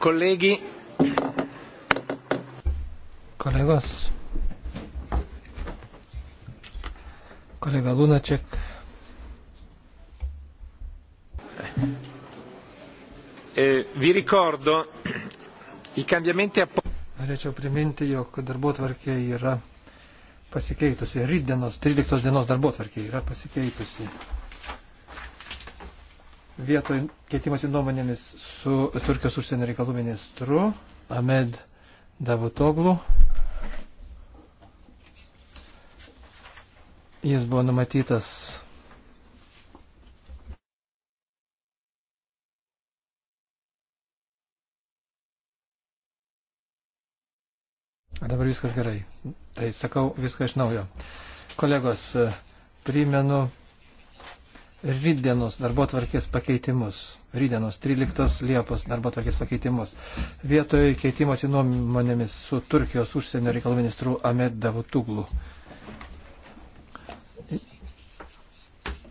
Kolegi. Kolegos. Kolega Lunaček. E, vi ricordo i cambiamenti apportati. Norėčiau priminti, jog darbo tvarkė yra pasikeitusi. Rydienos 13 dienos darbo tvarkė yra pasikeitusi vietoj keitimosi nuomonėmis su Turkijos užsienio reikalų ministru Ahmed Davutoglu. Jis buvo numatytas Dabar viskas gerai. Tai sakau viską iš naujo. Kolegos, primenu rydienos darbo tvarkės pakeitimus. Rydienos 13 Liepos darbo tvarkės pakeitimus. Vietoj keitimosi nuomonėmis su Turkijos užsienio reikalų ministru Ahmed Davutuglu.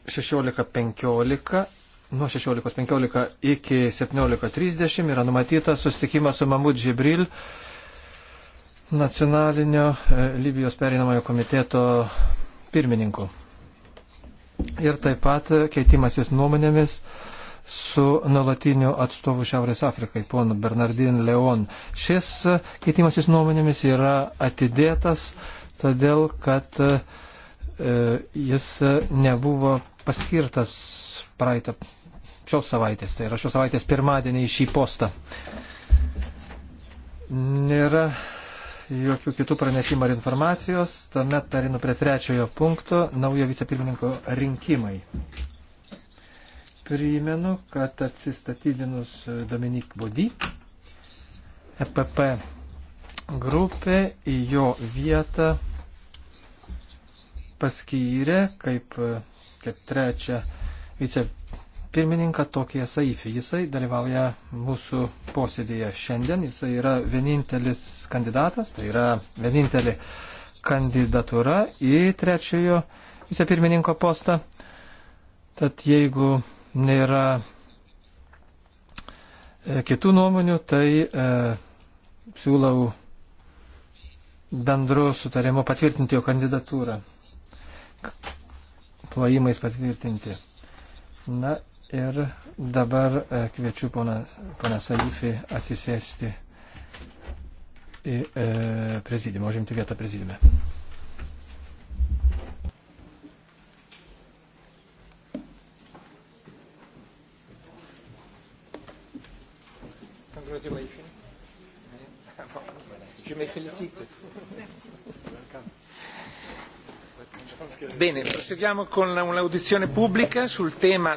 16.15 nuo 16.15 iki 17.30 yra numatytas susitikimas su Mamud Žibril, nacionalinio e, Libijos perinamojo komiteto pirmininku ir taip pat keitimasis nuomonėmis su nuolatiniu atstovu Šiaurės Afrikai, ponu Bernardin Leon. Šis keitimasis nuomonėmis yra atidėtas, todėl kad e, jis nebuvo paskirtas praeitą šios savaitės, tai yra šios savaitės pirmadienį į šį postą. Nėra jokių kitų pranešimų ar informacijos, tuomet perinu prie trečiojo punkto - naujo vicepirmininko rinkimai. Primenu, kad atsistatydinus Dominik Bodį, EPP grupė į jo vietą paskyrė kaip, kaip trečią vicepirmininką pirmininką Tokiją Saifį. Jisai dalyvauja mūsų posėdėje šiandien. Jisai yra vienintelis kandidatas, tai yra vienintelė kandidatūra į trečiojo vicepirmininko postą. Tad jeigu nėra e, kitų nuomonių, tai e, siūlau bendru sutarimu patvirtinti jo kandidatūrą. Plojimais patvirtinti. Na Ir dabar e, kviečiu poną Saifį atsisėsti į e, prezidimą, užimti vietą prezidime. Congratulations. Je me félicite. Merci. Bene, proseguiamo con un'audizione pubblica sul tema.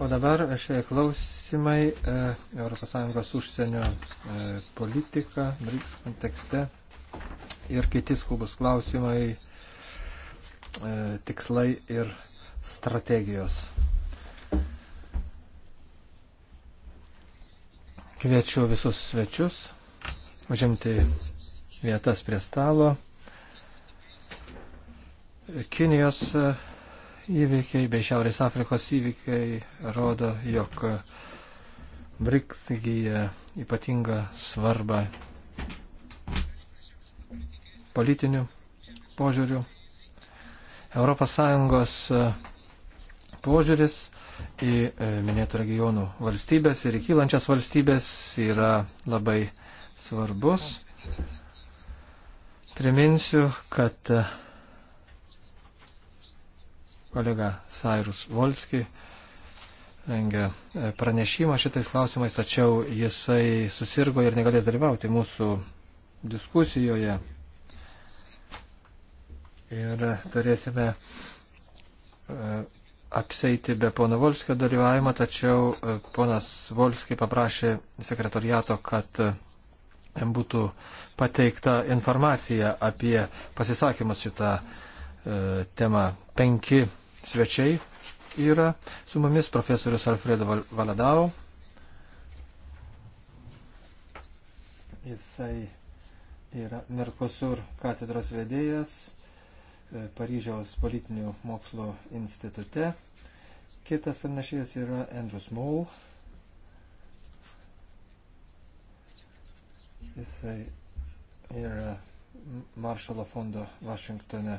O dabar šie klausimai ES užsienio e, politika, BRICS kontekste ir kiti skubus klausimai, e, tikslai ir strategijos. Kviečiu visus svečius užimti vietas prie stalo. Kinijos e, įvykiai bei Šiaurės Afrikos įvykiai rodo, jog BRICS įgyja ypatingą svarbą politinių požiūrių. ES e, požiūris į e, minėtų regionų valstybės ir į kylančias valstybės yra labai svarbus. Priminsiu, kad e, kolega Sairus Volski rengia e, pranešimą šitais klausimais, tačiau jisai susirgo ir negalės dalyvauti mūsų diskusijoje. Ir turėsime e, apseiti be pono Volskio dalyvavimo, tačiau e, ponas Volski paprašė sekretoriato, kad būtų pateikta informacija apie pasisakymus šitą temą. Penki svečiai yra su mumis profesorius Alfredo Valadau. Jisai yra Merkosur katedros vedėjas e, Paryžiaus politinių mokslo institute. Kitas pranešėjas yra Andrew Small. Jisai yra Maršalo fondo Vašingtone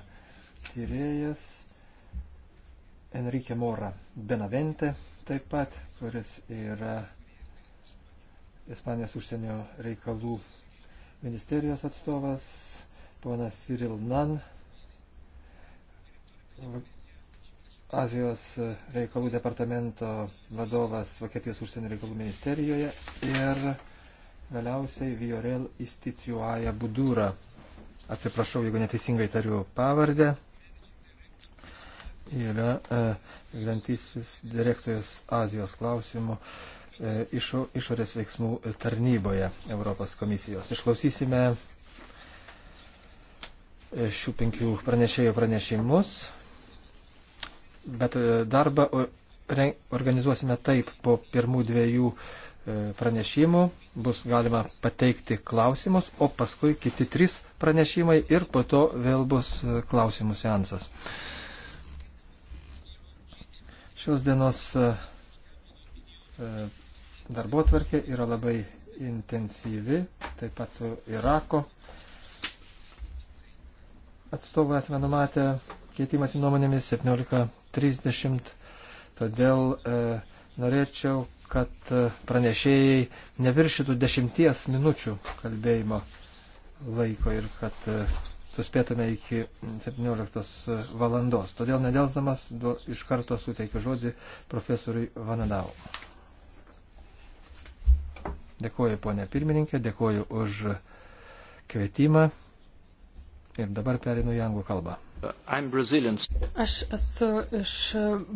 tyrėjas Enrique Mora Benavente taip pat, kuris yra Ispanijos užsienio reikalų ministerijos atstovas, ponas Cyril Nan, Azijos reikalų departamento vadovas Vokietijos užsienio reikalų ministerijoje ir galiausiai Viorel Isticiuoja Budūra. Atsiprašau, jeigu neteisingai tariu pavardę yra e, vykdantisis direktorius Azijos klausimų e, išo, išorės veiksmų tarnyboje Europos komisijos. Išklausysime e, šių penkių pranešėjų pranešimus, bet darbą organizuosime taip po pirmų dviejų pranešimų, bus galima pateikti klausimus, o paskui kiti trys pranešimai ir po to vėl bus klausimų seansas. Šios dienos e, e, darbo tvarkė yra labai intensyvi, taip pat su Irako atstovų esame numatę keitimąsi nuomonėmis 17.30, todėl e, norėčiau, kad e, pranešėjai neviršytų dešimties minučių kalbėjimo laiko ir kad e, suspėtume iki 17 valandos. Todėl nedelsdamas iš karto suteikiu žodį profesoriui Vanadau. Dėkuoju ponė pirmininkė, dėkuoju už kvietimą ir dabar perinu į anglų kalbą. Aš esu iš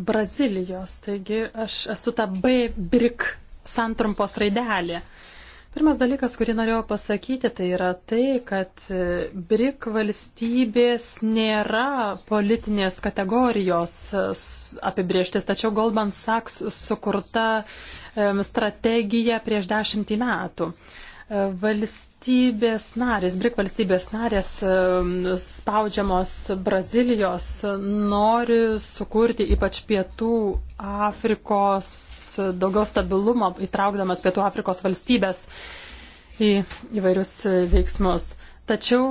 Brazilijos, taigi aš esu ta B-brik santrumpos raidelė. Uh, Pirmas dalykas, kurį norėjau pasakyti, tai yra tai, kad e, BRIK valstybės nėra politinės kategorijos e, apibrieštis, tačiau Goldman Sachs sukurta strategija prieš dešimtį metų. Valstybės narės, BRIK valstybės narės spaudžiamos Brazilijos nori sukurti ypač pietų Afrikos daugiau stabilumo, įtraukdamas pietų Afrikos valstybės į įvairius veiksmus. Tačiau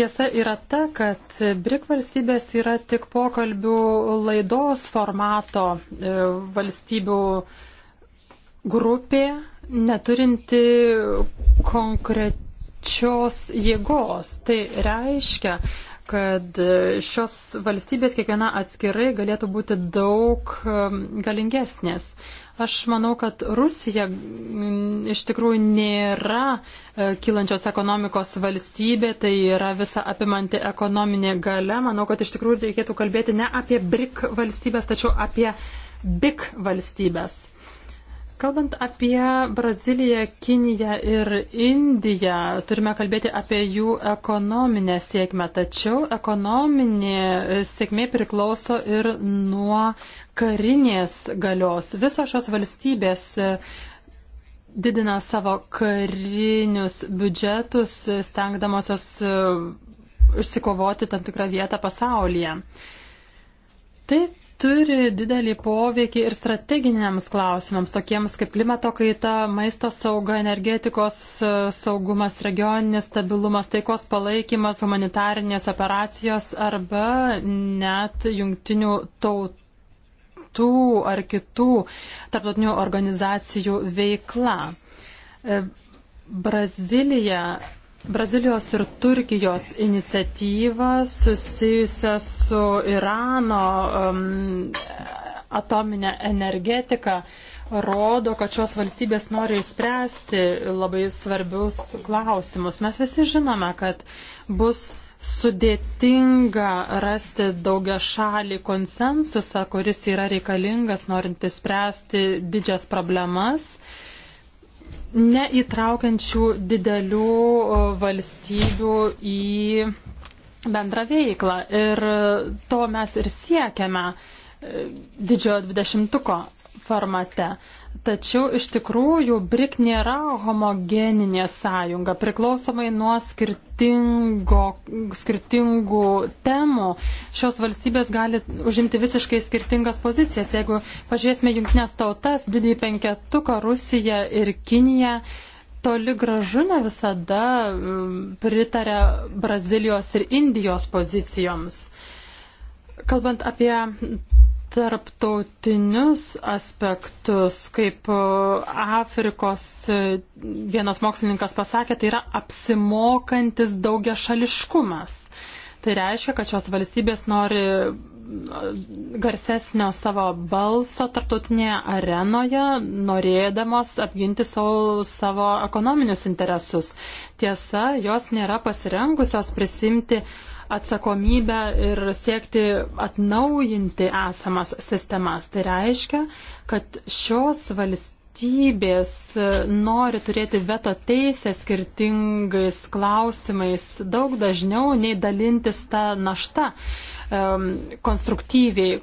tiesa yra ta, kad BRIK valstybės yra tik pokalbių laidos formato e, valstybių grupė neturinti konkrečios jėgos. Tai reiškia, kad šios valstybės kiekviena atskirai galėtų būti daug um, galingesnės. Aš manau, kad Rusija mm, iš tikrųjų nėra e, kylančios ekonomikos valstybė, tai yra visa apimanti ekonominė gale. Manau, kad iš tikrųjų reikėtų kalbėti ne apie BRIC valstybės, tačiau apie BIC valstybės. Kalbant apie Braziliją, Kiniją ir Indiją, turime kalbėti apie jų ekonominę sėkmę, tačiau ekonominė sėkmė priklauso ir nuo karinės galios. Visos šios valstybės didina savo karinius biudžetus, stengdamosios uh, išsikovoti tam tikrą vietą pasaulyje. Tai turi didelį poveikį ir strateginiams klausimams, tokiems kaip klimato kaita, maisto sauga, energetikos e, saugumas, regioninis stabilumas, taikos palaikymas, humanitarinės operacijos arba net jungtinių tautų ar kitų tarptautinių organizacijų veikla. E, Brazilija Brazilijos ir Turkijos iniciatyvą susijusią su Irano um, atominė energetika rodo, kad šios valstybės nori išspręsti labai svarbius klausimus. Mes visi žinome, kad bus sudėtinga rasti daugia šalį konsensusą, kuris yra reikalingas norint išspręsti didžias problemas neįtraukiančių didelių valstybių į bendrą veiklą. Ir to mes ir siekiame e, didžiojo dvidešimtuko formate. Tačiau iš tikrųjų BRIC nėra homogeninė sąjunga, priklausomai nuo skirtingo, skirtingų temų. Šios valstybės gali užimti visiškai skirtingas pozicijas. Jeigu pažiūrėsime jungtinės tautas, didįjį penketuką, Rusiją ir Kiniją, toli gražu ne visada um, pritarė Brazilijos ir Indijos pozicijoms. Kalbant apie tarptautinius aspektus, kaip e, Afrikos e, vienas mokslininkas pasakė, tai yra apsimokantis daugia šališkumas. Tai reiškia, kad šios valstybės nori e, garsesnio savo balso tarptautinėje arenoje, norėdamos apginti savo, savo ekonominius interesus. Tiesa, jos nėra pasirengusios prisimti uh, atsakomybę ir siekti atnaujinti esamas sistemas. Tai reiškia, kad šios valstybės nori turėti veto teisę skirtingais klausimais daug dažniau nei dalintis tą naštą um, konstruktyviai,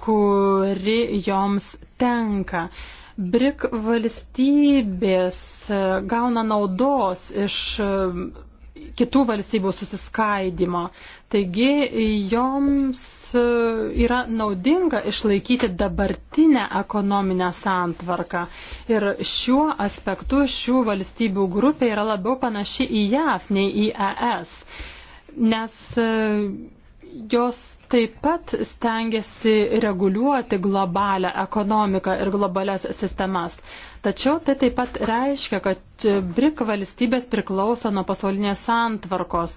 kuri joms tenka. BRIC valstybės e, gauna naudos iš kitų valstybių susiskaidimo. Taigi joms e, yra naudinga išlaikyti dabartinę ekonominę santvarką. Ir šiuo aspektu šių valstybių grupė yra labiau panaši į JAV nei į ES. Nes e, jos taip pat stengiasi reguliuoti globalią ekonomiką ir globalias sistemas. Tačiau tai taip pat reiškia, kad BRIC valstybės priklauso nuo pasaulinės santvarkos.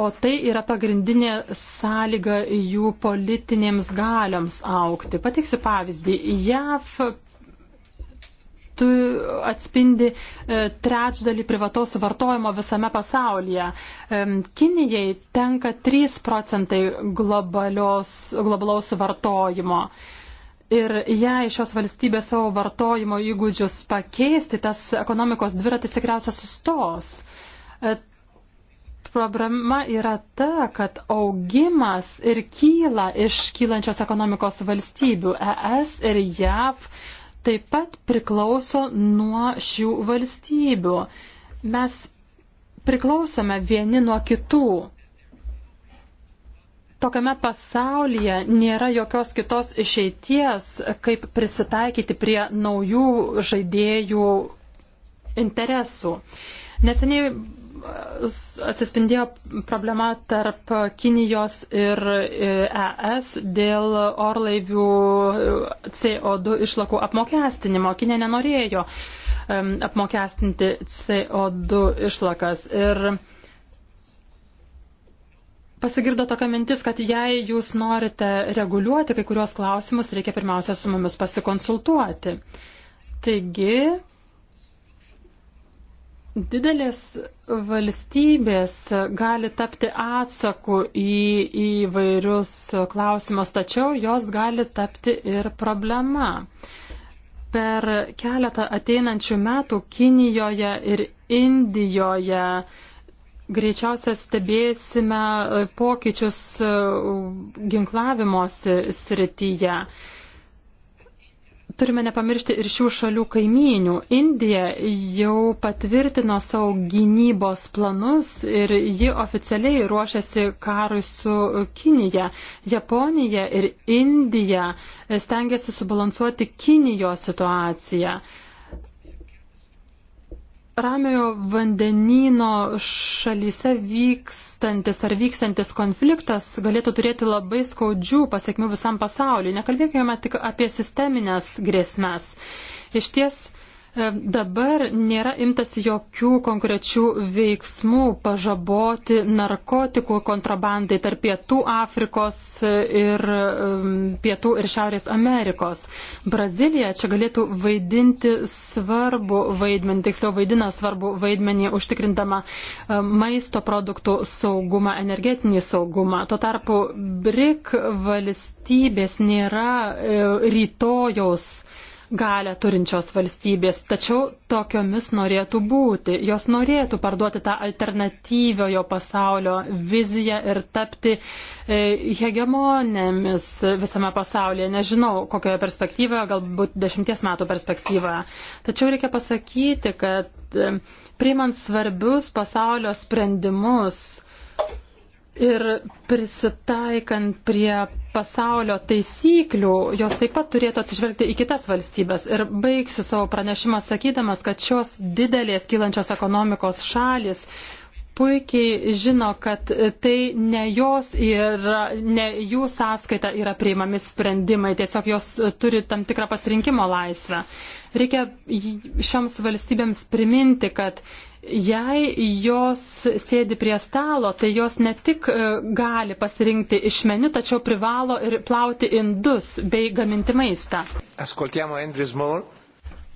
O tai yra pagrindinė sąlyga jų politinėms galioms aukti. Pateiksiu pavyzdį. JAV tu atspindi e, trečdalį privataus vartojimo visame pasaulyje. E, Kinijai tenka 3 procentai globalios, globalaus vartojimo. Ir jei šios valstybės savo vartojimo įgūdžius pakeisti, tas ekonomikos dviratis tikriausia sustos. E, problema yra ta, kad augimas ir kyla iš kylančios ekonomikos valstybių. ES ir JAV taip pat priklauso nuo šių valstybių. Mes priklausome vieni nuo kitų tokiame pasaulyje nėra jokios kitos išeities, kaip prisitaikyti prie naujų žaidėjų interesų. Neseniai e, atsispindėjo problema tarp Kinijos ir ES e dėl orlaivių e, CO2 išlakų apmokestinimo. Kinė nenorėjo apmokestinti CO2 išlakas. Ir pasigirdo tokia mintis, kad jei jūs norite reguliuoti kai kurios klausimus, reikia pirmiausia su mumis pasikonsultuoti. Taigi, didelės valstybės gali tapti atsaku į įvairius klausimus, tačiau jos gali tapti ir problema. Per keletą ateinančių metų Kinijoje ir Indijoje greičiausia stebėsime e, pokyčius e, ginklavimosi srityje. Turime nepamiršti ir šių šalių kaimynių. Indija jau patvirtino savo gynybos planus ir ji oficialiai ruošiasi karui su Kinija. Japonija ir Indija stengiasi subalansuoti Kinijos situaciją. Ramiojo vandenyno šalyse vykstantis ar vykstantis konfliktas galėtų turėti labai skaudžių pasiekmių visam pasauliu. Nekalbėkime tik apie sisteminės grėsmės. Iš ties E, dabar nėra imtas jokių konkrečių veiksmų pažaboti narkotikų kontrabandai tarp Pietų Afrikos ir Pietų ir Šiaurės Amerikos. Brazilija čia galėtų vaidinti svarbu vaidmenį, tiksliau vaidina svarbu vaidmenį užtikrindama e, maisto produktų saugumą, energetinį saugumą. Tuo tarpu BRIC valstybės nėra e, rytojaus galę turinčios valstybės, tačiau tokiomis norėtų būti. Jos norėtų parduoti tą alternatyviojo pasaulio viziją ir tapti e, hegemonėmis visame pasaulyje. Nežinau, kokioje perspektyvoje, galbūt dešimties metų perspektyvoje. Tačiau reikia pasakyti, kad e, priimant svarbius pasaulio sprendimus, ir prisitaikant prie pasaulio taisyklių, jos taip pat turėtų atsižvelgti į kitas valstybės. Ir baigsiu savo pranešimą sakydamas, kad šios didelės kylančios ekonomikos šalis puikiai žino, kad tai ne jos yra, ne jų sąskaita yra priimami sprendimai, tiesiog jos turi tam tikrą pasirinkimo laisvę. Reikia šioms valstybėms priminti, kad Jei jos sėdi prie stalo, tai jos ne tik e, gali pasirinkti iš meniu, tačiau privalo ir plauti indus bei gaminti maistą. Ascoltiamo Andrew Small.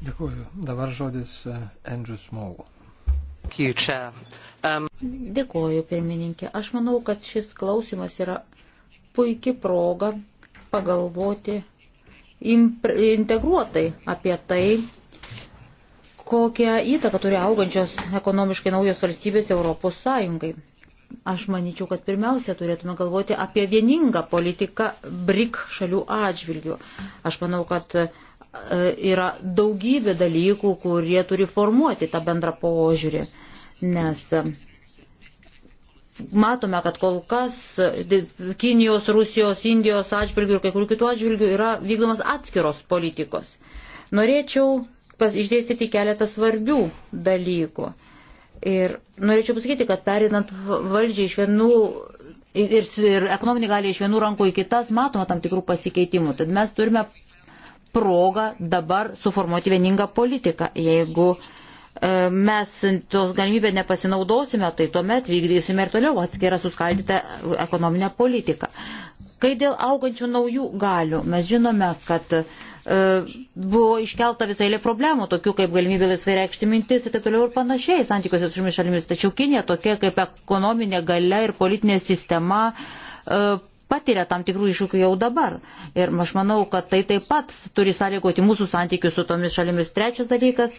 Dėkuoju. Dabar žodis e, Andrew Small. Um, Dėkuoju, pirmininkė. Aš manau, kad šis klausimas yra puikia proga pagalvoti integruotai apie tai, kokią įtaką turi augančios ekonomiškai naujos valstybės Europos Sąjungai. Aš manyčiau, kad pirmiausia turėtume galvoti apie vieningą politiką BRIC šalių atžvilgių. Aš manau, kad e, yra daugybė dalykų, kurie turi formuoti tą bendrą požiūrį, nes e, matome, kad kol kas e, Kinijos, Rusijos, Indijos atžvilgių ir kai kurių kitų atžvilgių yra vykdomas atskiros politikos. Norėčiau išdėstyti keletą svarbių dalykų. Ir norėčiau pasakyti, kad perinant valdžiai iš vienų ir, ir ekonominį gali iš vienų rankų į kitas, matoma tam tikrų pasikeitimų. Tad mes turime progą dabar suformuoti vieningą politiką. Jeigu e, mes tos galimybę nepasinaudosime, tai tuomet vykdysime ir toliau atskirą suskaldytą ekonominę politiką. Kai dėl augančių naujų galių, mes žinome, kad E, buvo iškelta visai lė problemų, tokių kaip galimybė laisvai reikšti mintis ir taip toliau ir panašiai santykiuose su šiomis šalimis. Tačiau Kinė tokia kaip ekonominė gale ir politinė sistema e, patiria tam tikrų iššūkių jau dabar. Ir aš manau, kad tai taip pat turi sąlygoti mūsų santykius su tomis šalimis. Trečias dalykas,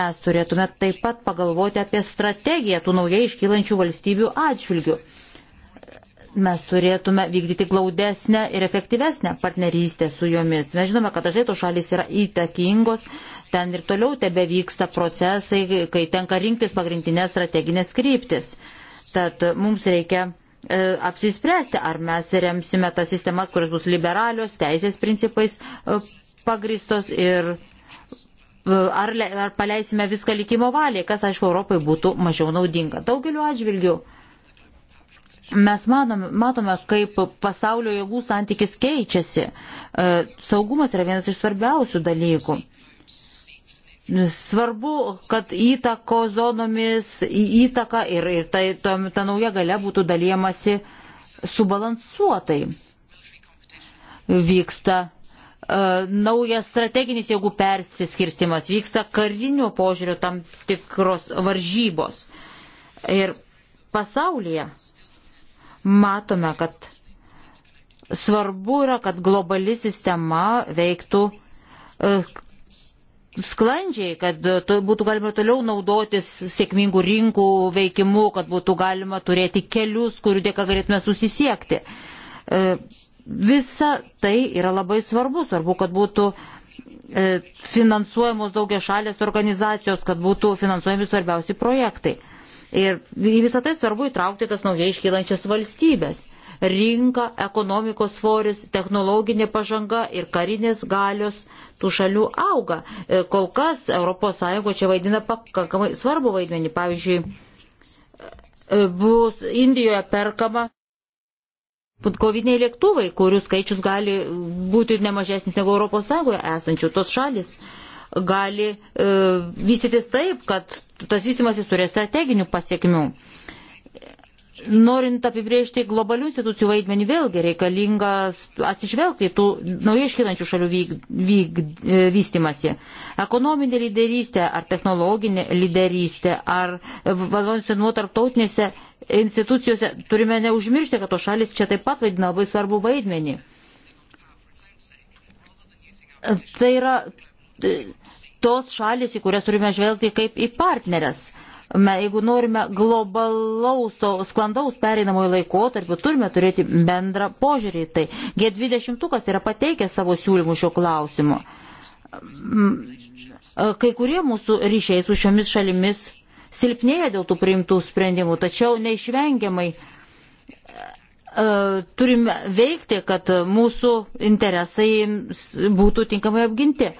mes turėtume taip pat pagalvoti apie strategiją tų naujai iškylančių valstybių atžvilgių mes turėtume vykdyti glaudesnę ir efektyvesnę partnerystę su jomis. Mes žinome, kad dažnai tos šalis yra įtakingos, ten ir toliau tebe vyksta procesai, kai tenka rinktis pagrindinės strateginės kryptis. Tad mums reikia e, apsispręsti, ar mes remsime tas sistemas, kurios bus liberalios, teisės principais e, pagristos ir e, ar, le, ar paleisime viską likimo valiai, kas, aišku, Europai būtų mažiau naudinga. Daugeliu atžvilgiu. E, mes manome, matome, kaip pasaulio jėgų santykis keičiasi. E, saugumas yra vienas iš svarbiausių dalykų. Svarbu, kad įtako zonomis įtaka ir, ir tai, ta, ta nauja gale būtų dalyjamasi subalansuotai. Vyksta uh, naujas strateginis jėgų persiskirstimas, vyksta karinio požiūrio tam tikros varžybos. Ir pasaulyje matome, kad svarbu yra, kad globali sistema veiktų e, sklandžiai, kad būtų galima toliau naudotis sėkmingų rinkų veikimu, kad būtų galima turėti kelius, kurių dėka galėtume susisiekti. E, visa tai yra labai svarbu, svarbu, kad būtų e, finansuojamos daugia šalės organizacijos, kad būtų finansuojami svarbiausi projektai. Ir į visą tai svarbu įtraukti tas naujai iškylančias valstybės. Rinka, ekonomikos svoris, technologinė pažanga ir karinės galios tų šalių auga. E, kol kas ES čia vaidina pakankamai svarbu vaidmenį. Pavyzdžiui, e, bus Indijoje perkama koviniai lėktuvai, kurių skaičius gali būti nemažesnis negu ES esančių tos šalis. Uh, gali e, vystytis taip, kad tas vystimasis turės strateginių pasiekmių. Norint apibriežti globalių institucijų vaidmenį, vėlgi reikalinga atsižvelgti tų naujai iškilančių šalių vyk, vyk, e, vystimasi. Ekonominė lyderystė ar technologinė lyderystė ar vadovaujantis nuo tarptautinėse institucijose turime neužmiršti, kad to šalis čia taip pat vaidina labai svarbu vaidmenį. Tai yra tos šalis, į kurias turime žvelgti kaip į partnerės. Jeigu norime globalaus, sklandaus pereinamojo laikotarpio, turime turėti bendrą požiūrį. Tai G20 yra pateikęs savo siūlymų šio klausimu. Mm, kai kurie mūsų ryšiai su šiomis šalimis silpnėja dėl tų priimtų sprendimų, tačiau neišvengiamai e, turime veikti, kad mūsų interesai būtų tinkamai apginti.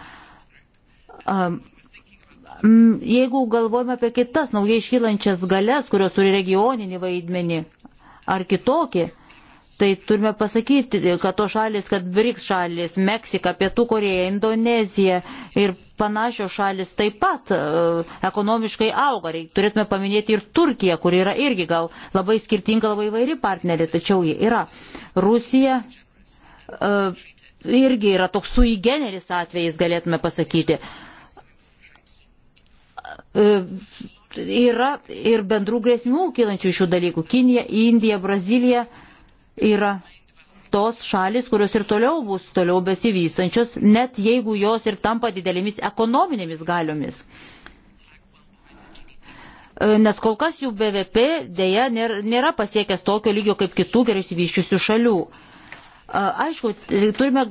Jeigu galvojame apie kitas naujai iškylančias galės, kurios turi regioninį vaidmenį ar kitokį, tai turime pasakyti, kad to šalis, kad BRICS šalis, Meksika, Pietų Koreja, Indonezija ir panašios šalis taip pat uh, ekonomiškai auga. Turėtume paminėti ir Turkiją, kuri yra irgi gal labai skirtinga, labai vairi partnerė, tačiau ji yra. Rusija. Uh, irgi yra toks suigeneris atvejais, galėtume pasakyti. Uh, E, yra ir bendrų grėsmių kylančių šių dalykų. Kinija, Indija, Brazilija yra tos šalis, kurios ir toliau bus toliau besivystančios, net jeigu jos ir tampa didelėmis ekonominėmis galiomis. E, nes kol kas jų BVP dėja nėra pasiekęs tokio lygio kaip kitų gerai įsivyščiusių šalių. E, aišku, turime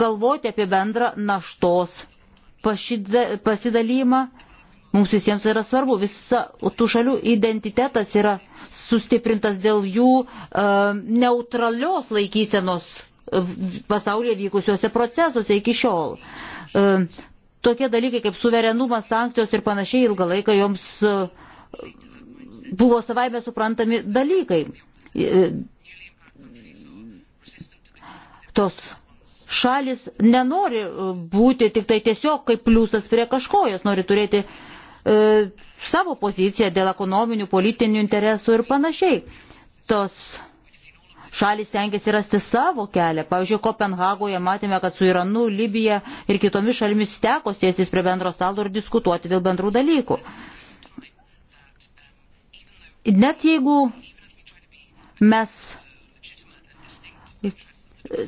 galvoti apie bendrą naštos pasidalymą Mums visiems yra svarbu, visa tų šalių identitetas yra sustiprintas dėl jų e, neutralios laikysenos pasaulyje vykusiuose procesuose iki šiol. E, tokie dalykai kaip suverenumas, sankcijos ir panašiai ilgą laiką joms e, buvo savaime suprantami dalykai. E, tos šalis nenori būti tik tai tiesiog kaip pliusas prie kažko, jos nori turėti uh, e, savo poziciją dėl ekonominių, politinių interesų ir panašiai. Tos šalis tenkėsi rasti savo kelią. Pavyzdžiui, Kopenhagoje matėme, kad su Iranu, Libija ir kitomis šalimis teko sėstis prie bendro stalo ir diskutuoti dėl bendrų dalykų. Net jeigu mes e,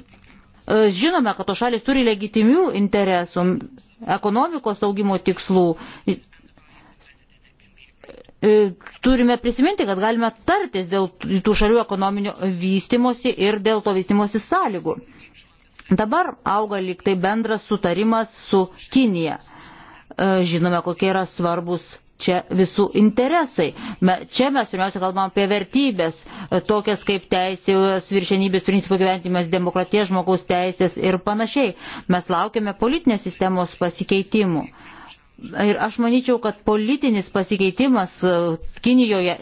žinome, kad to šalis turi legitimių interesų, ekonomikos augimo tikslų, E, turime prisiminti, kad galime tartis dėl tų šalių ekonominio vystimosi ir dėl to vystimosi sąlygų. Dabar auga lyg tai bendras sutarimas su Kinija. E, žinome, kokie yra svarbus čia visų interesai. Čia mes pirmiausia kalbam apie vertybės, e, tokias kaip teisės, viršenybės principų gyventimas, demokratija, žmogaus teisės ir panašiai. Mes laukiame politinės sistemos pasikeitimų. Ir aš manyčiau, kad politinis pasikeitimas e, Kinijoje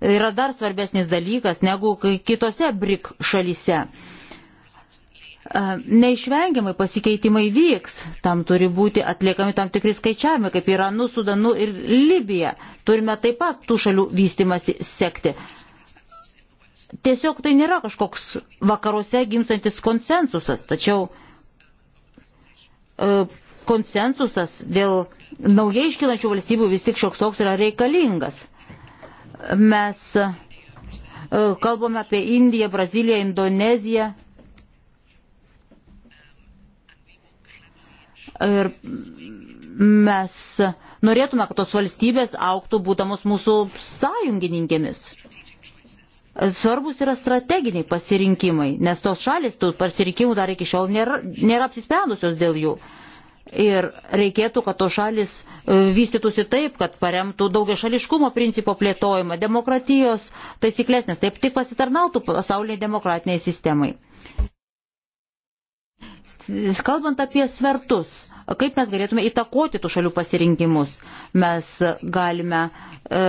yra dar svarbesnis dalykas negu kitose BRIC šalyse. E, neišvengiamai pasikeitimai vyks, tam turi būti atliekami tam tikri skaičiavimai, kaip Iranu, Sudanu ir Libija. Turime taip pat tų šalių vystimasi sekti. Tiesiog tai nėra kažkoks vakaruose gimstantis konsensusas, tačiau e, konsensusas dėl naujai iškilančių valstybių vis tik šioks toks yra reikalingas. Mes e, kalbame apie Indiją, Braziliją, Indoneziją. Ir mes norėtume, kad tos valstybės auktų būdamos mūsų sąjungininkėmis. Svarbus yra strateginiai pasirinkimai, nes tos šalis tų pasirinkimų dar iki šiol nėra, nėra apsisprendusios dėl jų. Uh, Ir reikėtų, kad to šalis e, vystytųsi taip, kad paremtų daugia šališkumo principo plėtojimą, demokratijos taisyklės, nes taip tik pasitarnautų pasauliniai demokratiniai sistemai. Kalbant apie svertus, kaip mes galėtume įtakoti tų šalių pasirinkimus, mes galime e,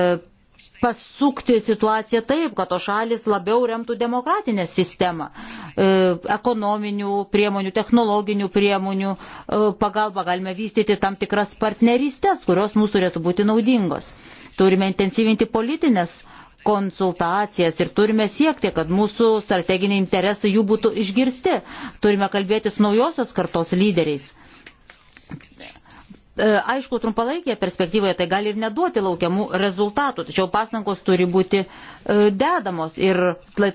pasukti situaciją taip, kad to šalis labiau remtų demokratinę sistemą, e, ekonominių priemonių, technologinių priemonių e, pagalba galime vystyti tam tikras partnerystės, kurios mūsų turėtų būti naudingos. Turime intensyvinti politinės konsultacijas ir turime siekti, kad mūsų strateginiai interesai jų būtų išgirsti. Turime kalbėti su naujosios kartos lyderiais E, aišku, trumpalaikėje perspektyvoje tai gali ir neduoti laukiamų rezultatų, tačiau pastangos turi būti e, dedamos ir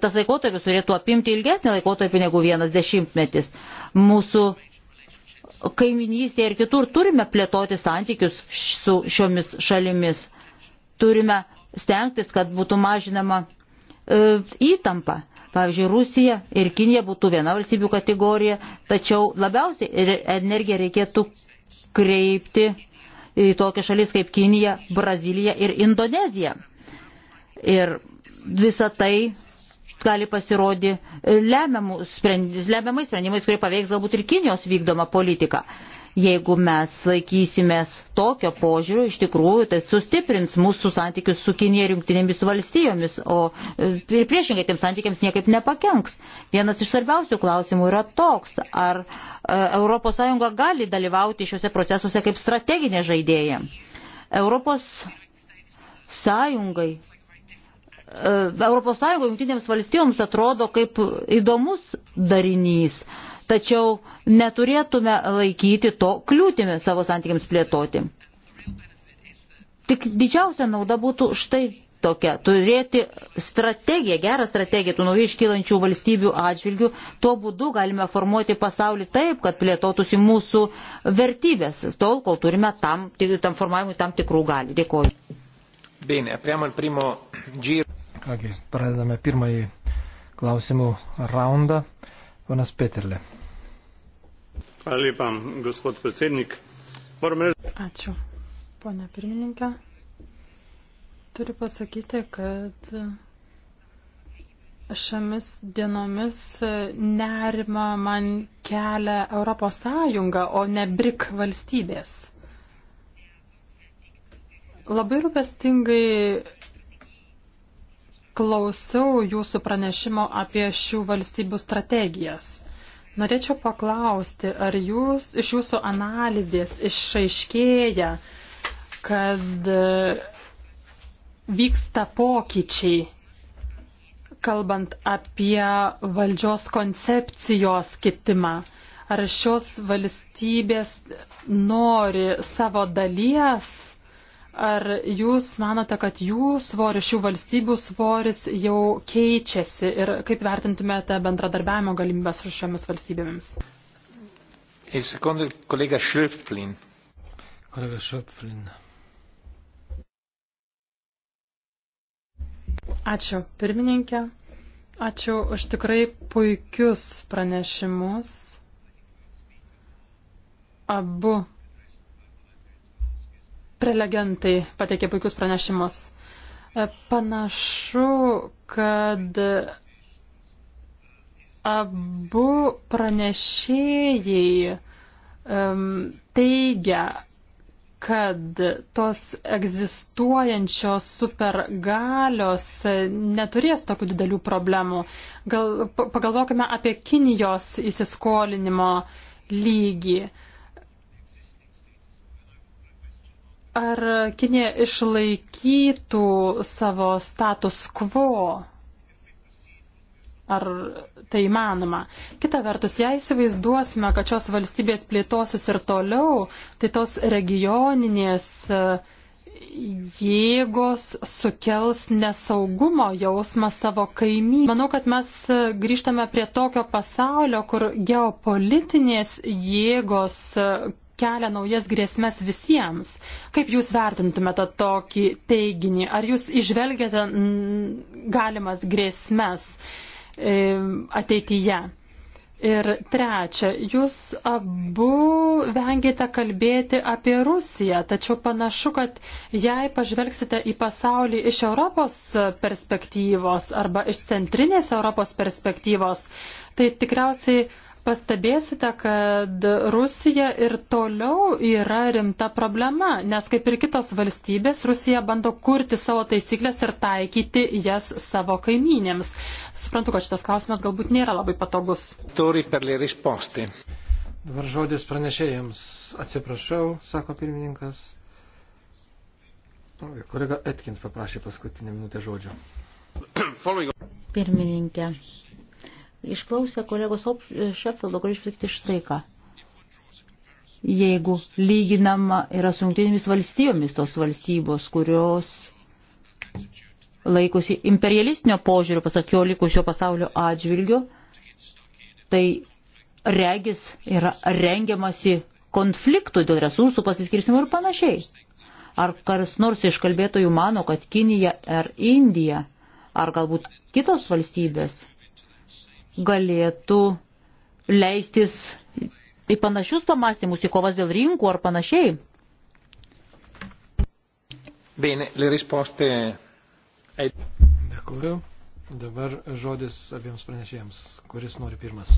tas laikotarpis turėtų apimti ilgesnį laikotarpį negu vienas dešimtmetis. Mūsų kaiminystėje ir kitur turime plėtoti santykius su šiomis šalimis. Turime stengtis, kad būtų mažinama e, įtampa. Pavyzdžiui, Rusija ir Kinija būtų viena valstybių kategorija, tačiau labiausiai energiją reikėtų kreipti į tokias šalis kaip Kinija, Brazilija ir Indonezija. Ir visa tai gali pasirodyti lemiamais sprendimais, kurie paveiks galbūt ir Kinijos vykdomą politiką. Jeigu mes laikysimės tokio požiūrio, iš tikrųjų, tai sustiprins mūsų santykius su Kinėje ir jungtinėmis valstijomis, o e, ir priešingai tiems santykiams niekaip nepakenks. Vienas iš svarbiausių klausimų yra toks, ar ES gali dalyvauti šiuose procesuose kaip strateginė žaidėja. Europos sąjungai ES jungtinėms valstijoms atrodo kaip įdomus darinys. Tačiau neturėtume laikyti to kliūtimi savo santykiams plėtoti. Tik didžiausia nauda būtų štai tokia - turėti strategiją, gerą strategiją tų naujai iškylančių valstybių atžvilgių. Tuo būdu galime formuoti pasaulį taip, kad plėtotųsi mūsų vertybės, tol, kol turime tam, tam formavimui tam tikrų galių. Dėkuoju. Bene, apriamo il primo giro. Kągi, pradedame pirmąjį klausimų raundą. Ponas Peterle. Ačiū, ponė pirmininkė. Turiu pasakyti, kad šiomis dienomis nerima man kelia Europos Sąjunga, o ne BRIK valstybės. Labai rūpestingai klausiau jūsų pranešimo apie šių valstybių strategijas. Norėčiau paklausti, ar jūs iš jūsų analizės išaiškėja, kad e, vyksta pokyčiai, kalbant apie valdžios koncepcijos kitimą. Ar šios valstybės nori savo dalies Ar jūs manote, kad jų svoris, šių valstybių svoris jau keičiasi ir kaip vertintumėte bendradarbiavimo galimybės su šiomis valstybėmis? E secondo il collega Schöpflin. Kolega Schöpflin. Ačiū pirmininkė. Ačiū už tikrai puikius pranešimus. Abu prelegentai pateikė puikius pranešimus. E, panašu, kad abu pranešėjai um, teigia, kad tos egzistuojančios supergalios neturės tokių didelių problemų. Gal pagalvokime apie Kinijos įsiskolinimo lygį. Uh, ar Kinė išlaikytų savo status quo? Ar tai įmanoma? Kita vertus, jei įsivaizduosime, kad šios valstybės plėtosis ir toliau, tai tos regioninės e, jėgos sukels nesaugumo jausmą savo kaimynį. Manau, kad mes e, grįžtame prie tokio pasaulio, kur geopolitinės jėgos e, kelia naujas grėsmes visiems. Kaip jūs vertintumėte tokį teiginį? Ar jūs išvelgiate mm, galimas grėsmes e, ateityje? Ir trečia, jūs abu vengėte kalbėti apie Rusiją, tačiau panašu, kad jei pažvelgsite į pasaulį iš Europos perspektyvos arba iš centrinės Europos perspektyvos, tai tikriausiai pastebėsite, kad Rusija ir toliau yra rimta problema, nes kaip ir kitos valstybės, Rusija bando kurti savo taisyklės ir taikyti jas savo kaimynėms. Suprantu, kad šitas klausimas galbūt nėra labai patogus. Turi per lį risposti. Dabar žodis pranešėjams. Atsiprašau, sako pirmininkas. Kolega Etkins paprašė paskutinę minutę žodžio. Pirmininkė, išklausę kolegos Šepfeldo, galiu pasakyti štai ką. Jeigu lyginama yra su jungtinėmis valstijomis tos valstybos, kurios laikosi imperialistinio požiūrio, pasakio likusio pasaulio atžvilgiu, tai regis yra rengiamasi konfliktų dėl resursų pasiskirsimų ir panašiai. Ar kas nors iš kalbėtojų mano, kad Kinija ar Indija, ar galbūt kitos valstybės galėtų leistis į panašius pamastymus, į kovas dėl rinkų ar panašiai? Bene, le risposte. Dėkuoju. Dabar žodis abiems pranešėjams. Kuris nori pirmas?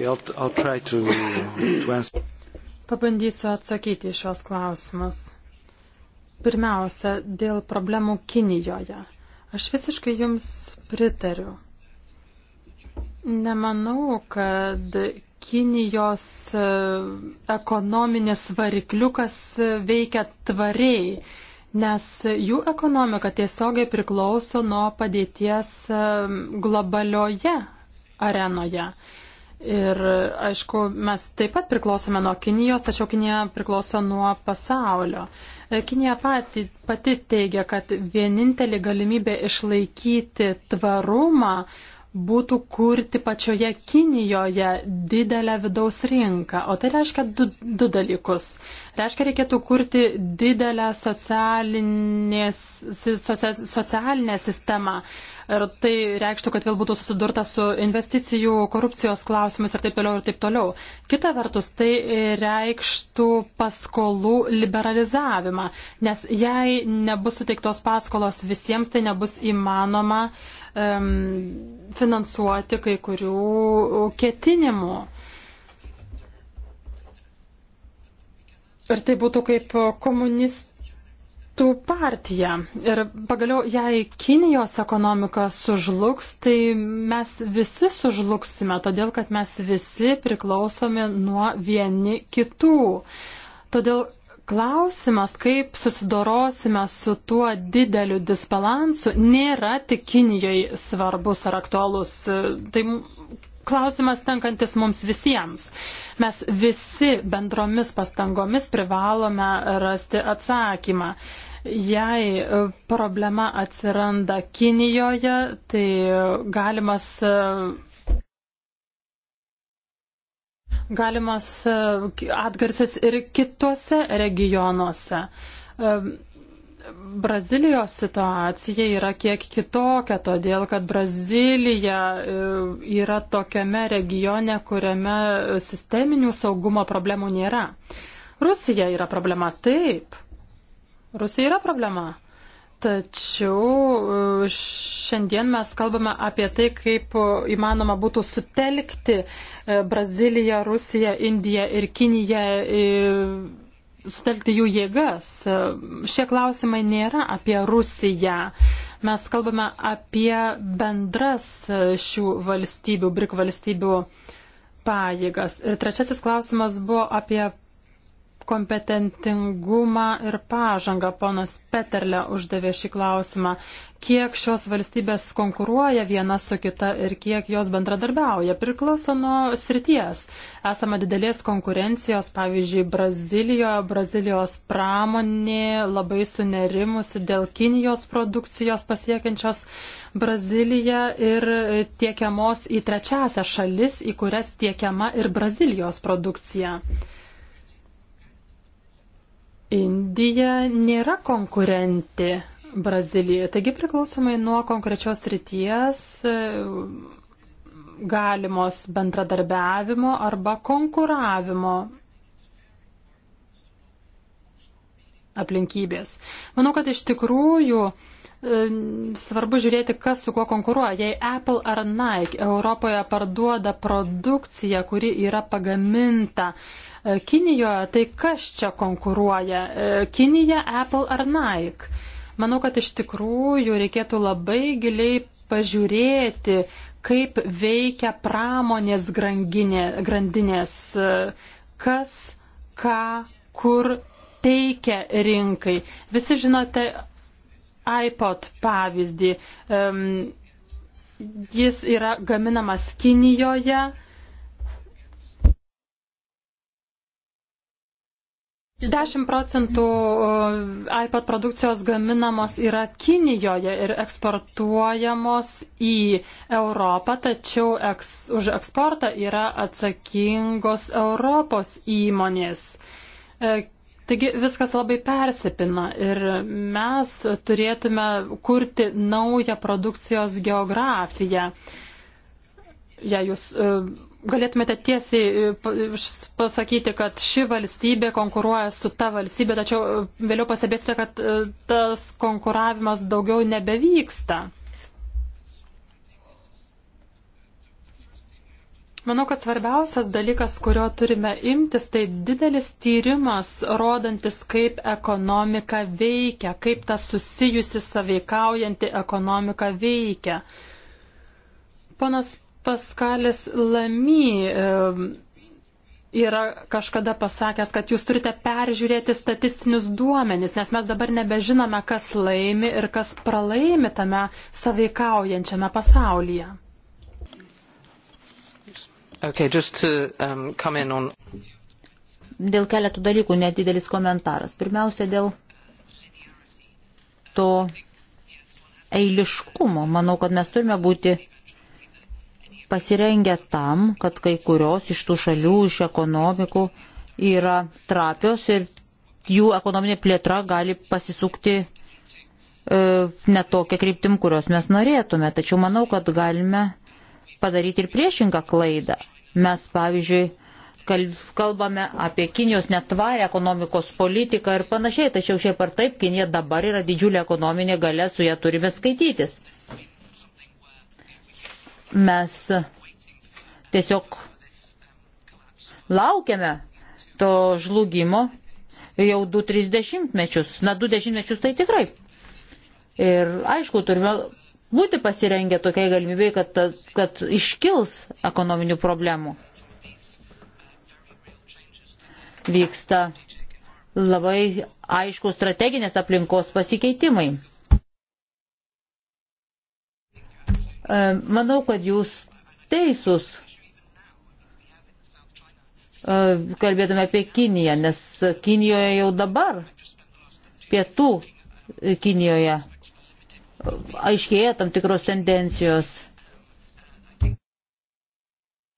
I'll, I'll to, uh, to Pabandysiu atsakyti į šios klausimus. Pirmiausia, dėl problemų Kinijoje. Aš visiškai jums pritariu. Nemanau, kad Kinijos e, ekonominis varikliukas e, veikia tvariai, nes jų ekonomika tiesiogiai priklauso nuo padėties e, globalioje arenoje. Ir aišku, mes taip pat priklausome nuo Kinijos, tačiau Kinija priklauso nuo pasaulio. Kinija pati, pati teigia, kad vienintelė galimybė išlaikyti tvarumą būtų kurti pačioje Kinijoje didelę vidaus rinką. O tai reiškia du, du dalykus. Reiškia, reikėtų kurti didelę socialinės, socialinę sistemą. Ir tai reikštų, kad vėl būtų susidurta su investicijų, korupcijos klausimais ir taip toliau ir taip toliau. Kita vertus, tai reikštų paskolų liberalizavimą. Nes jei nebus suteiktos paskolos visiems, tai nebus įmanoma uh, finansuoti kai kurių ketinimų. Ir tai būtų kaip komunistų partija. Ir pagaliau, jei Kinijos ekonomika sužlugs, tai mes visi sužlugsime, todėl kad mes visi priklausome nuo vieni kitų. Todėl Klausimas, kaip susidorosime su tuo dideliu disbalansu, nėra tik Kinijai svarbus ar aktualus. Tai klausimas tenkantis mums visiems. Mes visi bendromis pastangomis privalome rasti atsakymą. Jei problema atsiranda Kinijoje, tai galimas galimas e, atgarsis ir kitose regionuose. E, Brazilijos situacija yra kiek kitokia, todėl kad Brazilija e, yra tokiame regione, kuriame sisteminių saugumo problemų nėra. Rusija yra problema, taip. Rusija yra problema. Tačiau e, šiandien mes kalbame apie tai, kaip įmanoma būtų sutelkti e, Braziliją, Rusiją, Indiją ir Kiniją, sutelkti jų jėgas. E, šie klausimai nėra apie Rusiją. Mes kalbame apie bendras šių valstybių, brik valstybių pajėgas. Ir trečiasis klausimas buvo apie kompetentingumą ir pažangą. Ponas Peterle uždavė šį klausimą. Kiek šios valstybės konkuruoja viena su kita ir kiek jos bendradarbiauja, priklauso nuo srities. Esama didelės konkurencijos, pavyzdžiui, Brazilijoje, Brazilijos pramonė labai sunerimusi dėl Kinijos produkcijos pasiekiančios Braziliją ir tiekiamos į trečiasią šalis, į kurias tiekiama ir Brazilijos produkcija. Indija nėra konkurentė Brazilijai, taigi priklausomai nuo konkrečios ryties e, galimos bendradarbiavimo arba konkuravimo aplinkybės. Manau, kad iš tikrųjų e, svarbu žiūrėti, kas su kuo konkuruoja. Jei Apple ar Nike Europoje parduoda produkciją, kuri yra pagaminta uh, E, Kinijoje, tai kas čia konkuruoja? E, Kinija, Apple ar Nike? Manau, kad iš tikrųjų reikėtų labai giliai pažiūrėti, kaip veikia pramonės granginė, grandinės, e, kas, ką, kur teikia rinkai. Visi žinote iPod pavyzdį. Um, jis yra gaminamas Kinijoje, uh, 10 procentų iPad produkcijos gaminamos yra Kinijoje ir eksportuojamos į Europą, tačiau eks, už eksportą yra atsakingos Europos įmonės. E, taigi viskas labai persipina ir mes turėtume kurti naują produkcijos geografiją. Jei jūs e, galėtumėte tiesiai e, pasakyti, kad ši valstybė konkuruoja su ta valstybė, tačiau e, vėliau pastebėsite, kad e, tas konkuravimas daugiau nebevyksta. Manau, kad svarbiausias dalykas, kurio turime imtis, tai didelis tyrimas, rodantis, kaip ekonomika veikia, kaip ta susijusi saveikaujanti ekonomika veikia. Panas Paskalis Lamy e, yra kažkada pasakęs, kad jūs turite peržiūrėti statistinius duomenis, nes mes dabar nebežinome, kas laimi ir kas pralaimi tame saveikaujančiame pasaulyje. Okay, just to, um, come in on... Dėl keletų dalykų nedidelis komentaras. Pirmiausia, dėl to eiliškumo. Manau, kad mes turime būti pasirengę tam, kad kai kurios iš tų šalių, iš ekonomikų yra trapios ir jų ekonominė plėtra gali pasisukti e, ne tokia kryptim, kurios mes norėtume. Tačiau manau, kad galime padaryti ir priešingą klaidą. Mes, pavyzdžiui, kalbame apie Kinijos netvarę ekonomikos politiką ir panašiai, tačiau šiaip ar taip Kinija dabar yra didžiulė ekonominė galia, su ją turime skaitytis. Mes tiesiog laukiame to žlugimo jau 2-30 mečius. Na, 20 mečius tai tikrai. Ir aišku, turime būti pasirengę tokiai galimybėj, kad, kad iškils ekonominių problemų. Vyksta labai aišku strateginės aplinkos pasikeitimai. E, manau, kad jūs teisūs, e, kalbėdami apie Kiniją, nes Kinijoje jau dabar, pietų Kinijoje, aiškėja tam tikros tendencijos.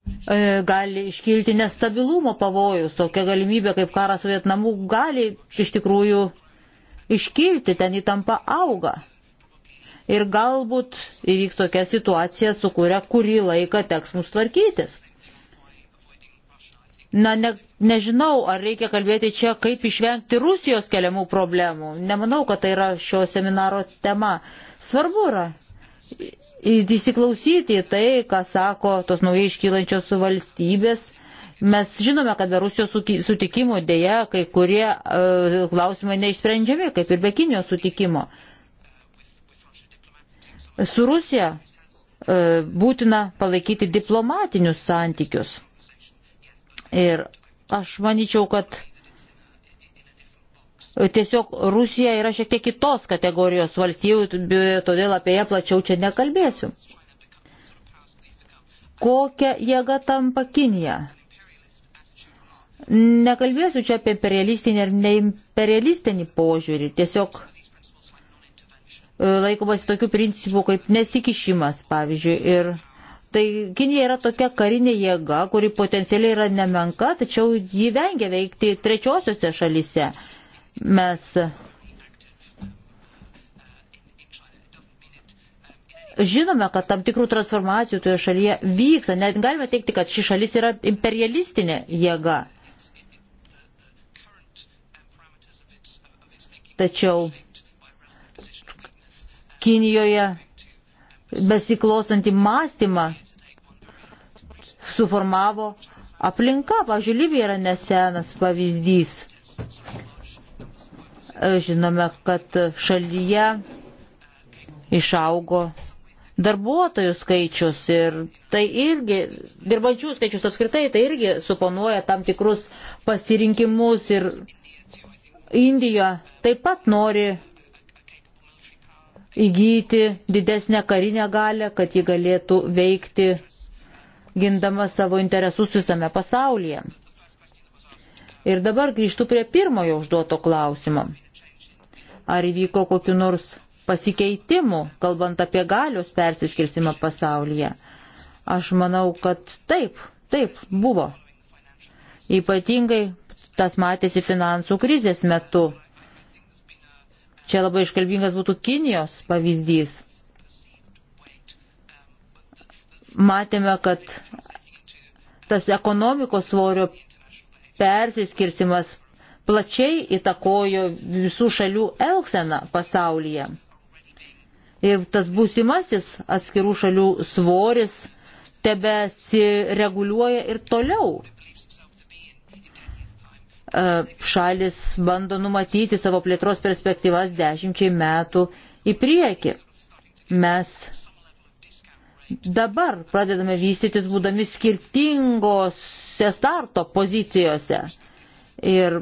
E, gali iškilti nestabilumo pavojus, tokia galimybė kaip karas su Vietnamu gali iš tikrųjų iškilti, ten įtampa auga ir galbūt įvyks tokia situacija, su kuria kurį laiką teks mums tvarkytis. Na, ne, nežinau, ar reikia kalbėti čia, kaip išvengti Rusijos keliamų problemų. Nemanau, kad tai yra šio seminaro tema. Svarbu yra įsiklausyti tai, ką sako tos naujai iškylančios valstybės. Mes žinome, kad be Rusijos sutikimo dėja kai kurie e, klausimai neišsprendžiami, kaip ir be Kinijos sutikimo. E, Su Rusija e, būtina palaikyti diplomatinius santykius. Ir aš manyčiau, kad e, tiesiog Rusija yra šiek tiek kitos kategorijos valstybių, todėl apie ją plačiau čia nekalbėsiu. Kokia jėga tampa Kinija? Nekalbėsiu čia apie imperialistinį ar neimperialistinį požiūrį, tiesiog E, laikomasi tokių principų kaip nesikišimas, pavyzdžiui. Ir tai Kinija yra tokia karinė jėga, kuri potencialiai yra nemenka, tačiau jį vengia veikti trečiosiuose šalise. Mes žinome, kad tam tikrų transformacijų toje šalyje vyksta. Net galime teikti, kad ši šalis yra imperialistinė jėga. Tačiau Kinijoje besiklostantį mąstymą suformavo aplinka. Pavyzdžiui, Libija yra nesenas pavyzdys. Žinome, kad šalyje išaugo darbuotojų skaičius ir tai irgi, dirbančių skaičius apskritai, tai irgi suponuoja tam tikrus pasirinkimus ir Indija taip pat nori įgyti didesnę karinę galę, kad ji galėtų veikti gindama savo interesus visame pasaulyje. Ir dabar grįžtų prie pirmojo užduoto klausimo. Ar įvyko kokiu nors pasikeitimu, kalbant apie galios persiskirstimą pasaulyje? Aš manau, kad taip, taip buvo. Ypatingai tas matėsi finansų krizės metu Čia labai iškalbingas būtų Kinijos pavyzdys. Matėme, kad tas ekonomikos svorio persiskirsimas plačiai įtakojo visų šalių elkseną pasaulyje. Ir tas būsimasis atskirų šalių svoris tebesireguliuoja ir toliau. E, šalis bando numatyti savo plėtros perspektyvas dešimčiai metų į priekį. Mes dabar pradedame vystytis būdami skirtingose starto pozicijose ir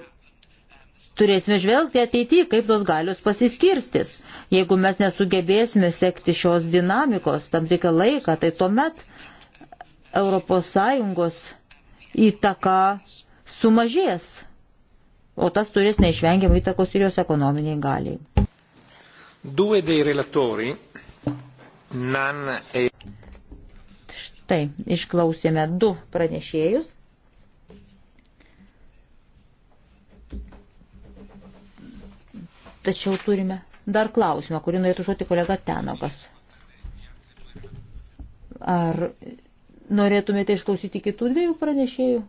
turėsime žvelgti ateityje, kaip tos galios pasiskirstis. Jeigu mes nesugebėsime sekti šios dinamikos tam tikrą laiką, tai tuomet ES įtaka sumažės o tas turės neišvengiamai įtakos ir jos ekonominiai galiai. Due dei relatori, Nan e. Štai, išklausėme du pranešėjus. Tačiau turime dar klausimą, kurį norėtų žuoti kolega Tenokas. Ar norėtumėte išklausyti kitų dviejų pranešėjų?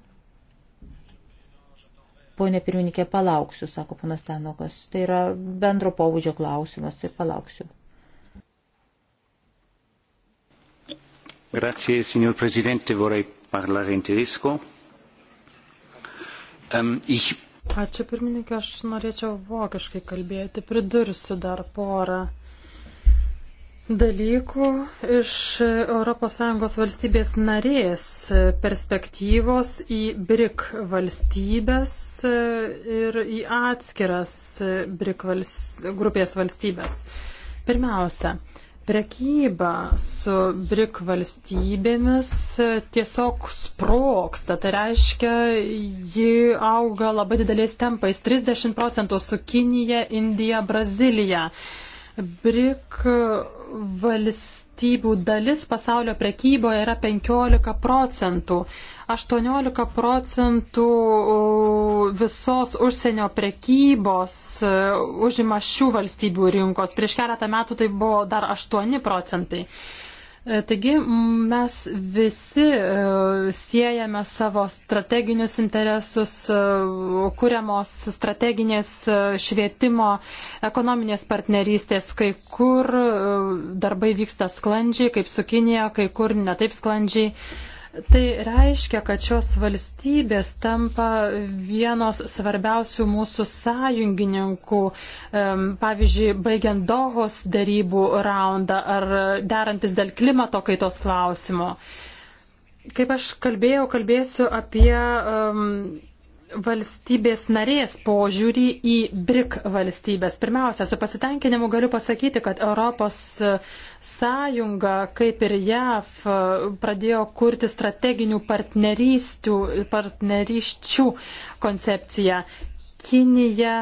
Pone pirmininkė, palauksiu, sako panas Tenokas. Tai yra bendro pobūdžio klausimas ir tai palauksiu. Grazie, signor Presidente, vorrei parlare in tedesco. Um, ich... Ačiū pirmininkė, aš norėčiau vokiškai kalbėti, pridursiu dar porą dalykų iš ES valstybės narės perspektyvos į BRIC valstybės ir į atskiras BRIC vals, grupės valstybės. Pirmiausia, prekyba su BRIC valstybėmis tiesiog sproksta. Tai reiškia, ji auga labai dideliais tempais - 30 procentų su Kinija, Indija, Brazilija. BRIC valstybių dalis pasaulio prekyboje yra 15 procentų. 18 procentų visos užsienio prekybos užima šių valstybių rinkos. Prieš keletą metų tai buvo dar 8 procentai. E, taigi mes visi e, siejame savo strateginius interesus, e, kuriamos strateginės švietimo, ekonominės partnerystės, kai kur darbai vyksta sklandžiai, kaip su Kinija, kai kur netaip sklandžiai. Tai reiškia, kad šios valstybės tampa vienos svarbiausių mūsų sąjungininkų, pavyzdžiui, baigiant Dohos darybų raundą ar derantis dėl klimato kaitos klausimo. Kaip aš kalbėjau, kalbėsiu apie um, valstybės narės požiūrį į BRIC valstybės. Pirmiausia, su pasitenkinimu galiu pasakyti, kad Europos sąjunga, kaip ir JAV, pradėjo kurti strateginių partnerysčių koncepciją. Kinija,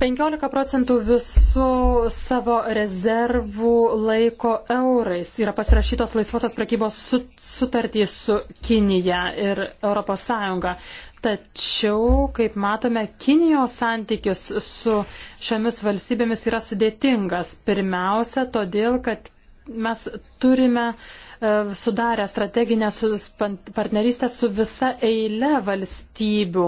15 procentų visų savo rezervų laiko eurais. Yra pasirašytos laisvosios prekybos sutartys su Kinija ir ES. Tačiau, kaip matome, Kinijos santykis su šiomis valstybėmis yra sudėtingas. Pirmiausia, todėl, kad mes turime uh, E, sudarę strateginę partnerystę su visa eile valstybių.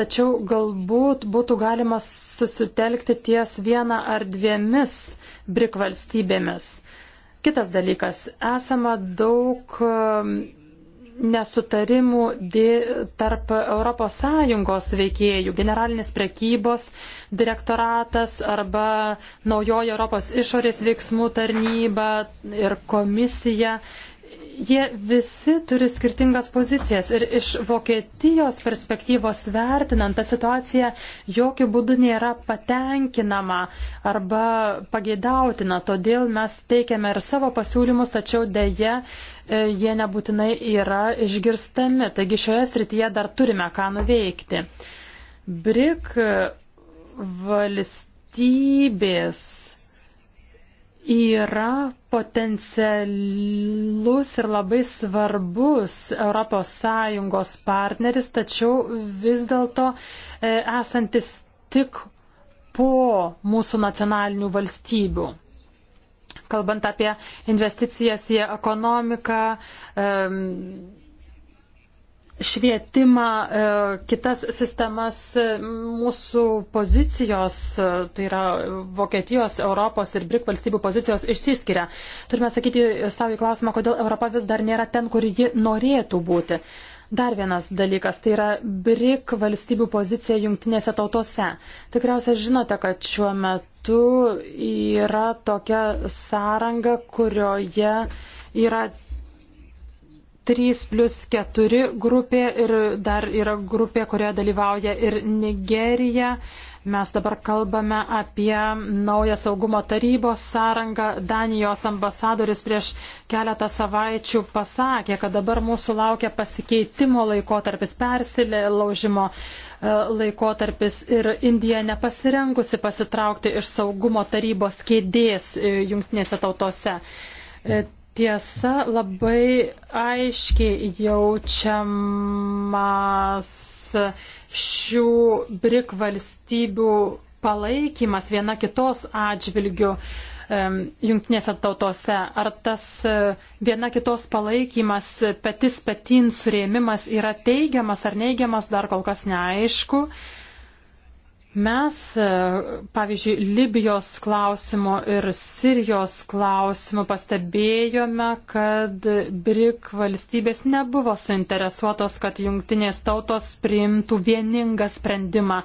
Tačiau galbūt būtų galima susitelkti ties vieną ar dviemis BRIK valstybėmis. Kitas dalykas. Esama daug e, nesutarimų tarp ES veikėjų. Generalinis prekybos direktoratas arba naujoji Europos išorės veiksmų tarnyba ir komisija jie visi turi skirtingas pozicijas ir iš Vokietijos perspektyvos vertinant, ta situacija jokių būdų nėra patenkinama arba pageidautina, todėl mes teikiame ir savo pasiūlymus, tačiau dėje e, jie nebūtinai yra išgirstami, taigi šioje srityje dar turime ką nuveikti. BRIC valstybės yra potencialus ir labai svarbus ES partneris, tačiau vis dėlto e, esantis tik po mūsų nacionalinių valstybių. Kalbant apie investicijas į ekonomiką, um, švietimą, e, kitas sistemas, e, mūsų pozicijos, e, tai yra Vokietijos, Europos ir BRIC valstybių pozicijos išsiskiria. Turime atsakyti savo į klausimą, kodėl Europa vis dar nėra ten, kur ji norėtų būti. Dar vienas dalykas, tai yra BRIC valstybių pozicija jungtinėse tautose. Tikriausiai žinote, kad šiuo metu yra tokia sąranga, kurioje yra 3 plus 4 grupė ir dar yra grupė, kurioje dalyvauja ir Nigerija. Mes dabar kalbame apie naują saugumo tarybos sąrangą. Danijos ambasadoris prieš keletą savaičių pasakė, kad dabar mūsų laukia pasikeitimo laikotarpis, persilaužimo e, laikotarpis ir Indija nepasirengusi pasitraukti iš saugumo tarybos kėdės e, jungtinėse tautose. E, Tiesa, labai aiškiai jaučiamas šių brik valstybių palaikymas viena kitos atžvilgių jungtinėse tautose. Ar tas e, viena kitos palaikymas, petis petin surėmimas yra teigiamas ar neigiamas, dar kol kas neaišku. Mes, e, pavyzdžiui, Libijos klausimo ir Sirijos klausimo pastebėjome, kad BRIK valstybės nebuvo suinteresuotos, kad jungtinės tautos priimtų vieningą sprendimą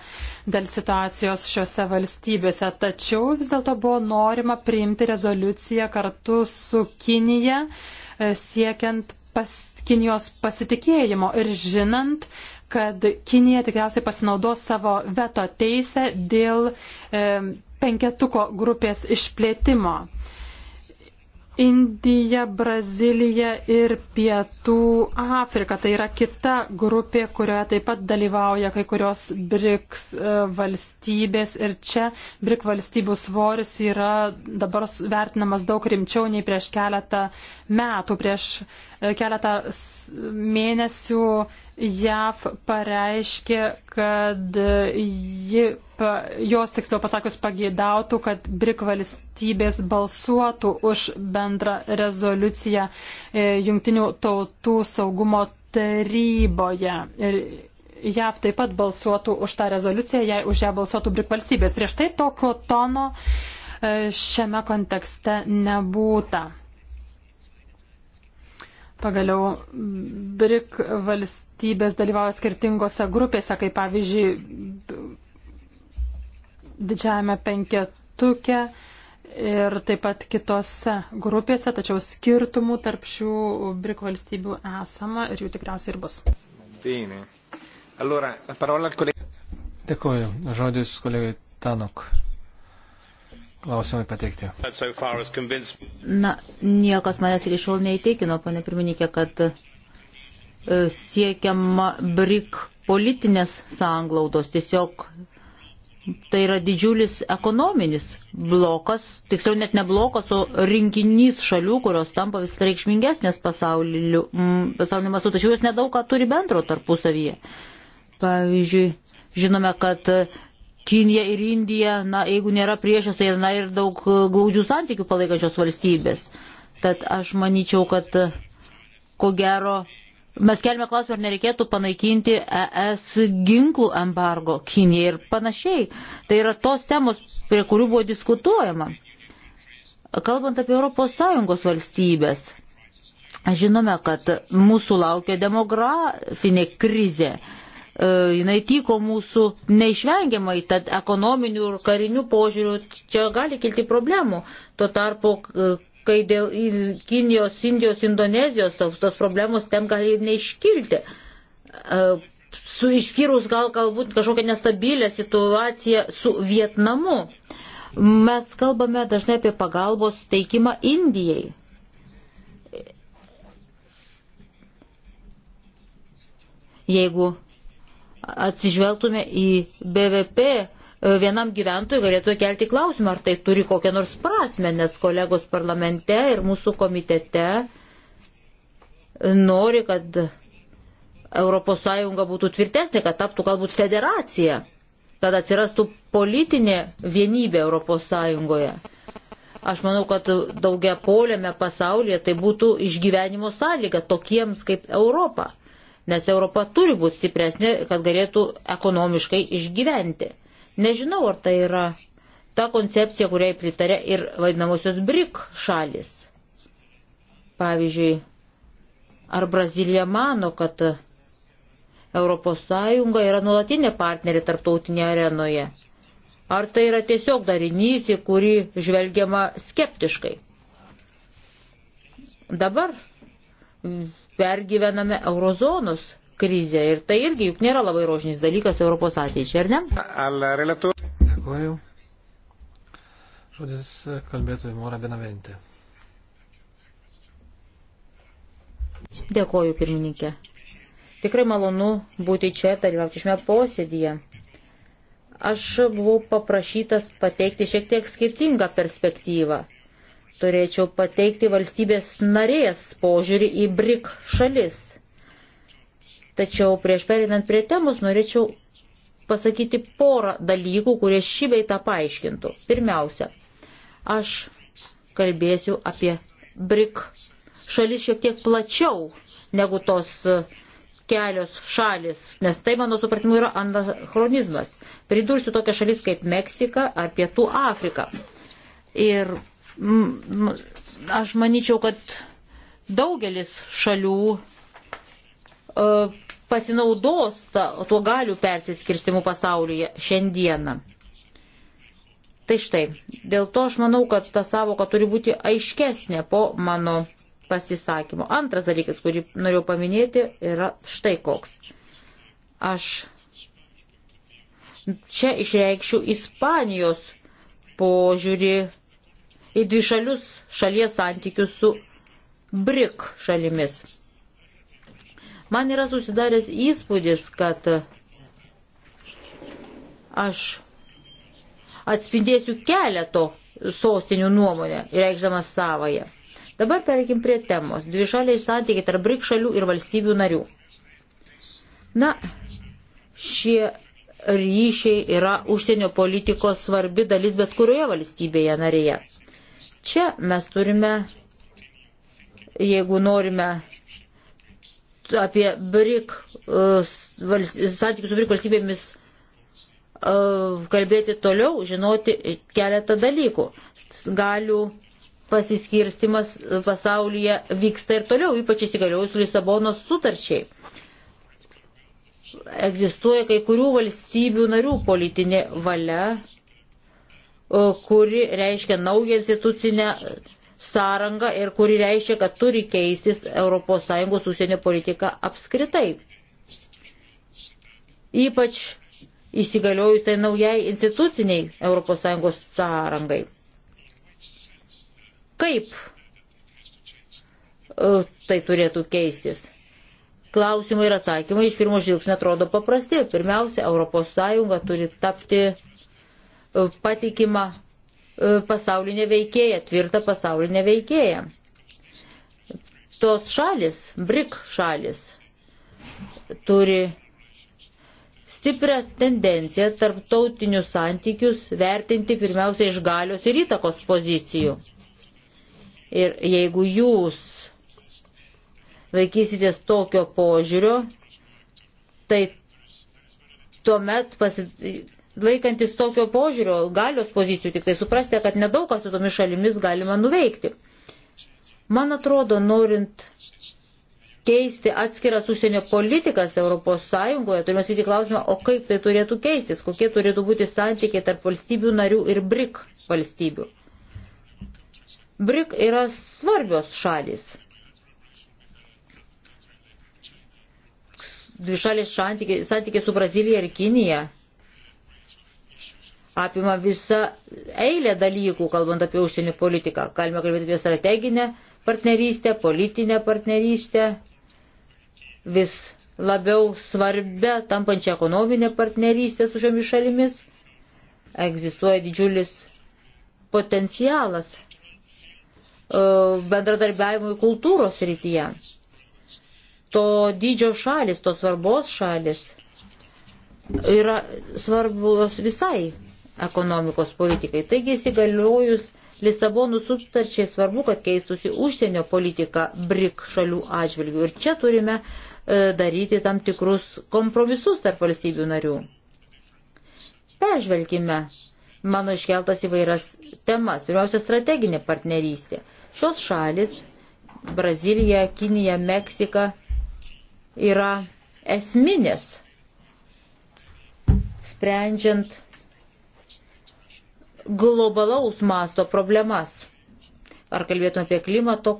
dėl situacijos šiuose valstybėse. Tačiau vis dėlto buvo norima priimti rezoliuciją kartu su Kinija e, siekiant pas, Kinijos pasitikėjimo ir žinant, kad Kinija tikriausiai pasinaudos savo veto teisę dėl e, penketuko grupės išplėtimo. Indija, Brazilija ir Pietų Afrika. Tai yra kita grupė, kurioje taip pat dalyvauja kai kurios BRICS e, valstybės. Ir čia BRIC valstybių svoris yra dabar vertinamas daug rimčiau nei prieš keletą metų, prieš keletą mėnesių JAV pareiškė, kad ji, jos tiksliau pasakius pageidautų, kad BRIK valstybės balsuotų už bendrą rezoliuciją e, Jungtinių tautų saugumo taryboje. Ir JAV taip pat balsuotų už tą rezoliuciją, jei už ją balsuotų BRIK valstybės. Prieš tai tokio tono e, šiame kontekste nebūtų. Pagaliau BRIC valstybės dalyvauja skirtingose grupėse, kaip pavyzdžiui, didžiajame penketuke ir taip pat kitose grupėse, tačiau skirtumų tarp šių BRIC valstybių esama ir jų tikriausiai ir bus. Bene. Allora, parola al kolega. Dėkuoju. Žodis kolegai Tanok klausimai pateikti. Na, niekas manęs iki šiol neįtikino, pane pirmininkė, kad e, siekiama BRIC politinės sąnglaudos. Tiesiog tai yra didžiulis ekonominis blokas, tiksliau net ne blokas, o rinkinys šalių, kurios tampa vis reikšmingesnės pasauliniu mastu, tačiau jos nedaug ką turi bendro tarpusavyje. Pavyzdžiui, žinome, kad Kinija ir Indija, na, jeigu nėra priešas, tai na ir daug e, glaudžių santykių palaikančios valstybės. Tad aš manyčiau, kad e, ko gero mes kelime klausimą, ar nereikėtų panaikinti ES ginklų embargo Kinijai ir panašiai. Tai yra tos temos, prie kurių buvo diskutuojama. Kalbant apie ES valstybės, žinome, kad mūsų laukia demografinė krizė E, jinai tyko mūsų neišvengiamai, tad ekonominių ir karinių požiūrių čia gali kilti problemų. Tuo tarpu, e, kai dėl Kinijos, Indijos, Indonezijos tos, tos problemos ten gali neiškilti. E, su išskyrus gal galbūt kažkokią nestabilę situaciją su Vietnamu. Mes kalbame dažnai apie pagalbos teikimą Indijai. Jeigu atsižvelgtume į BVP, e, vienam gyventojui galėtų kelti klausimą, ar tai turi kokią nors prasme, nes kolegos parlamente ir mūsų komitete nori, kad ES būtų tvirtesnė, kad taptų galbūt federacija, kad atsirastų politinė vienybė ES. Aš manau, kad daugia poliame pasaulyje tai būtų išgyvenimo sąlyga tokiems kaip Europa nes Europa turi būti stipresnė, kad galėtų ekonomiškai išgyventi. Nežinau, ar tai yra ta koncepcija, kuriai pritarė ir vadinamosios BRIC šalis. Pavyzdžiui, ar Brazilija mano, kad ES yra nuolatinė partnerė tarptautinėje arenoje? Ar tai yra tiesiog darinys, į kurį žvelgiama skeptiškai? Dabar pergyvename eurozonos krizę ir tai irgi juk nėra labai rožinis dalykas Europos ateičiai, ar ne? Dėkuoju. Žodis kalbėtojų Mora Benaventė. Dėkuoju, pirmininkė. Tikrai malonu būti čia, dalyvauti šiame posėdėje. Aš buvau paprašytas pateikti šiek tiek skirtingą perspektyvą Turėčiau pateikti valstybės narės požiūrį į BRIC šalis. Tačiau prieš perinant prie temos norėčiau pasakyti porą dalykų, kurie šybei tą paaiškintų. Pirmiausia, aš kalbėsiu apie BRIC šalis šiek tiek plačiau negu tos e, kelios šalis, nes tai, mano supratimu, yra anachronizmas. Pridursiu tokias šalis kaip Meksika ar Pietų Afrika. Ir Aš manyčiau, kad daugelis šalių e, pasinaudos tuo galių persiskirstimu pasaulyje šiandieną. Tai štai, dėl to aš manau, kad ta savoka turi būti aiškesnė po mano pasisakymo. Antras dalykas, kurį norėjau paminėti, yra štai koks. Aš čia išreikščiau Ispanijos požiūrį į dvišalius šalies santykius su BRIC šalimis. Man yra susidaręs įspūdis, kad aš atspindėsiu keleto sostinių nuomonę, reikšdamas savoje. Dabar pereikim prie temos. Dvišaliai santykiai tarp BRIC šalių ir valstybių narių. Na, šie ryšiai yra užsienio politikos svarbi dalis bet kurioje valstybėje narėje. Čia mes turime, jeigu norime apie BRIC, e, santykius su BRIC valstybėmis e, kalbėti toliau, žinoti keletą dalykų. Galių pasiskirstimas pasaulyje vyksta ir toliau, ypač įsigaliojus Lisabonos sutarčiai. Egzistuoja kai kurių valstybių narių politinė valia E, kuri reiškia naują institucinę sąrangą ir kuri reiškia, kad turi keistis ES užsienio politika apskritai. Ypač įsigaliojus tai naujai instituciniai ES sąrangai. Kaip e, tai turėtų keistis? Klausimai ir atsakymai iš pirmo žvilgsnio atrodo paprasti. Pirmiausia, ES turi tapti E, patikimą e, pasaulinę veikėją, tvirtą pasaulinę veikėją. Tos šalis, BRIC šalis, turi stiprią tendenciją tarptautinius santykius vertinti pirmiausia iš galios ir įtakos pozicijų. Ir jeigu jūs laikysitės tokio požiūrio, tai tuomet pasi laikantis tokio požiūrio, galios pozicijų, tik tai suprasti, kad nedaug ką su tomis šalimis galima nuveikti. Man atrodo, norint keisti atskiras užsienio politikas ES, turime sėti klausimą, o kaip tai turėtų keistis, kokie turėtų būti santykiai tarp valstybių narių ir BRIC valstybių. BRIC yra svarbios šalis. Dvišalės santykiai su Brazilija ir Kinija apima visą eilę dalykų, kalbant apie užsienio politiką. Galime kalbėti apie strateginę partnerystę, politinę partnerystę, vis labiau svarbia tampančia ekonominė partnerystė su šiomis šalimis. Egzistuoja didžiulis potencialas e, bendradarbiavimui kultūros rytyje. To dydžio šalis, to svarbos šalis yra svarbus visai ekonomikos politikai. Taigi įsigaliojus Lisabonų sutarčiai svarbu, kad keistusi užsienio politika BRIK šalių atžvilgių. Ir čia turime e, daryti tam tikrus kompromisus tarp valstybių narių. Peržvelgime mano iškeltas įvairias temas. Pirmiausia, strateginė partnerystė. Šios šalis - Brazilija, Kinija, Meksika - yra esminės, sprendžiant globalaus masto problemas. Ar kalbėtume apie klimato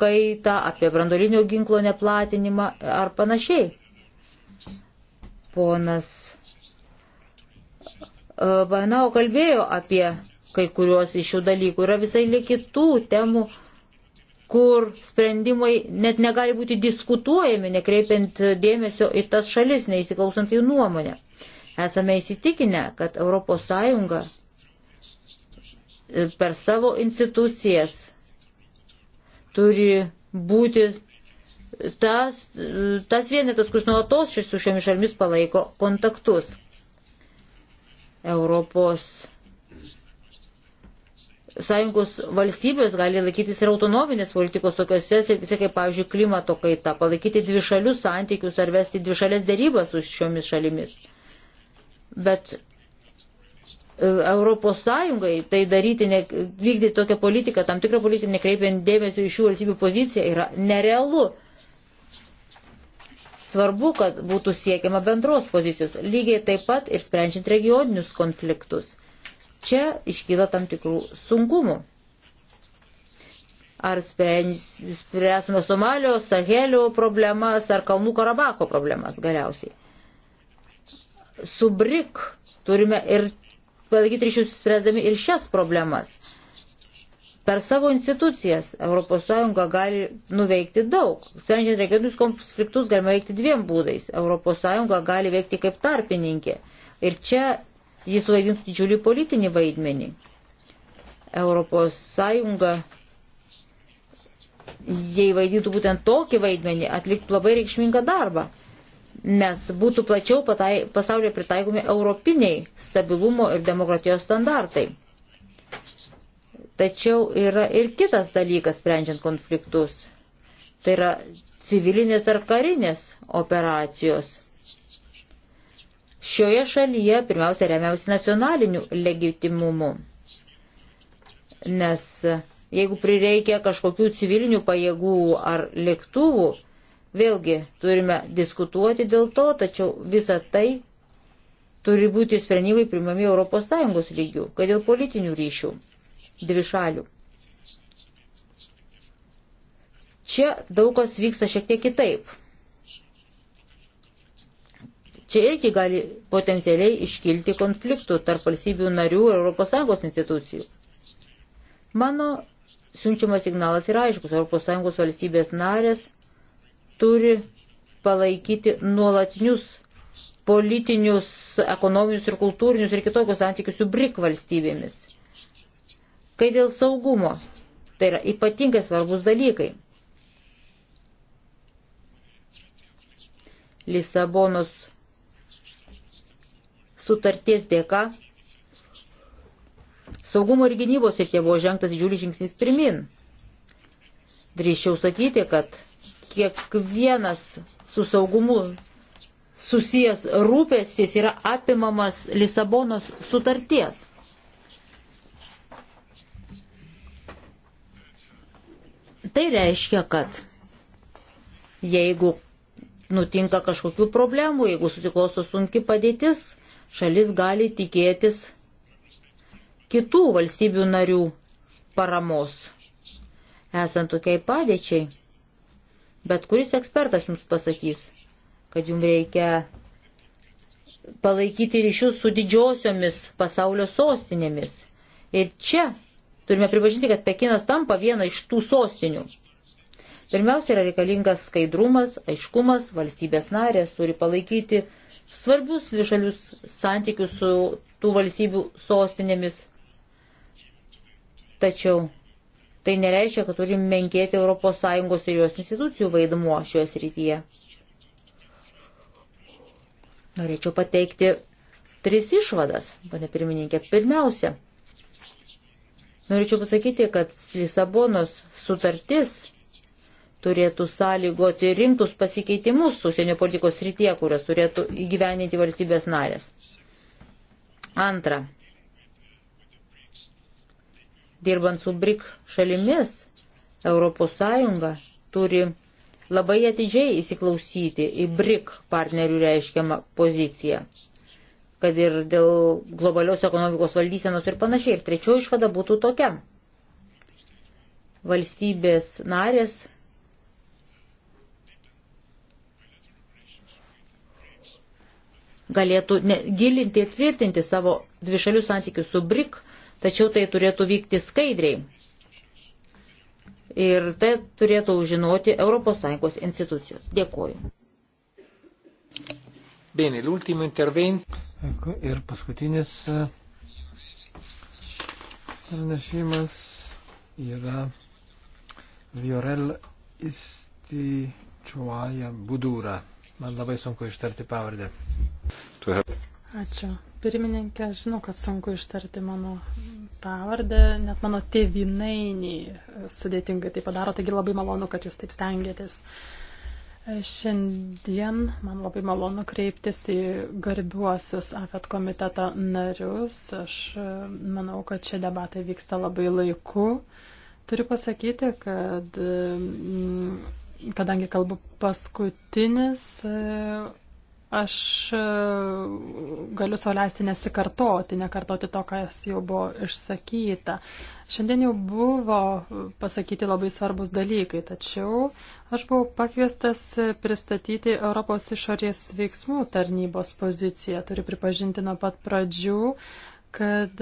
kaitą, apie brandolinio ginklo neplatinimą ar panašiai. Ponas e, Banao kalbėjo apie kai kuriuos iš šių dalykų. Yra visai likitų temų, kur sprendimai net negali būti diskutuojami, nekreipiant dėmesio į tas šalis, neįsiklausant jų nuomonę. Esame įsitikinę, kad ES per savo institucijas turi būti tas, tas vienetas, kuris nuolatos šis su šiomis šalimis palaiko kontaktus. Europos sąjungos valstybės gali laikytis ir autonominės politikos tokiuose srityse, kaip, pavyzdžiui, klimato kaita, palaikyti dvišalius santykius ar vesti dvišalės dėrybas su šiomis šalimis. Bet Europos Sąjungai tai daryti, ne, vykdyti tokią politiką, tam tikrą politiką, nekreipiant dėmesio į šių valstybių poziciją, yra nerealu. Svarbu, kad būtų siekiama bendros pozicijos, lygiai taip pat ir sprendžiant regioninius konfliktus. Čia iškyla tam tikrų sunkumų. Ar spręsime Somalio, Sahelio problemas, ar Kalnų Karabako problemas galiausiai. Su BRIC turime ir palaikyti ryšius spręsdami ir šias problemas. Per savo institucijas ES gali nuveikti daug. Sprendžiant regionius konfliktus galima veikti dviem būdais. ES gali veikti kaip tarpininkė. Ir čia jis vaidintų didžiulį politinį vaidmenį. ES, jei vaidintų būtent tokį vaidmenį, atliktų labai reikšmingą darbą nes būtų plačiau patai, pasaulyje pritaikomi europiniai stabilumo ir demokratijos standartai. Tačiau yra ir kitas dalykas, sprendžiant konfliktus. Tai yra civilinės ar karinės operacijos. Šioje šalyje pirmiausia remiausi nacionaliniu legitimumu. Nes jeigu prireikia kažkokių civilinių pajėgų ar lėktuvų, Vėlgi turime diskutuoti dėl to, tačiau visa tai turi būti sprendimai primami ES lygių, kad dėl politinių ryšių dvi šalių. Čia daug kas vyksta šiek tiek kitaip. Čia irgi gali potencialiai iškilti konfliktų tarp valstybių narių ir ES institucijų. Mano siunčiamas signalas yra aiškus. ES valstybės narės turi palaikyti nuolatinius politinius, ekonominius ir kultūrinius ir kitokius santykius su BRIC valstybėmis. Kai dėl saugumo, tai yra ypatingai svarbus dalykai. Lisabonos sutarties dėka saugumo ir gynybos ir tie buvo žengtas didžiulis žingsnis pirmin. Drįščiau sakyti, kad kiekvienas su saugumu susijęs rūpestis yra apimamas Lisabonos sutarties. Tai reiškia, kad jeigu nutinka kažkokių problemų, jeigu susiklosto sunki padėtis, šalis gali tikėtis kitų valstybių narių paramos. Esant tokiai padėčiai, Bet kuris ekspertas jums pasakys, kad jums reikia palaikyti ryšius su didžiosiomis pasaulio sostinėmis. Ir čia turime pripažinti, kad Pekinas tampa viena iš tų sostinių. Pirmiausia yra reikalingas skaidrumas, aiškumas, valstybės narės turi palaikyti svarbius dvišalius santykius su tų valstybių sostinėmis. Tačiau Tai nereiškia, kad turi menkėti ES ir jos institucijų vaidmuo šioje srityje. Norėčiau pateikti tris išvadas, pane pirmininkė. Pirmiausia, norėčiau pasakyti, kad Lisabonos sutartis turėtų sąlygoti rimtus pasikeitimus užsienio politikos srityje, kurias turėtų įgyveninti valstybės narės. Antra, dirbant su BRIC šalimis, ES turi labai atidžiai įsiklausyti į BRIC partnerių reiškiamą poziciją, kad ir dėl globalios ekonomikos valdysenos ir panašiai. Ir trečioji išvada būtų tokia. Valstybės narės galėtų ne, gilinti ir tvirtinti savo dvišalių santykių su BRIC tačiau tai turėtų vykti skaidriai. Ir tai turėtų žinoti ES institucijos. Dėkuoju. Bene, l'ultimo intervento. Ecco, ir paskutinis e, pranešimas yra Viorel Ističuoja Budūra. Man labai sunku ištarti pavardę. Ačiū. Pirmininkė, žinau, kad sunku ištarti mano pavardę, net mano tėvinainiai sudėtingai tai padaro, taigi labai malonu, kad jūs taip stengiatės. Šiandien man labai malonu kreiptis į garbiuosius AFET komiteto narius. Aš e, manau, kad šie debatai vyksta labai laiku. Turiu pasakyti, kad kadangi kalbu paskutinis e, Aš e, galiu sauliaisti nesikartoti, nekartoti to, kas jau buvo išsakyta. Šiandien jau buvo pasakyti labai svarbus dalykai, tačiau aš buvau pakviestas pristatyti Europos išorės veiksmų tarnybos poziciją. Turiu pripažinti nuo pat pradžių, kad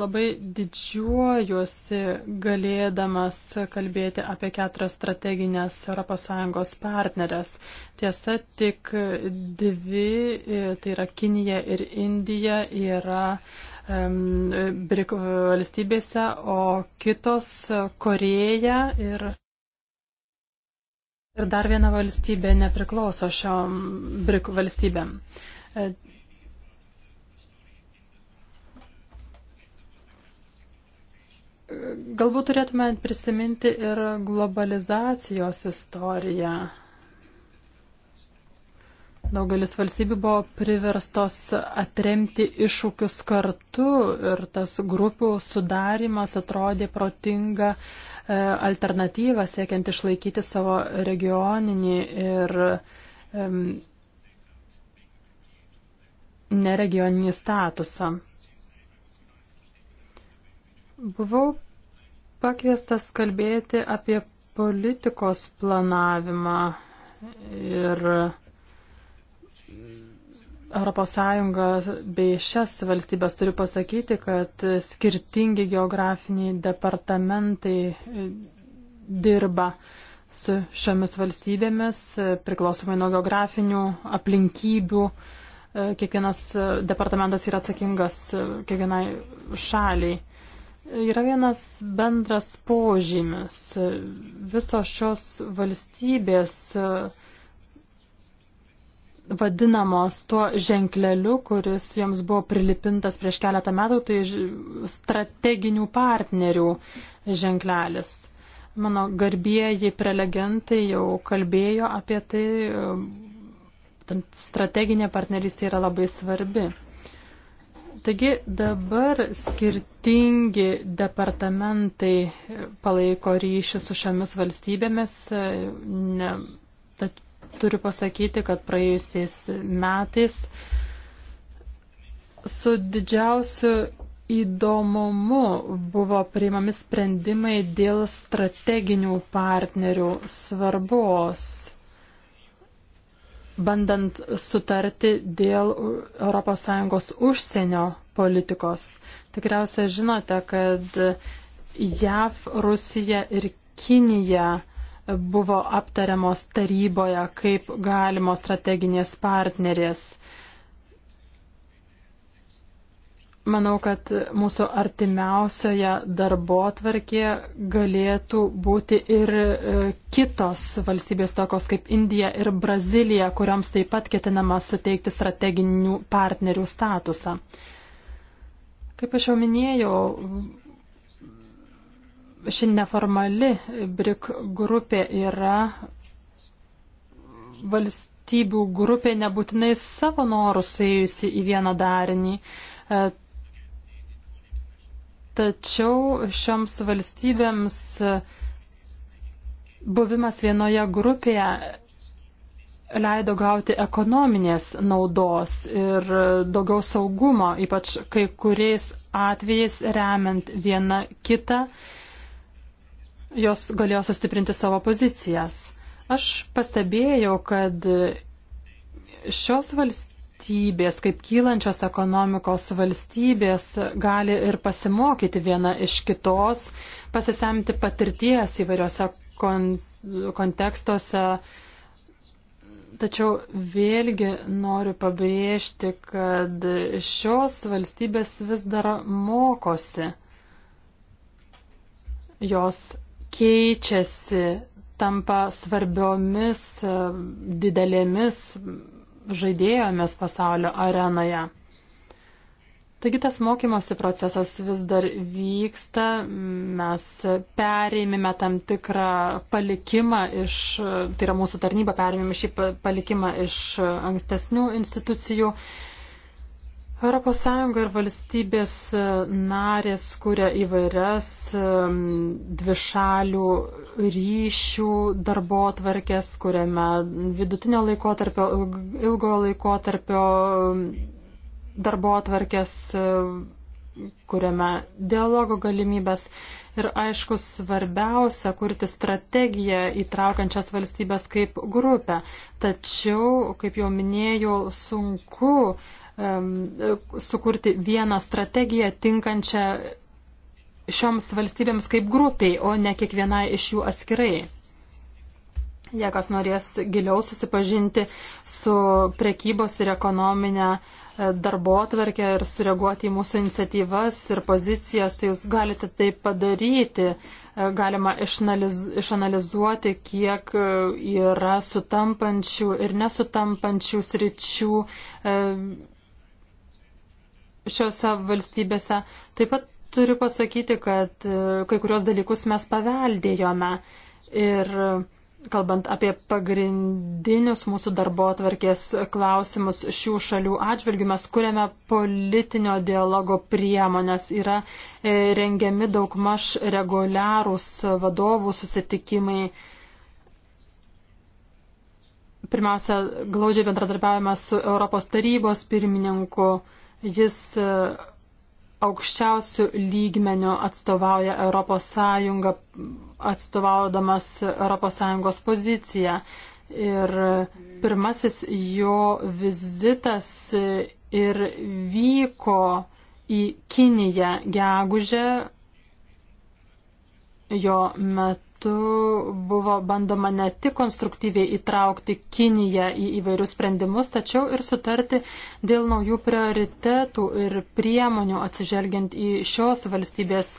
labai didžiuojuosi galėdamas kalbėti apie keturias strateginės ES partnerės. Tiesa, tik dvi, e, tai yra Kinija ir Indija, yra um, BRIC valstybėse, o kitos Koreja ir. Ir dar viena valstybė nepriklauso šiom BRIC valstybėm. E, Galbūt turėtume prisiminti ir globalizacijos istoriją. Daugelis valstybių buvo priverstos atremti iššūkius kartu ir tas grupių sudarimas atrodė protinga e, alternatyva siekiant išlaikyti savo regioninį ir um, neregioninį statusą. Buvau pakviestas kalbėti apie politikos planavimą ir ES bei šias valstybės turiu pasakyti, kad skirtingi geografiniai departamentai dirba su šiomis valstybėmis, priklausomai nuo geografinių aplinkybių. Kiekvienas departamentas yra atsakingas kiekvienai šaliai. Yra vienas bendras požymis. Visos šios valstybės e, vadinamos tuo ženkleliu, kuris joms buvo prilipintas prieš keletą metų, tai strateginių partnerių ženklelis. Mano garbėjai prelegentai jau kalbėjo apie tai, e, strateginė partnerystė yra labai svarbi. Taigi dabar skirtingi departamentai palaiko ryšį su šiomis valstybėmis. Ne, tad turiu pasakyti, kad praėjusiais metais su didžiausiu įdomumu buvo priimami sprendimai dėl strateginių partnerių svarbos bandant sutarti dėl ES užsienio politikos. Tikriausiai žinote, kad JAV, Rusija ir Kinija buvo aptariamos taryboje kaip galimos strateginės partnerės. Manau, kad mūsų artimiausioje darbo tvarkė galėtų būti ir e, kitos valstybės tokios kaip Indija ir Brazilija, kuriams taip pat ketinama suteikti strateginių partnerių statusą. Kaip aš jau minėjau, ši neformali BRIC grupė yra valstybių grupė nebūtinai savo norų suėjusi į vieną darinį e, Tačiau šioms valstybėms buvimas vienoje grupėje leido gauti ekonominės naudos ir daugiau saugumo, ypač kai kuriais atvejais remiant vieną kitą, jos galėjo sustiprinti savo pozicijas. Aš pastebėjau, kad šios valstybės valstybės, kaip kylančios ekonomikos valstybės gali ir pasimokyti viena iš kitos, pasisemti patirties įvairiose kon kontekstuose. Tačiau vėlgi noriu pabrėžti, kad šios valstybės vis dar mokosi. Jos keičiasi, tampa svarbiomis, didelėmis žaidėjomis pasaulio arenoje. Taigi tas mokymosi procesas vis dar vyksta, mes perėmėme tam tikrą palikimą iš, tai yra mūsų tarnyba perėmėme šį palikimą iš ankstesnių institucijų. Uh, ES ir valstybės e, narės kuria įvairias e, dvišalių ryšių darbo atvarkės, kuriame vidutinio laikotarpio, ilgojo laikotarpio darbo atvarkės, e, kuriame dialogo galimybės. Ir aišku, svarbiausia kurti strategiją įtraukiančias valstybės kaip grupę. Tačiau, kaip jau minėjau, sunku uh, sukurti vieną strategiją tinkančią šioms valstybėms kaip grupiai, o ne kiekvienai iš jų atskirai. Jei kas norės giliau susipažinti su prekybos ir ekonominė e, darbo atverkė ir sureaguoti į mūsų iniciatyvas ir pozicijas, tai jūs galite tai padaryti. E, galima išanaliz, išanalizuoti, kiek e, yra sutampančių ir nesutampančių sričių šiuose valstybėse. Taip pat turiu pasakyti, kad e, kai kurios dalykus mes paveldėjome. Ir e, kalbant apie pagrindinius mūsų darbo atvarkės klausimus šių šalių atžvilgių, mes kuriame politinio dialogo priemonės, yra e, rengiami daugmaž reguliarūs vadovų susitikimai. Pirmiausia, glaudžiai bendradarbiavime su Europos tarybos pirmininku. Jis e, aukščiausių lygmenių atstovauja ES, atstovaudamas ES poziciją. Ir pirmasis jo vizitas ir vyko į Kiniją gegužę. Jo metu metu buvo bandoma ne tik konstruktyviai įtraukti Kiniją į įvairius sprendimus, tačiau ir sutarti dėl naujų prioritetų ir priemonių atsižvelgiant į šios valstybės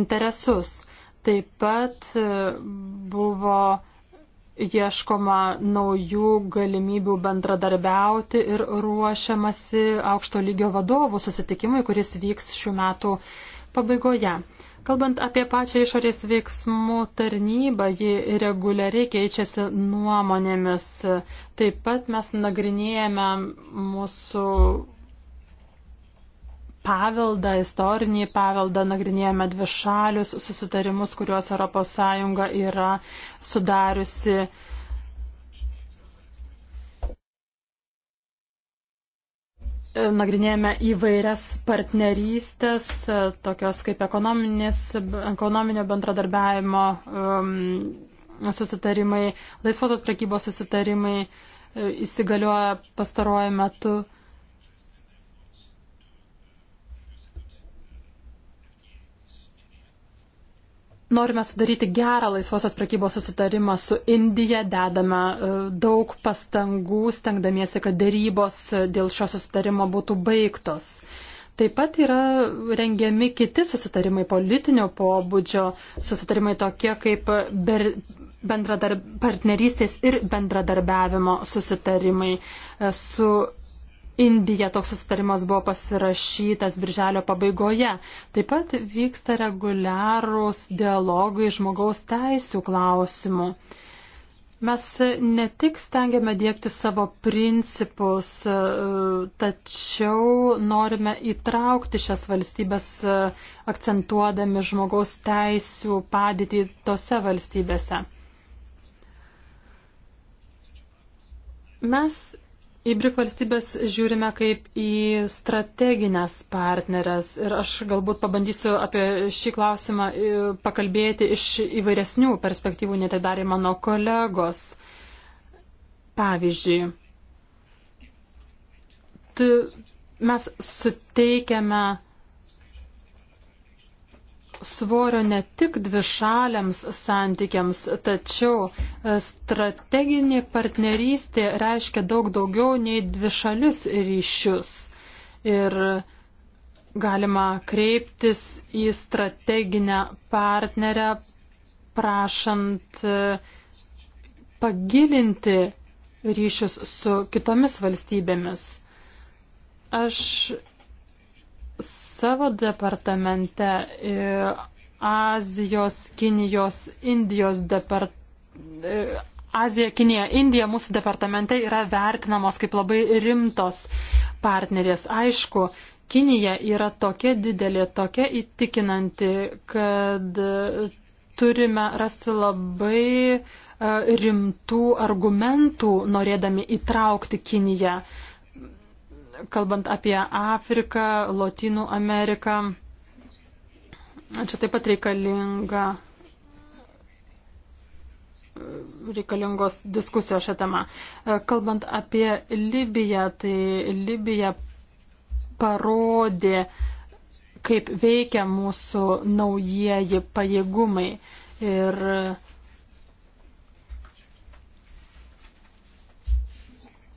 interesus. Taip pat e, buvo ieškoma naujų galimybių bendradarbiauti ir ruošiamasi aukšto lygio vadovų susitikimui, kuris vyks šių metų pabaigoje. Kalbant apie pačią išorės veiksmų tarnybą, ji reguliariai keičiasi nuomonėmis. Taip pat mes nagrinėjame mūsų paveldą, istorinį paveldą, nagrinėjame dvišalius susitarimus, kuriuos ES yra sudariusi. nagrinėjame įvairias partnerystės, e, tokios kaip ekonominio bendradarbiavimo um, susitarimai, laisvosios prekybos susitarimai e, įsigalioja pastaruoju metu. Norime sudaryti gerą laisvosios prekybos susitarimą su Indija, dedame e, daug pastangų, stengdamiesi, kad dėrybos e, dėl šio susitarimo būtų baigtos. Taip pat yra rengiami kiti susitarimai politinio pobūdžio, susitarimai tokie kaip ber, bendradarb, partnerystės ir bendradarbiavimo susitarimai e, su Indija toks susitarimas buvo pasirašytas birželio pabaigoje. Taip pat vyksta reguliarūs dialogai žmogaus teisų klausimų. Mes ne tik stengiame dėkti savo principus, tačiau norime įtraukti šias valstybės, akcentuodami žmogaus teisų padėtį tose valstybėse. Mes Į BRIK valstybės žiūrime kaip į strateginės partnerės ir aš galbūt pabandysiu apie šį klausimą e, pakalbėti iš įvairesnių perspektyvų, netai darė mano kolegos. Pavyzdžiui, mes suteikiame svorio ne tik dvišaliams santykiams, tačiau e, strateginė partnerystė reiškia daug daugiau nei dvišalius ryšius. Ir galima kreiptis į strateginę partnerę, prašant e, pagilinti ryšius su kitomis valstybėmis. Aš savo departamente Azijos, Kinijos, Indijos departamente. Azija, Kinija, Indija mūsų departamente yra vertinamos kaip labai rimtos partnerės. Aišku, Kinija yra tokia didelė, tokia įtikinanti, kad turime rasti labai e, rimtų argumentų, norėdami įtraukti Kiniją kalbant apie Afriką, Latinų Ameriką, čia taip pat reikalinga reikalingos diskusijos šią temą. Kalbant apie Libiją, tai Libija parodė, kaip veikia mūsų naujieji pajėgumai. Ir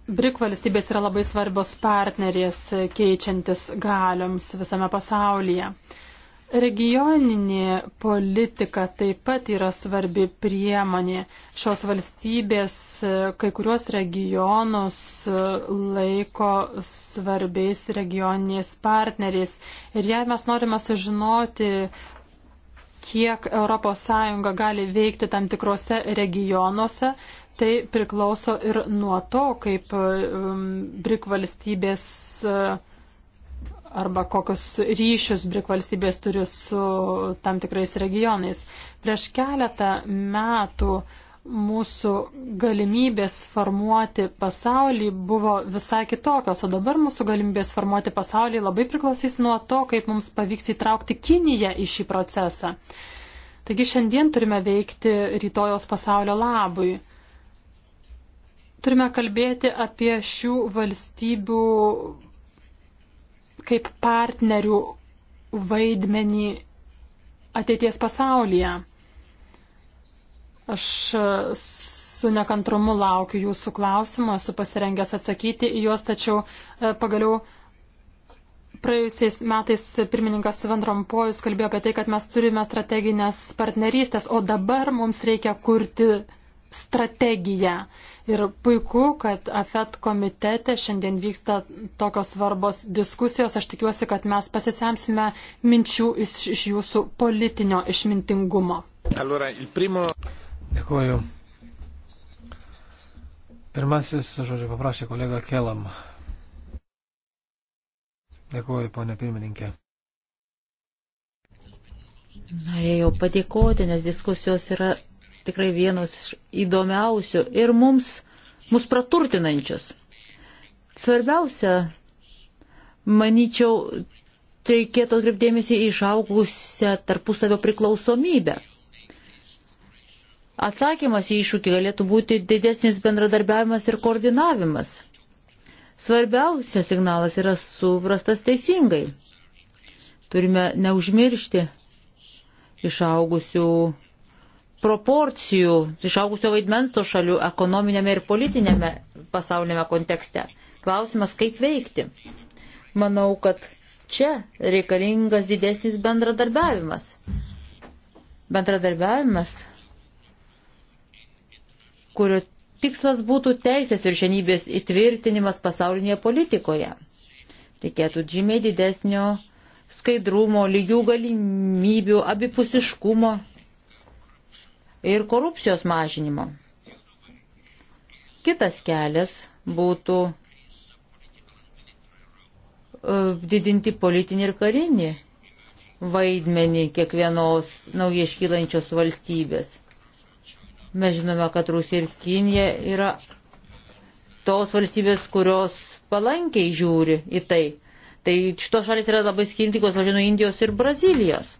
BRIC valstybės yra labai svarbios partnerės keičiantis galioms visame pasaulyje. Regioninė politika taip pat yra svarbi priemonė. Šios valstybės e, kai kuriuos regionus e, laiko svarbiais regioniniais partneriais. Ir jei mes norime sužinoti, kiek ES gali veikti tam tikrose regionuose, Tai priklauso ir nuo to, kaip um, BRIC valstybės uh, arba kokius ryšius BRIC valstybės turi su tam tikrais regionais. Prieš keletą metų mūsų galimybės formuoti pasaulį buvo visai kitokios, o dabar mūsų galimybės formuoti pasaulį labai priklausys nuo to, kaip mums pavyks įtraukti Kiniją į šį procesą. Taigi šiandien turime veikti rytojos pasaulio labui. Turime kalbėti apie šių valstybių kaip partnerių vaidmenį ateities pasaulyje. Aš su nekantrumu laukiu jūsų klausimų, esu pasirengęs atsakyti į juos, tačiau e, pagaliau praėjusiais metais pirmininkas Van Rompojus kalbėjo apie tai, kad mes turime strateginės partnerystės, o dabar mums reikia kurti strategiją. Ir puiku, kad AFET komitete šiandien vyksta tokios svarbos diskusijos. Aš tikiuosi, kad mes pasisemsime minčių iš, iš jūsų politinio išmintingumo. Allora, primo... Dėkuoju. Pirmasis, žodžiu, paprašė kolega Kelam. Dėkuoju, ponė pirmininkė. Norėjau padėkoti, nes diskusijos yra tikrai vienos iš įdomiausių ir mums, mus praturtinančios. Svarbiausia, manyčiau, reikėtų tai atkreipdėmėsi į išaugusią tarpusavio priklausomybę. Atsakymas į iššūkį galėtų būti didesnis bendradarbiavimas ir koordinavimas. Svarbiausias signalas yra suprastas teisingai. Turime neužmiršti išaugusių proporcijų, išaugusio vaidmens to šalių ekonominėme ir politinėme pasaulinėme kontekste. Klausimas, kaip veikti. Manau, kad čia reikalingas didesnis bendradarbiavimas. Bendradarbiavimas, kurio tikslas būtų teisės viršenybės įtvirtinimas pasaulinėje politikoje. Reikėtų žymiai didesnio skaidrumo, lygių galimybių, abipusiškumo ir korupcijos mažinimo. Kitas kelias būtų e, didinti politinį ir karinį vaidmenį kiekvienos naujai iškylančios valstybės. Mes žinome, kad Rusija ir Kinija yra tos valstybės, kurios palankiai žiūri į tai. Tai šitos šalis yra labai skirtingos, važinu, Indijos ir Brazilijos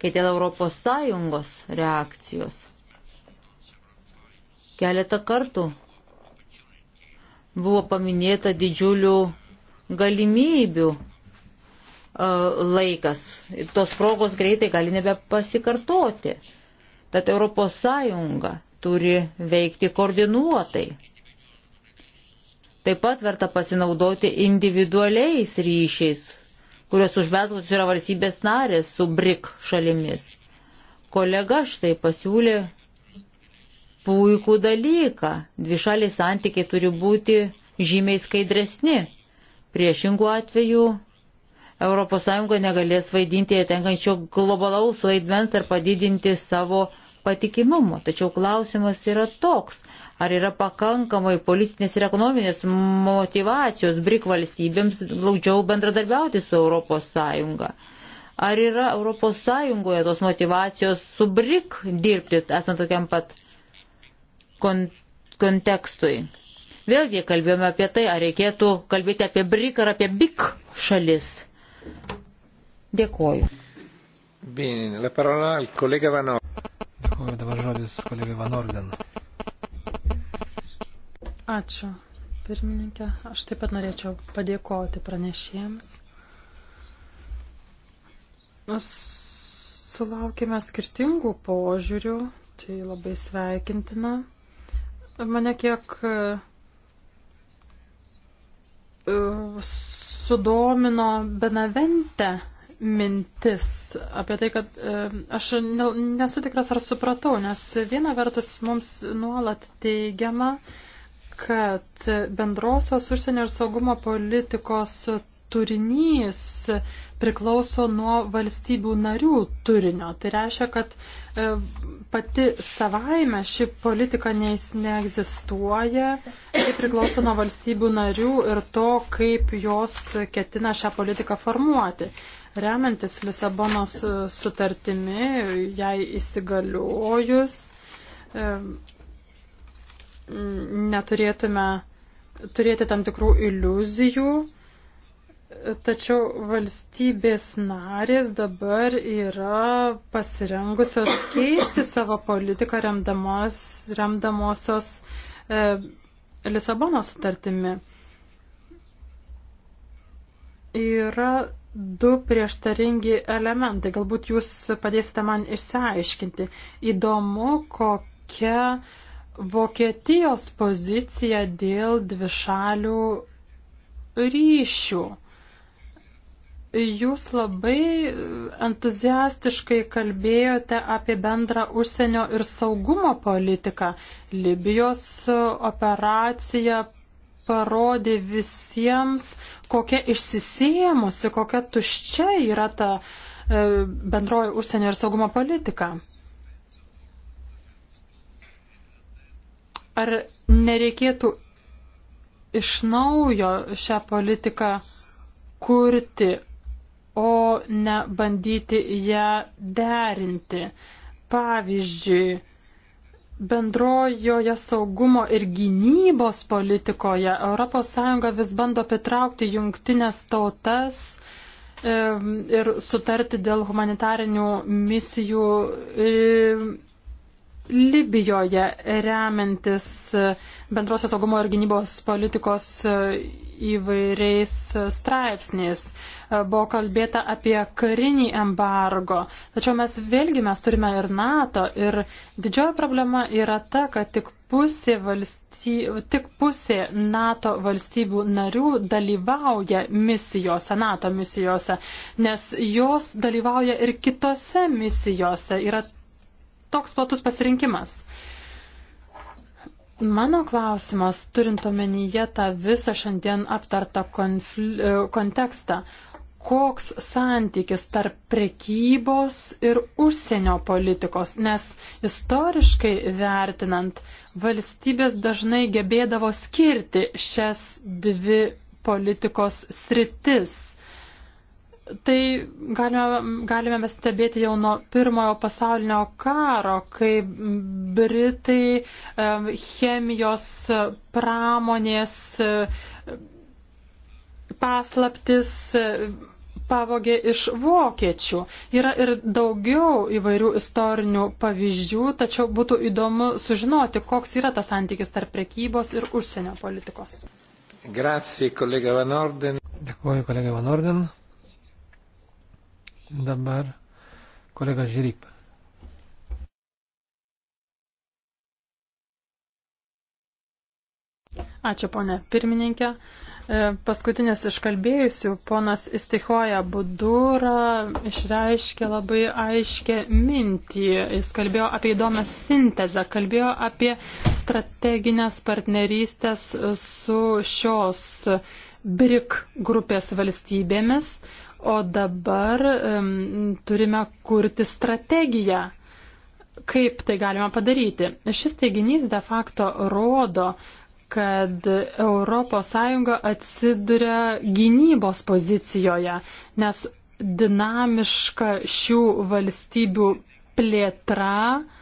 kai dėl ES reakcijos. Keletą kartų buvo paminėta didžiulių galimybių e, laikas. Tos progos greitai gali nebepasikartoti. Tad ES turi veikti koordinuotai. Taip pat verta pasinaudoti individualiais ryšiais kurios užbesgus yra valstybės narės su BRIC šalimis. Kolega štai pasiūlė puikų dalyką. Dvišaliai santykiai turi būti žymiai skaidresni. Priešingų atveju ES negalės vaidinti tenkančio globalaus vaidmens ar padidinti savo patikimumo. Tačiau klausimas yra toks, ar yra pakankamai politinės ir ekonominės motivacijos BRIC valstybėms glaudžiau bendradarbiauti su ES. Ar yra ES tos motivacijos su BRIC dirbti, esant tokiam pat kon kontekstui? Vėlgi kalbėjome apie tai, ar reikėtų kalbėti apie BRIC ar apie BIC šalis. Dėkoju. Bene, la parola al collega Vanor. Dėkuoju dabar žodis kolegai Van Orden. Ačiū, pirmininkė. Aš taip pat norėčiau padėkoti pranešėjams. Sulaukime skirtingų požiūrių, tai labai sveikintina. Mane kiek e, sudomino Benavente mintis apie tai, kad e, aš nesu tikras ar supratau, nes viena vertus mums nuolat teigiama, kad bendrosios užsienio ir saugumo politikos turinys priklauso nuo valstybių narių turinio. Tai reiškia, kad e, pati savaime ši politika neegzistuoja, tai priklauso nuo valstybių narių ir to, kaip jos ketina šią politiką formuoti. Remiantis Lisabonos e, sutartimi, jai įsigaliojus, e, neturėtume turėti tam tikrų iliuzijų, tačiau valstybės narės dabar yra pasirengusios keisti savo politiką remdamos, remdamosios e, Lisabono sutartimi. Yra du prieštaringi elementai. Galbūt jūs padėsite man išsiaiškinti. Įdomu, kokia Vokietijos pozicija dėl dvišalių ryšių. Jūs labai entuziastiškai kalbėjote apie bendrą užsienio ir saugumo politiką. Libijos operacija parodė visiems, kokia išsisėmusi, kokia tuščia yra ta e, bendroji užsienio ir saugumo politika. Ar nereikėtų iš naujo šią politiką kurti, o ne bandyti ją derinti? Pavyzdžiui, bendrojoje saugumo ir gynybos politikoje ES vis bando pritraukti jungtinės tautas ir sutarti dėl humanitarinių misijų Libijoje remiantis bendrosios saugumo ir gynybos politikos e, įvairiais e, straipsniais. E, buvo kalbėta apie karinį embargo. Tačiau mes vėlgi mes turime ir NATO. Ir didžioji problema yra ta, kad tik pusė, valstybių, tik pusė NATO valstybių narių dalyvauja misijose, NATO misijose, nes jos dalyvauja ir kitose misijose. Yra toks platus pasirinkimas. Mano klausimas, turint omenyje tą visą šiandien aptartą konfl... E, kontekstą, koks santykis tarp prekybos ir užsienio politikos, nes istoriškai vertinant, valstybės dažnai gebėdavo skirti šias dvi politikos sritis. Tai galime, galime mes stebėti jau nuo pirmojo pasaulinio karo, kai Britai chemijos pramonės paslaptis pavogė iš vokiečių. Yra ir daugiau įvairių istorinių pavyzdžių, tačiau būtų įdomu sužinoti, koks yra tas santykis tarp prekybos ir užsienio politikos. Grazie, kolega Van Orden. Dėkuoju, kolega Van Orden. Dabar kolega Žiryp. Ačiū, ponė pirmininkė. E, paskutinis iškalbėjusių, ponas Istihoja Budūra išreiškė labai aiškę mintį. Jis kalbėjo apie įdomią sintezę, kalbėjo apie strateginės partnerystės su šios BRIC grupės valstybėmis, O dabar um, turime kurti strategiją, kaip tai galima padaryti. Šis teiginys de facto rodo, kad ES atsiduria gynybos pozicijoje, nes dinamiška šių valstybių plėtra uh,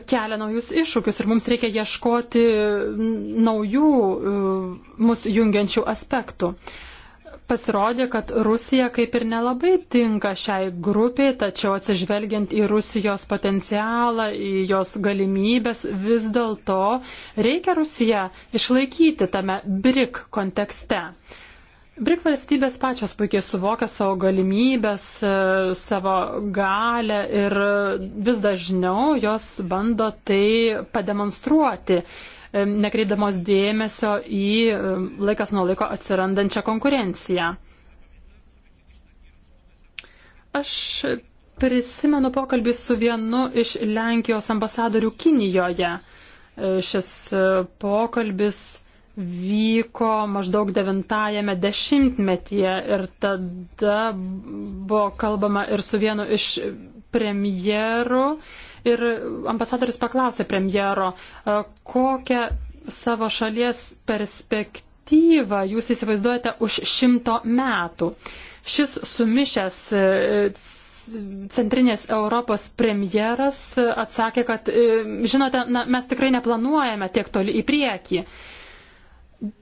kelia naujus iššūkius ir mums reikia ieškoti naujų e, mus jungiančių aspektų. Pasirodė, kad Rusija kaip ir nelabai tinka šiai grupiai, tačiau atsižvelgiant į Rusijos potencialą, į jos galimybės, vis dėlto reikia Rusiją išlaikyti tame BRIC kontekste. Brik valstybės pačios puikiai suvokia savo galimybės, e, savo galę ir vis dažniau jos bando tai pademonstruoti, e, nekreipdamos dėmesio į e, laikas nuo laiko atsirandančią konkurenciją. Aš prisimenu pokalbį su vienu iš Lenkijos ambasadorių Kinijoje. Šis pokalbis vyko maždaug devintajame dešimtmetyje ir tada buvo kalbama ir su vienu iš premjerų ir ambasadorius paklausė premjero, kokią savo šalies perspektyvą jūs įsivaizduojate už šimto metų. Šis sumišęs e, centrinės Europos premjeras atsakė, kad, e, žinote, na, mes tikrai neplanuojame tiek toli į priekį. Uh,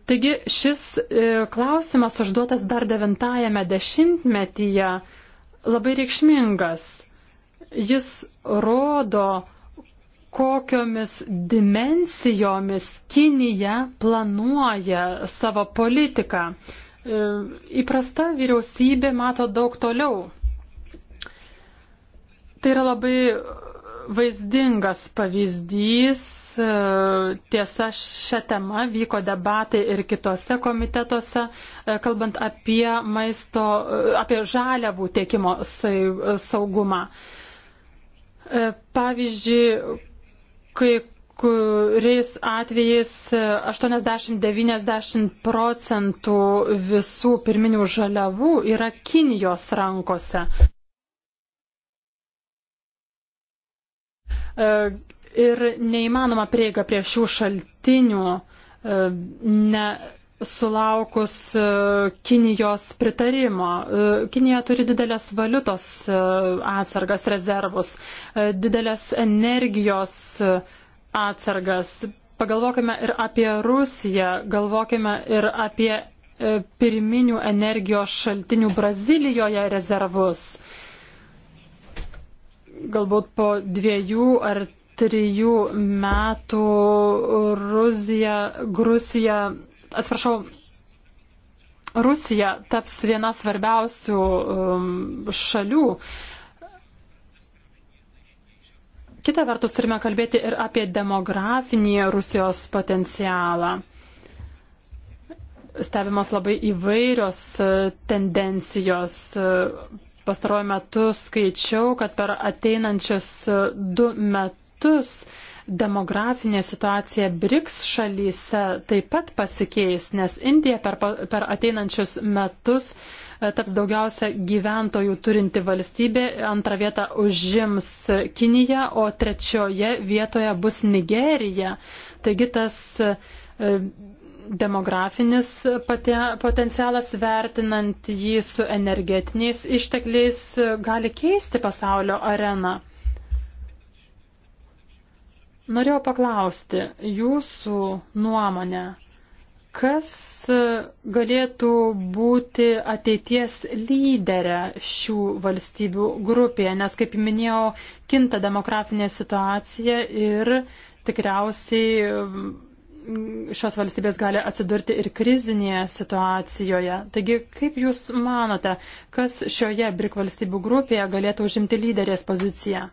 Taigi šis e, klausimas užduotas dar devintajame dešimtmetyje labai reikšmingas. Jis rodo, kokiomis dimensijomis Kinija planuoja savo politiką. E, įprasta vyriausybė mato daug toliau. Tai yra labai vaizdingas pavyzdys. Tiesa, šią temą vyko debatai ir kitose komitetuose, kalbant apie maisto, apie žaliavų tiekimo saugumą. Pavyzdžiui, kai kuriais atvejais 80-90 procentų visų pirminių žaliavų yra Kinijos rankose. E, ir neįmanoma prieiga prie šių šaltinių e, nesulaukus e, Kinijos pritarimo. Kinija turi didelės valiutos atsargas, rezervus, didelės energijos atsargas. Pagalvokime ir apie Rusiją, galvokime ir apie pirminių energijos šaltinių Brazilijoje rezervus. Uh, galbūt po dviejų ar trijų metų Rusija, Gruzija, atsiprašau, Rusija taps viena svarbiausių um, šalių. Kita vertus, turime kalbėti ir apie demografinį Rusijos potencialą. Stebimas labai įvairios uh, tendencijos uh, pastaruoju metu skaičiau, kad per ateinančius e, du metus demografinė situacija BRICS šalyse taip pat pasikeis, nes Indija per, per ateinančius metus e, taps daugiausia gyventojų turinti valstybė, antrą vietą užims Kinija, o trečioje vietoje bus Nigerija. Taigi tas e, demografinis pate, potencialas, vertinant jį su energetiniais ištekliais, gali keisti pasaulio areną. Norėjau paklausti jūsų nuomonę, kas galėtų būti ateities lyderė šių valstybių grupėje, nes, kaip minėjau, kinta demografinė situacija ir tikriausiai Mm, šios valstybės gali atsidurti ir krizinėje situacijoje. Taigi, kaip Jūs manote, kas šioje BRIK valstybių grupėje galėtų užimti lyderės poziciją?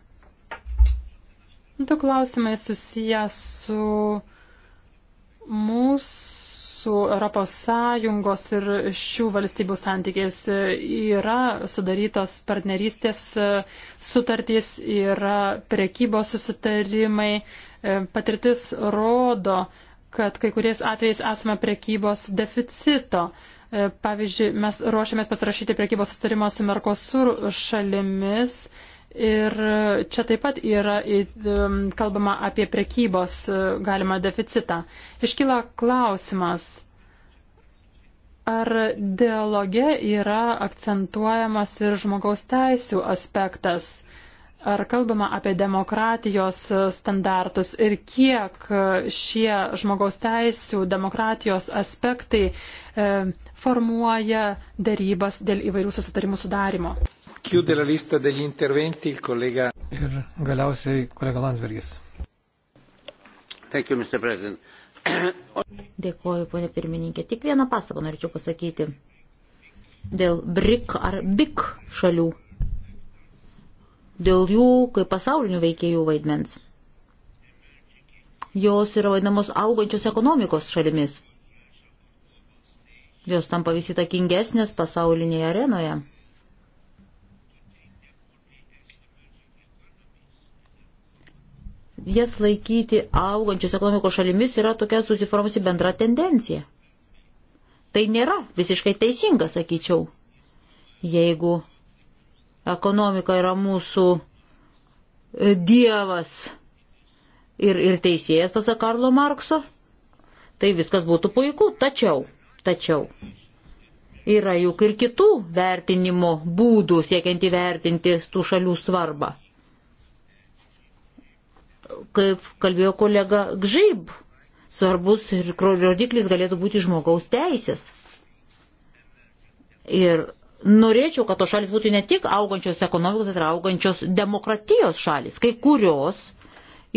Du klausimai susiję su mūsų ES ir šių valstybių santykiais. Yra sudarytos partnerystės sutartys, yra prekybos susitarimai. E, patirtis rodo, kad kai kuriais atvejais esame prekybos deficito. E, pavyzdžiui, mes ruošiamės pasirašyti prekybos sustarimą su Merkosur šalimis ir čia taip pat yra e, kalbama apie prekybos e, galimą deficitą. Iškyla klausimas, ar dialoge yra akcentuojamas ir žmogaus teisų aspektas ar kalbama apie demokratijos standartus ir kiek šie žmogaus teisų demokratijos aspektai e, formuoja darybas dėl įvairių susitarimų sudarimo. Ir galiausiai kolega Landsbergis. Dėkuoju, ponė pirmininkė. Tik vieną pastabą norėčiau pasakyti dėl BRIC ar BIC šalių dėl jų kaip pasaulinių veikėjų vaidmens. Jos yra vadinamos augančios ekonomikos šalimis. Jos tampa vis įtakingesnės pasaulinėje arenoje. Jas laikyti augančios ekonomikos šalimis yra tokia susiformusi bendra tendencija. Tai nėra visiškai teisinga, sakyčiau. Jeigu Ekonomika yra mūsų e, dievas ir, ir teisėjas, pasak Karlo Markso. Tai viskas būtų puiku, tačiau, tačiau yra juk ir kitų vertinimo būdų siekiant įvertinti tų šalių svarbą. Kaip kalbėjo kolega Gžyb, svarbus ir rodiklis galėtų būti žmogaus teisės. Ir norėčiau, kad tos šalis būtų ne tik augančios ekonomikos, bet ir augančios demokratijos šalis. Kai kurios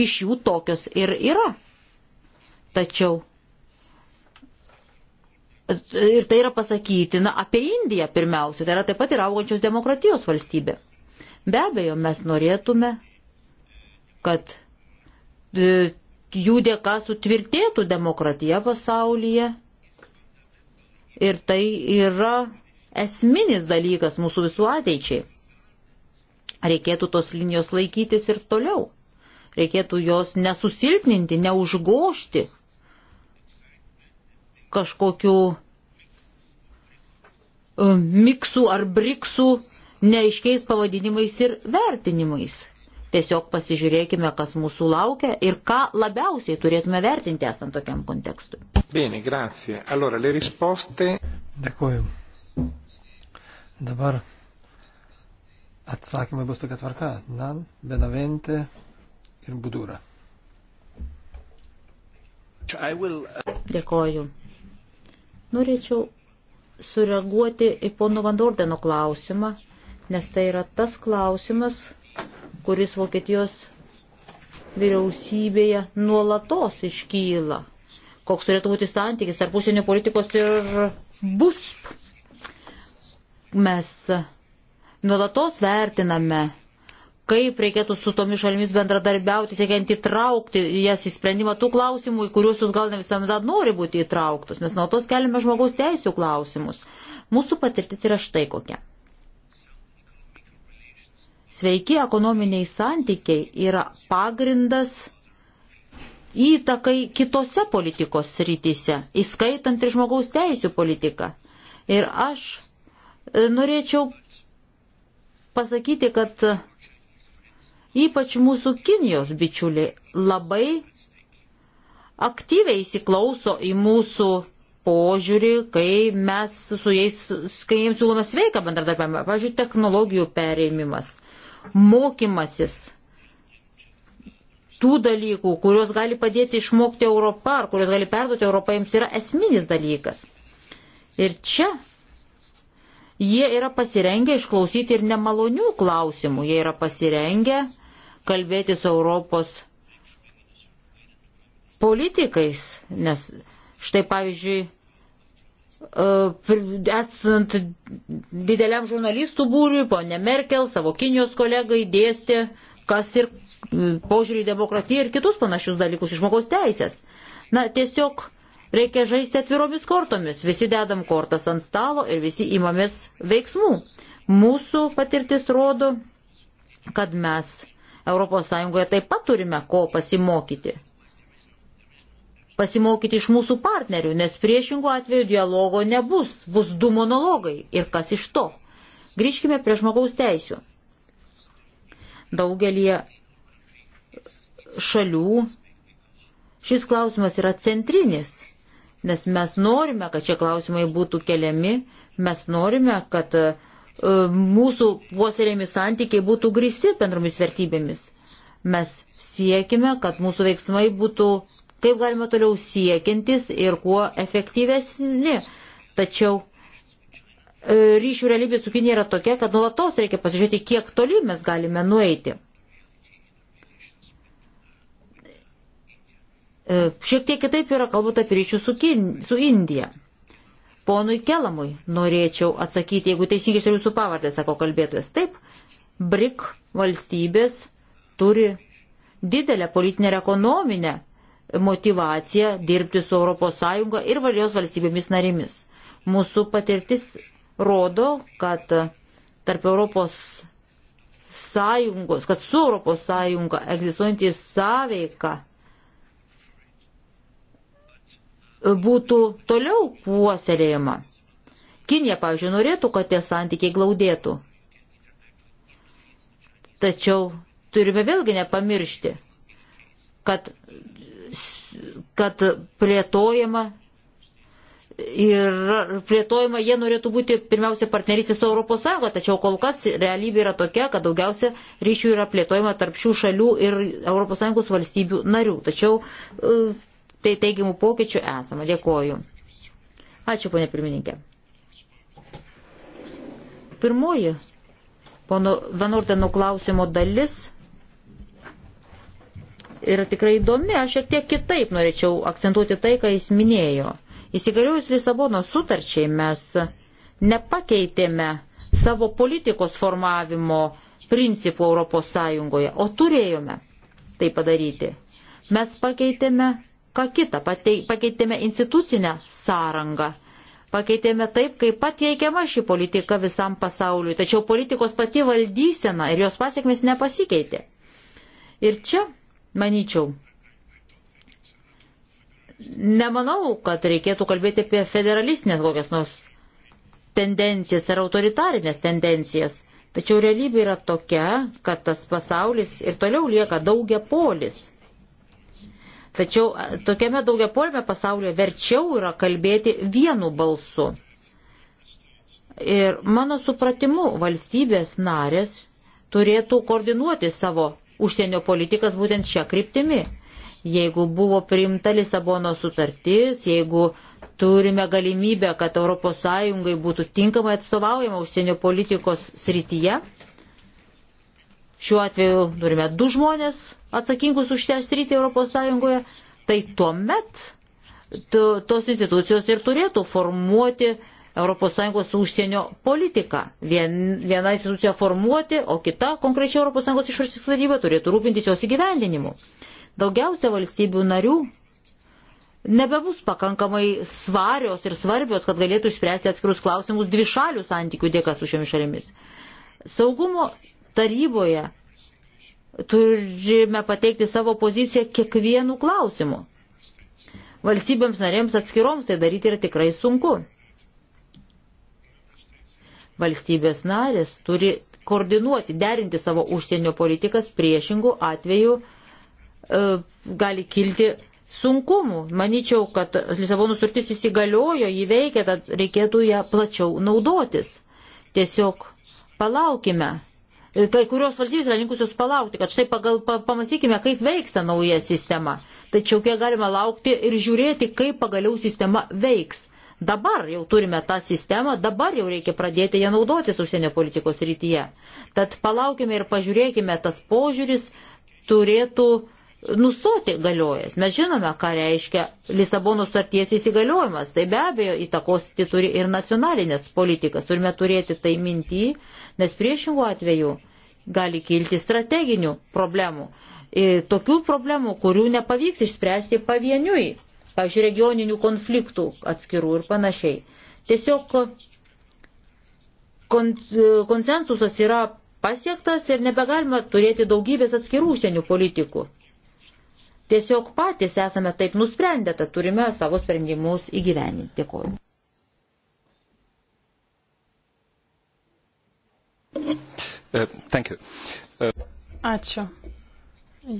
iš jų tokios ir yra. Tačiau. Ir tai yra pasakytina apie Indiją pirmiausia, tai yra taip pat ir augančios demokratijos valstybė. Be abejo, mes norėtume, kad e, jų dėka sutvirtėtų demokratija pasaulyje. Ir tai yra esminis dalykas mūsų visų ateičiai. Reikėtų tos linijos laikytis ir toliau. Reikėtų jos nesusilpninti, neužgošti kažkokiu e, miksų ar briksų neaiškiais pavadinimais ir vertinimais. Tiesiog pasižiūrėkime, kas mūsų laukia ir ką labiausiai turėtume vertinti esant tokiam kontekstui. Bene, grazie. Allora, le risposte. Dėkuoju. Dabar atsakymai bus tokia tvarka. Nan, Benavente ir Budūra. Will... Uh, Dėkoju. Norėčiau sureaguoti į pono Vandordeno klausimą, nes tai yra tas klausimas, kuris Vokietijos vyriausybėje nuolatos iškyla. Koks turėtų būti santykis tarp užsienio politikos ir BUSP. Mes nuolatos vertiname, kaip reikėtų su tomis šalimis bendradarbiauti, siekiant įtraukti jas į sprendimą tų klausimų, į kuriuos jūs gal ne visada nori būti įtrauktos. Mes nuolatos keliame žmogaus teisų klausimus. Mūsų patirtis yra štai kokia sveiki ekonominiai santykiai yra pagrindas įtakai kitose politikos rytise, įskaitant ir žmogaus teisų politiką. Ir aš Norėčiau pasakyti, kad ypač mūsų Kinijos bičiuliai labai aktyviai įsiklauso į mūsų požiūrį, kai mes su jais, kai jiems siūlome sveiką bendradarbiavimą, pavyzdžiui, technologijų pereimimas, mokymasis tų dalykų, kuriuos gali padėti išmokti Europą ar kuriuos gali perduoti Europą, jiems yra esminis dalykas. Ir čia Jie yra pasirengę išklausyti ir nemalonių klausimų, jie yra pasirengę kalbėti su Europos politikais, nes štai pavyzdžiui, e, esant dideliam žurnalistų būriui, ponė Merkel savo Kinijos kolegai dėstė, kas ir e, požiūrį į demokratiją ir kitus panašius dalykus, žmogaus teisės. Na, tiesiog Reikia žaisti atviromis kortomis. Visi dedam kortas ant stalo ir visi imamės veiksmų. Mūsų patirtis rodo, kad mes ES taip pat turime ko pasimokyti. Pasimokyti iš mūsų partnerių, nes priešingų atveju dialogo nebus. Bus du monologai. Ir kas iš to? Grįžkime prie žmogaus teisių. Daugelį šalių šis klausimas yra centrinis nes mes norime, kad šie klausimai būtų keliami, mes norime, kad e, mūsų puoselėjami santykiai būtų grįsti bendromis vertybėmis. Mes siekime, kad mūsų veiksmai būtų kaip galima toliau siekintis ir kuo efektyvesni. Tačiau e, ryšių realybė su Kinė yra tokia, kad nulatos reikia pasižiūrėti, kiek toli mes galime nueiti. E, šiek tiek kitaip yra kalbant apie ryšius su, Kin, su Indija. Ponui Kelamui norėčiau atsakyti, jeigu teisingai ištariu jūsų pavardę, sako kalbėtojas. Taip, BRIC valstybės turi didelę politinę ir ekonominę motivaciją dirbti su ES ir valios valstybėmis narimis. Mūsų patirtis rodo, kad tarp Europos sąjungos, kad su Europos sąjunga egzistuojantys sąveika būtų toliau puoselėjama. Kinė, pavyzdžiui, norėtų, kad tie santykiai glaudėtų. Tačiau turime vėlgi nepamiršti, kad, kad plėtojama ir plėtojama jie norėtų būti pirmiausia partnerystė su ES, tačiau kol kas realybė yra tokia, kad daugiausia ryšių yra plėtojama tarp šių šalių ir ES valstybių narių. Tačiau e, tai teigiamų pokyčių esama. Dėkoju. Ačiū, ponė pirmininkė. Pirmoji pono Vanurteno klausimo dalis yra tikrai įdomi. Aš šiek tiek kitaip norėčiau akcentuoti tai, ką jis minėjo. Įsigaliojus Lisabono sutarčiai mes nepakeitėme savo politikos formavimo principų Europos Sąjungoje, o turėjome tai padaryti. Mes pakeitėme ką kitą. Pakeitėme institucinę sąrangą. Pakeitėme taip, kaip pateikiama ši politika visam pasauliu. Tačiau politikos pati valdysena ir jos pasiekmes nepasikeitė. Ir čia, manyčiau, nemanau, kad reikėtų kalbėti apie federalistinės kokias nors tendencijas ar autoritarinės tendencijas. Tačiau realybė yra tokia, kad tas pasaulis ir toliau lieka daugia polis. Tačiau e, tokiame daugiapolme pasaulyje verčiau yra kalbėti vienu balsu. Ir mano supratimu, valstybės narės turėtų koordinuoti savo užsienio politikas būtent šią kryptimį. Jeigu buvo priimta Lisabono sutartis, jeigu turime galimybę, kad ES būtų tinkamai atstovaujama užsienio politikos srityje, Šiuo atveju turime du žmonės atsakingus už šią sritį ES, tai tuomet tos institucijos ir turėtų formuoti ES užsienio politiką. Vien, viena institucija formuoti, o kita konkrečiai ES išorės taryba turėtų rūpintis jos įgyvendinimu. Daugiausia valstybių narių nebebus pakankamai svarios ir svarbios, kad galėtų išspręsti atskirus klausimus dvišalių santykių dėka su šiomis šalimis. Saugumo taryboje turime pateikti savo poziciją kiekvienų klausimų. Valstybėms narėms atskiroms tai daryti yra tikrai sunku. Valstybės narės turi koordinuoti, derinti savo užsienio politikas, priešingų atveju e, gali kilti sunkumų. Manyčiau, kad Lisabonų sutartis įsigaliojo, jį veikia, tad reikėtų ją plačiau naudotis. Tiesiog palaukime Kai kurios valstybės yra linkusios palaukti, kad štai pagal, pa, pamastykime, kaip veiks ta nauja sistema. Tačiau kiek galima laukti ir žiūrėti, kaip pagaliau sistema veiks. Dabar jau turime tą sistemą, dabar jau reikia pradėti ją naudotis užsienio politikos rytyje. Tad palaukime ir pažiūrėkime, tas požiūris turėtų uh, nustoti galiojęs. Mes žinome, ką reiškia Lisabono starties įsigaliojimas. Tai be abejo įtakosyti turi ir nacionalinės politikas. Turime turėti tai mintį, nes priešingų atveju gali kilti strateginių problemų. Ir e, tokių problemų, kurių nepavyks išspręsti pavieniui, pavyzdžiui, regioninių konfliktų atskirų ir panašiai. Tiesiog e, konsensusas yra pasiektas ir nebegalima turėti daugybės atskirų užsienio politikų. Tiesiog patys esame taip nusprendę, tad turime savo sprendimus įgyveninti. Dėkuoju. Uh, uh, Ačiū.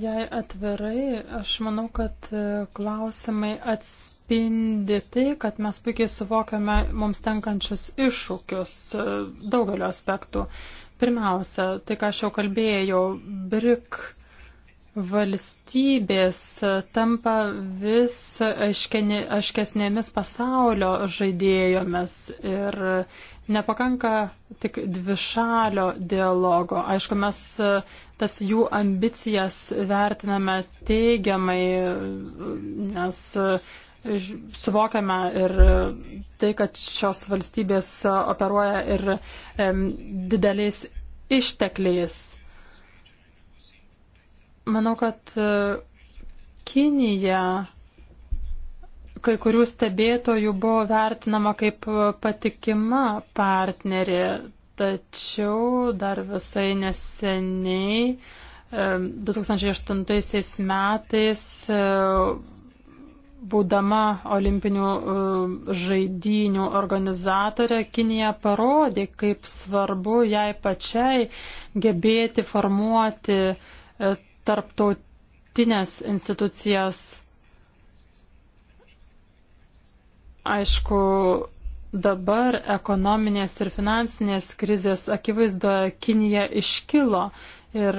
Jei atvirai, aš manau, kad uh, klausimai atspindi tai, kad mes puikiai suvokiame mums tenkančius iššūkius uh, daugeliu aspektų. Pirmiausia, tai ką aš jau kalbėjau, BRIC valstybės tampa vis aiškeni, aiškesnėmis pasaulio žaidėjomis ir nepakanka tik dvišalio dialogo. Aišku, mes tas jų ambicijas vertiname teigiamai, nes suvokiame ir tai, kad šios valstybės operuoja ir dideliais ištekliais. Manau, kad e, Kinija kai kurių stebėtojų buvo vertinama kaip e, patikima partnerė, tačiau dar visai neseniai, 2008 e, metais, būdama olimpinių žaidynių organizatorė, Kinija parodė, kaip svarbu jai pačiai gebėti formuoti tarptautinės institucijas, aišku, dabar ekonominės ir finansinės krizės akivaizdoje Kinija iškilo ir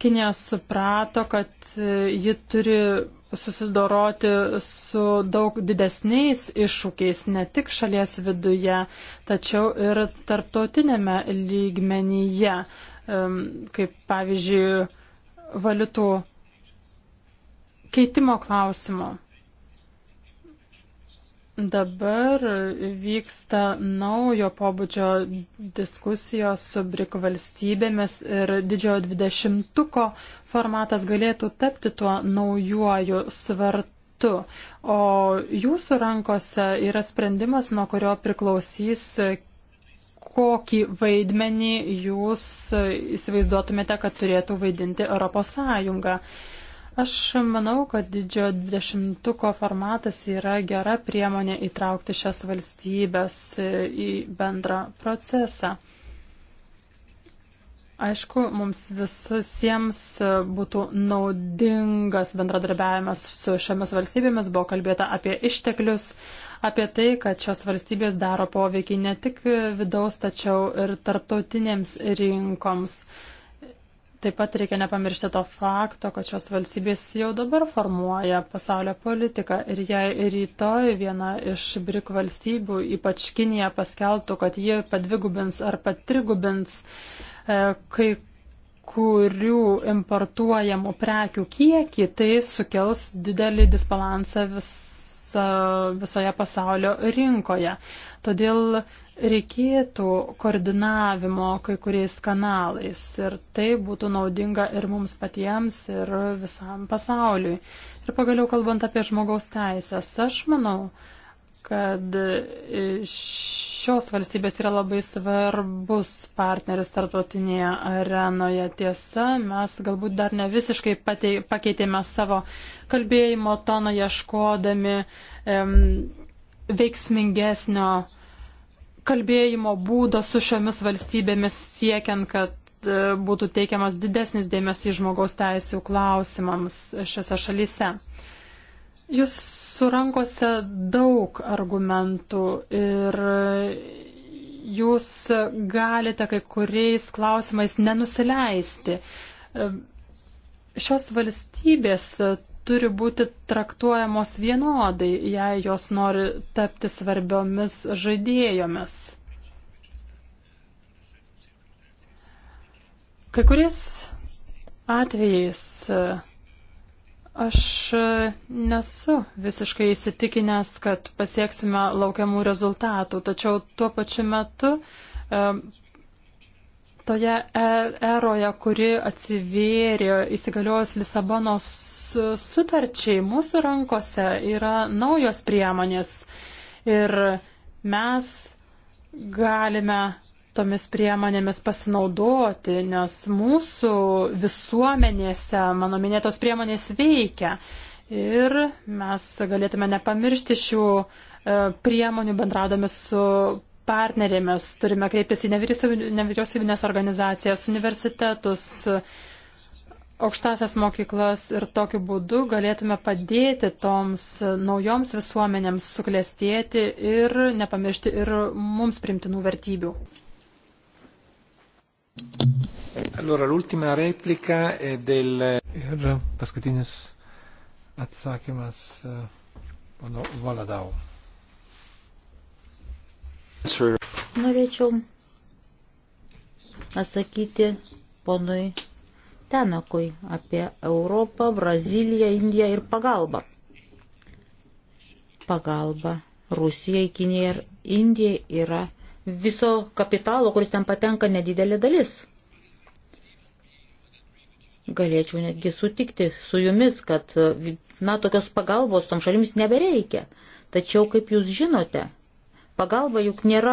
Kinija suprato, kad ji turi susidoroti su daug didesniais iššūkiais ne tik šalies viduje, tačiau ir tarptautinėme lygmenyje, kaip pavyzdžiui, valiutų keitimo klausimo. Dabar vyksta naujo pobūdžio diskusijos su BRIC valstybėmis ir didžiojo dvidešimtuko formatas galėtų tapti tuo naujuoju svartu. O jūsų rankose yra sprendimas, nuo kurio priklausys, kokį vaidmenį jūs įsivaizduotumėte, kad turėtų vaidinti Europos Sąjunga. Uh, Aš manau, kad didžiojo dvidešimtuko formatas yra gera priemonė įtraukti šias valstybės į bendrą procesą. Aišku, mums visiems būtų naudingas bendradarbiavimas su šiomis valstybėmis. Buvo kalbėta apie išteklius, apie tai, kad šios valstybės daro poveikį ne tik vidaus, tačiau ir tarptautinėms rinkoms. Uh, Taip pat reikia nepamiršti to fakto, kad šios valstybės jau dabar formuoja pasaulio politiką ir jei rytoj viena iš BRIK valstybių, ypač Kinija, paskelbtų, kad jie padvigubins ar patrigubins e, kai kurių importuojamų prekių kiekį, tai sukels didelį disbalansą vis, e, visoje pasaulio rinkoje. Todėl reikėtų koordinavimo kai kuriais kanalais ir tai būtų naudinga ir mums patiems, ir visam pasauliui. Ir pagaliau kalbant apie žmogaus teisės, aš manau, kad šios valstybės yra labai svarbus partneris tarptautinėje arenoje. Tiesa, mes galbūt dar ne visiškai patei, pakeitėme savo kalbėjimo toną, ieškodami um, veiksmingesnio uh, kalbėjimo būdą su šiomis valstybėmis siekiant, kad e, būtų teikiamas didesnis dėmesys žmogaus teisų klausimams šiose šalyse. Jūs surankose daug argumentų ir jūs galite kai kuriais klausimais nenusileisti. E, šios valstybės turi būti traktuojamos vienodai, jei jos nori tapti svarbiomis žaidėjomis. Kai kuriais atvejais e, aš e, nesu visiškai įsitikinęs, kad pasieksime laukiamų rezultatų, tačiau tuo pačiu metu e, toje e, eroje, kuri atsivėrė įsigaliojus Lisabonos sutarčiai, mūsų rankose yra naujos priemonės ir mes galime tomis priemonėmis pasinaudoti, nes mūsų visuomenėse mano minėtos priemonės veikia. Ir mes galėtume nepamiršti šių e, priemonių bendradami su partnerėmis, turime kreiptis į nevyriausybinės organizacijas, universitetus, aukštasias mokyklas ir tokiu būdu galėtume padėti toms naujoms visuomenėms suklestėti ir nepamiršti ir mums primtinų vertybių. Allora, l'ultima replica è del... Ir paskutinis atsakymas, eh, pono Valadau. Norėčiau atsakyti ponui Tenakui apie Europą, Braziliją, Indiją ir pagalbą. Pagalba Rusijai, Kinijai ir Indijai yra viso kapitalo, kuris ten patenka nedidelė dalis. Galėčiau netgi sutikti su jumis, kad, na, tokios pagalbos tom šalims nebereikia. Tačiau, kaip jūs žinote, Pagalba juk nėra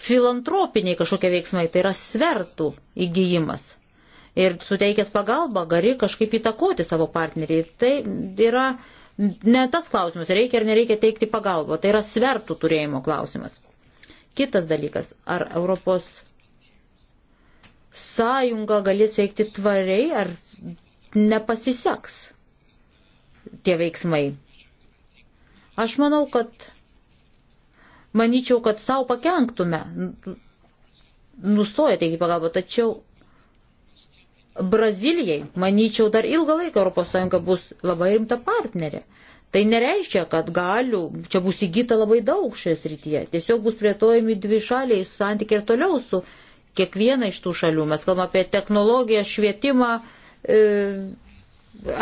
filantropiniai kažkokie veiksmai, tai yra svertų įgyjimas. Ir suteikęs pagalbą gali kažkaip įtakoti savo partnerį. Tai yra ne tas klausimas, reikia ar nereikia teikti pagalbą, tai yra svertų turėjimo klausimas. Kitas dalykas, ar Europos sąjunga galės veikti tvariai, ar nepasiseks tie veiksmai. Aš manau, kad manyčiau, kad savo pakenktume, nustoja teikti pagalbą, tačiau Brazilijai, manyčiau, dar ilgą laiką ES bus labai rimta partnerė. Tai nereiškia, kad galių, čia bus įgyta labai daug šioje srityje. Tiesiog bus plėtojami dvi šaliai santykiai ir toliau su kiekviena iš tų šalių. Mes kalbame apie technologiją, švietimą, e,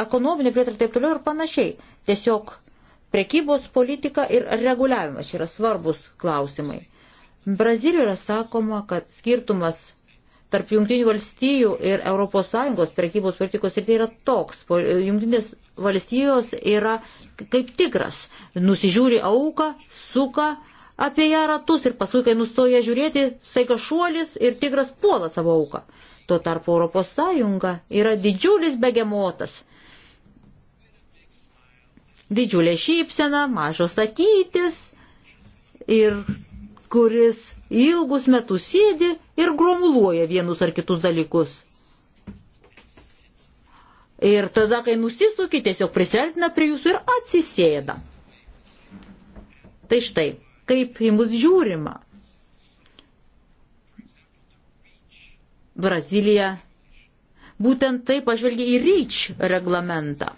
ekonominį plėtrą ir taip toliau ir panašiai. Tiesiog Prekybos politika ir reguliavimas yra svarbus klausimai. Brazilijoje yra sakoma, kad skirtumas tarp Junktinių valstijų ir ES prekybos politikos ir tai yra toks. Junktinės valstijos yra kaip tikras. Nusižiūri auką, suka apie ją ratus ir paskui, kai nustoja žiūrėti, saika šuolis ir tigras puola savo auką. Tuo tarpu ES yra didžiulis begemotas, didžiulė šypsena, mažos akytis ir kuris ilgus metus sėdi ir gromuluoja vienus ar kitus dalykus. Ir tada, kai nusisuki, tiesiog prisertina prie jūsų ir atsisėda. Tai štai, kaip į mus žiūrima. Brazilija būtent taip pažvelgia į REACH reglamentą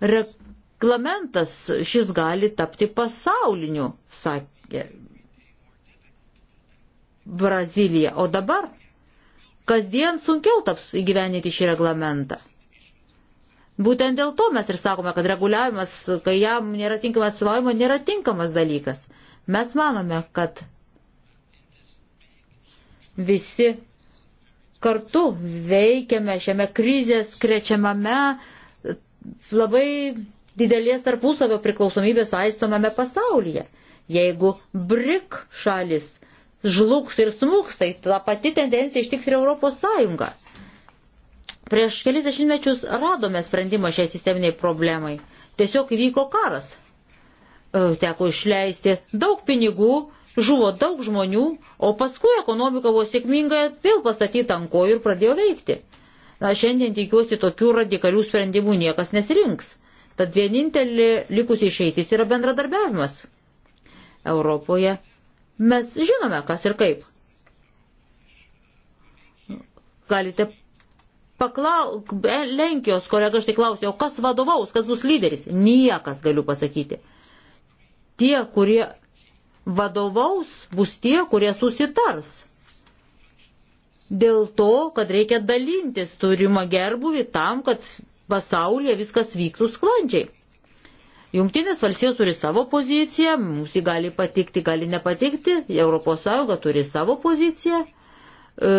reglamentas šis gali tapti pasauliniu, sakė Brazilija. O dabar kasdien sunkiau taps įgyveninti šį reglamentą. Būtent dėl to mes ir sakome, kad reguliavimas, kai jam nėra tinkamas atstovavimo, nėra tinkamas dalykas. Mes manome, kad visi kartu veikiame šiame krizės krečiamame labai didelės tarpusavio priklausomybės aistomame pasaulyje. Jeigu BRIC šalis žlugs ir smūgs, tai ta pati tendencija ištiks ir Europos Sąjunga. Prieš kelis dešimtmečius radome sprendimą šiai sisteminiai problemai. Tiesiog vyko karas. E, teko išleisti daug pinigų, žuvo daug žmonių, o paskui ekonomika buvo sėkminga vėl pastatyta ant kojų ir pradėjo veikti. Na, šiandien tikiuosi tokių radikalių sprendimų niekas nesirinks. Tad vienintelė likusi išeitis yra bendradarbiavimas. Europoje mes žinome, kas ir kaip. Galite paklau... Lenkijos kolega štai klausė, o kas vadovaus, kas bus lyderis? Niekas galiu pasakyti. Tie, kurie vadovaus, bus tie, kurie susitars dėl to, kad reikia dalintis turimą gerbuvį tam, kad pasaulyje viskas vyktų sklandžiai. Junktinės valstijos turi savo poziciją, mums jį gali patikti, gali nepatikti, ES turi savo poziciją. E,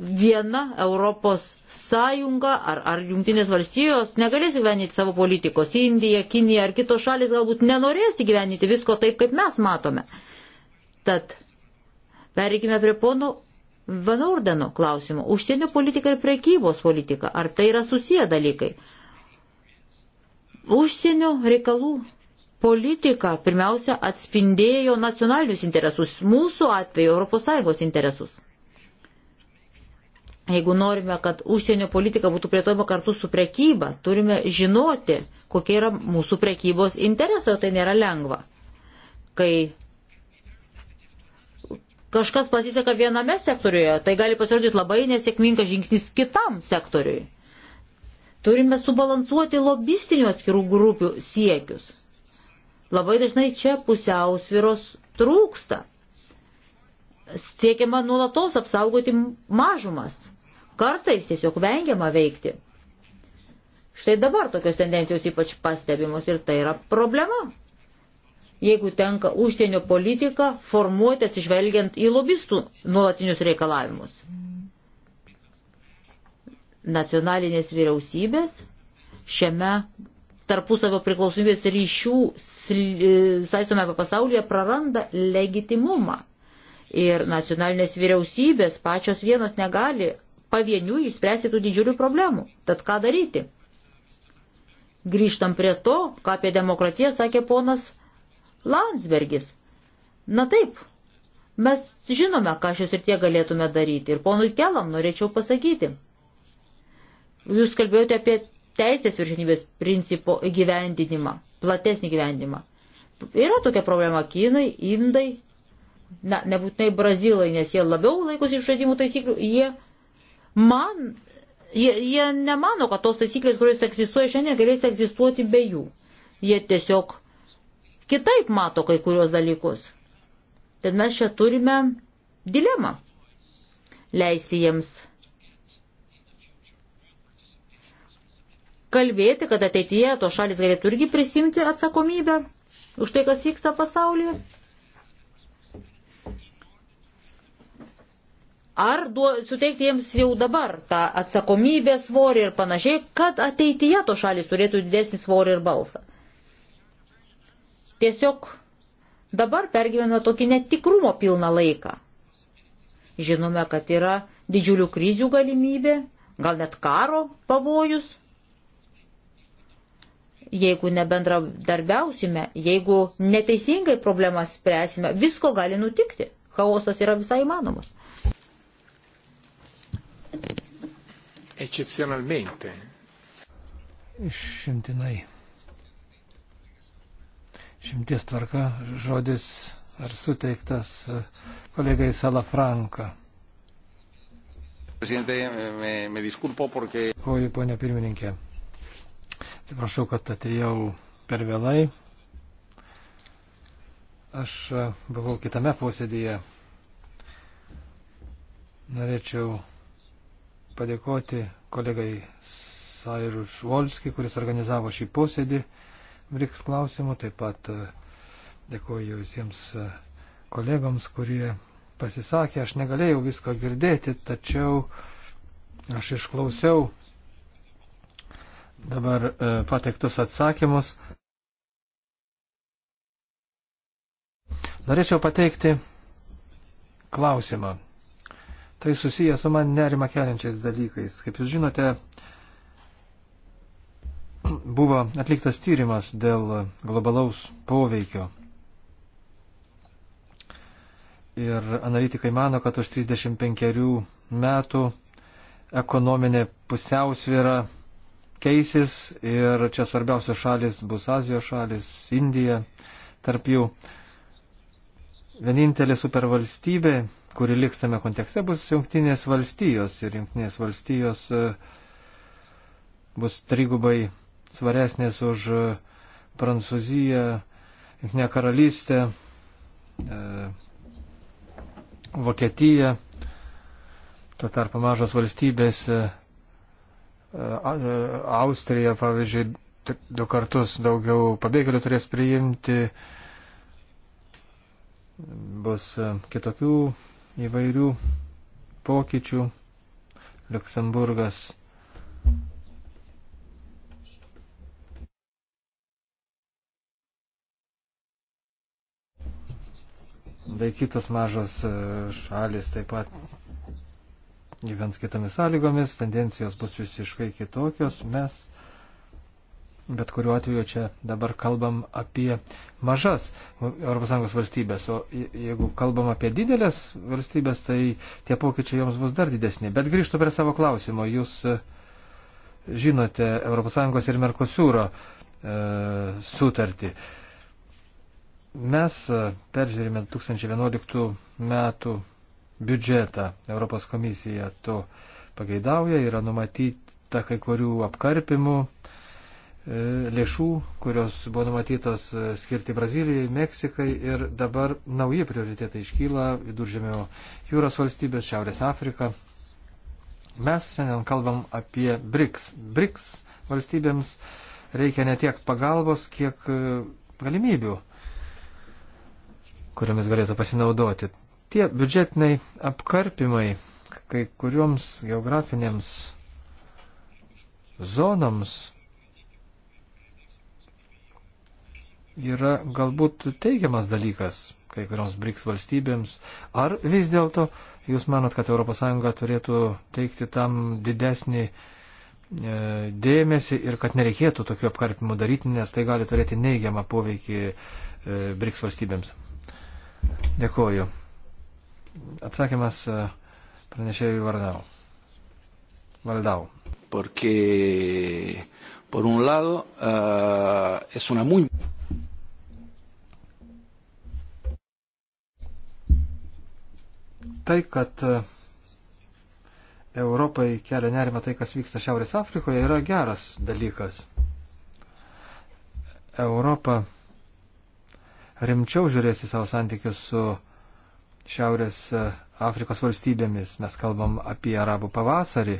viena ES ar, ar Junktinės valstijos negalės įgyveninti savo politikos. Indija, Kinija ar kitos šalis galbūt nenorės įgyveninti visko taip, kaip mes matome. Tad pereikime prie pono Van Ordeno klausimo. Užsienio politika ir prekybos politika. Ar tai yra susiję dalykai? Užsienio reikalų politika pirmiausia atspindėjo nacionalinius interesus, mūsų atveju ES interesus. Jeigu norime, kad užsienio politika būtų plėtojama kartu su prekyba, turime žinoti, kokie yra mūsų prekybos interesai, o tai nėra lengva. Kai kažkas pasiseka viename sektoriuje, tai gali pasirodyti labai nesėkmingas žingsnis kitam sektoriui. Turime subalansuoti lobistinių atskirų grupių siekius. Labai dažnai čia pusiausviros trūksta. Siekiama nuolatos apsaugoti mažumas. Kartais tiesiog vengiama veikti. Štai dabar tokios tendencijos ypač pastebimos ir tai yra problema jeigu tenka užsienio politiką formuoti atsižvelgiant į lobistų nuolatinius reikalavimus. Nacionalinės vyriausybės šiame tarpusavio priklausomybės ryšių e, saistome pasaulyje praranda legitimumą. Ir nacionalinės vyriausybės pačios vienos negali pavienių išspręsti tų didžiulių problemų. Tad ką daryti? Grįžtam prie to, ką apie demokratiją sakė ponas Landsbergis. Na taip, mes žinome, ką šios ir tie galėtume daryti. Ir ponui Kelam norėčiau pasakyti. Jūs kalbėjote apie teisės viršinybės principo įgyvendinimą, platesnį gyvendimą. Yra tokia problema Kinai, Indai, na, nebūtinai Brazilai, nes jie labiau laikosi išradimų taisyklių, jie man, jie, jie nemano, kad tos taisyklės, kurios egzistuoja šiandien, galės egzistuoti be jų. Jie tiesiog kitaip mato kai kurios dalykus. Tad mes čia turime dilemą. Leisti jiems kalbėti, kad ateityje to šalis galėtų irgi prisimti atsakomybę už tai, kas vyksta pasaulyje. ar duo, suteikti jiems jau dabar tą atsakomybę, svorį ir panašiai, kad ateityje to šalis turėtų didesnį svorį ir balsą tiesiog dabar pergyvena tokį netikrumo pilną laiką. Žinome, kad yra didžiulių krizių galimybė, gal net karo pavojus. Jeigu nebendradarbiausime, jeigu neteisingai problemas spręsime, visko gali nutikti. Chaosas yra visai įmanomas. Eccezionalmente. Išimtinai šimties tvarka žodis ar suteiktas e, kolegai Salafranka. Dėkuoju, ponė pirmininkė. Atsiprašau, kad atėjau per vėlai. Aš e, buvau kitame posėdėje. Norėčiau padėkoti kolegai Sairus Volski, kuris organizavo šį posėdį reiks klausimų. Taip pat e, dėkoju visiems e, kolegoms, kurie pasisakė. Aš negalėjau visko girdėti, tačiau aš išklausiau dabar e, pateiktus atsakymus. Norėčiau pateikti klausimą. Tai susijęs su man nerima keliančiais dalykais. Kaip jūs žinote, buvo atliktas tyrimas dėl globalaus poveikio. Ir analitikai mano, kad už 35 metų ekonominė pusiausvėra keisis ir čia svarbiausios šalis bus Azijos šalis, Indija, tarp jų vienintelė supervalstybė, kuri liks tame kontekste, bus jungtinės valstijos ir jungtinės valstijos e, bus trigubai svaresnės už e, Prancūziją, Junktinę karalystę, e, Vokietiją. Tuo tarpu mažos valstybės e, Austrija, pavyzdžiui, du kartus daugiau pabėgėlių turės priimti, bus kitokių įvairių pokyčių. Luxemburgas bei kitos mažos e, šalis taip pat gyvens kitomis sąlygomis, tendencijos bus visiškai kitokios. Mes bet kuriuo atveju čia dabar kalbam apie mažas ES valstybės, o jeigu kalbam apie didelės valstybės, tai tie pokyčiai joms bus dar didesni. Bet grįžtų prie savo klausimo. Jūs e, žinote ES ir Merkosūro e, sutartį. E, Mes e, peržiūrime 2011 metų biudžetą. Europos komisija to pageidauja, yra numatyta kai kurių apkarpimų e, lėšų, kurios buvo numatytos e, skirti Brazilijai, Meksikai ir dabar nauji prioritetai iškyla viduržėmio jūros valstybės, Šiaurės Afrika. Mes šiandien kalbam apie BRICS. BRICS valstybėms reikia ne tiek pagalbos, kiek galimybių kuriomis galėtų pasinaudoti. Tie biudžetiniai apkarpimai kai kurioms geografinėms zonoms yra galbūt teigiamas dalykas kai kurioms BRICS valstybėms. Ar vis dėlto jūs manot, kad ES turėtų teikti tam didesnį e, dėmesį ir kad nereikėtų tokių apkarpimų daryti, nes tai gali turėti neigiamą poveikį e, BRICS valstybėms? Dėkuoju. Atsakymas e, pranešėjui Vardau. Valdau. Porque, por un lado, uh, es una muy. Tai, kad e, Europai kelia nerima tai, kas vyksta Šiaurės Afrikoje, yra geras dalykas. Europa rimčiau žiūrės į savo santykius su Šiaurės e, Afrikos valstybėmis. Mes kalbam apie arabų pavasarį.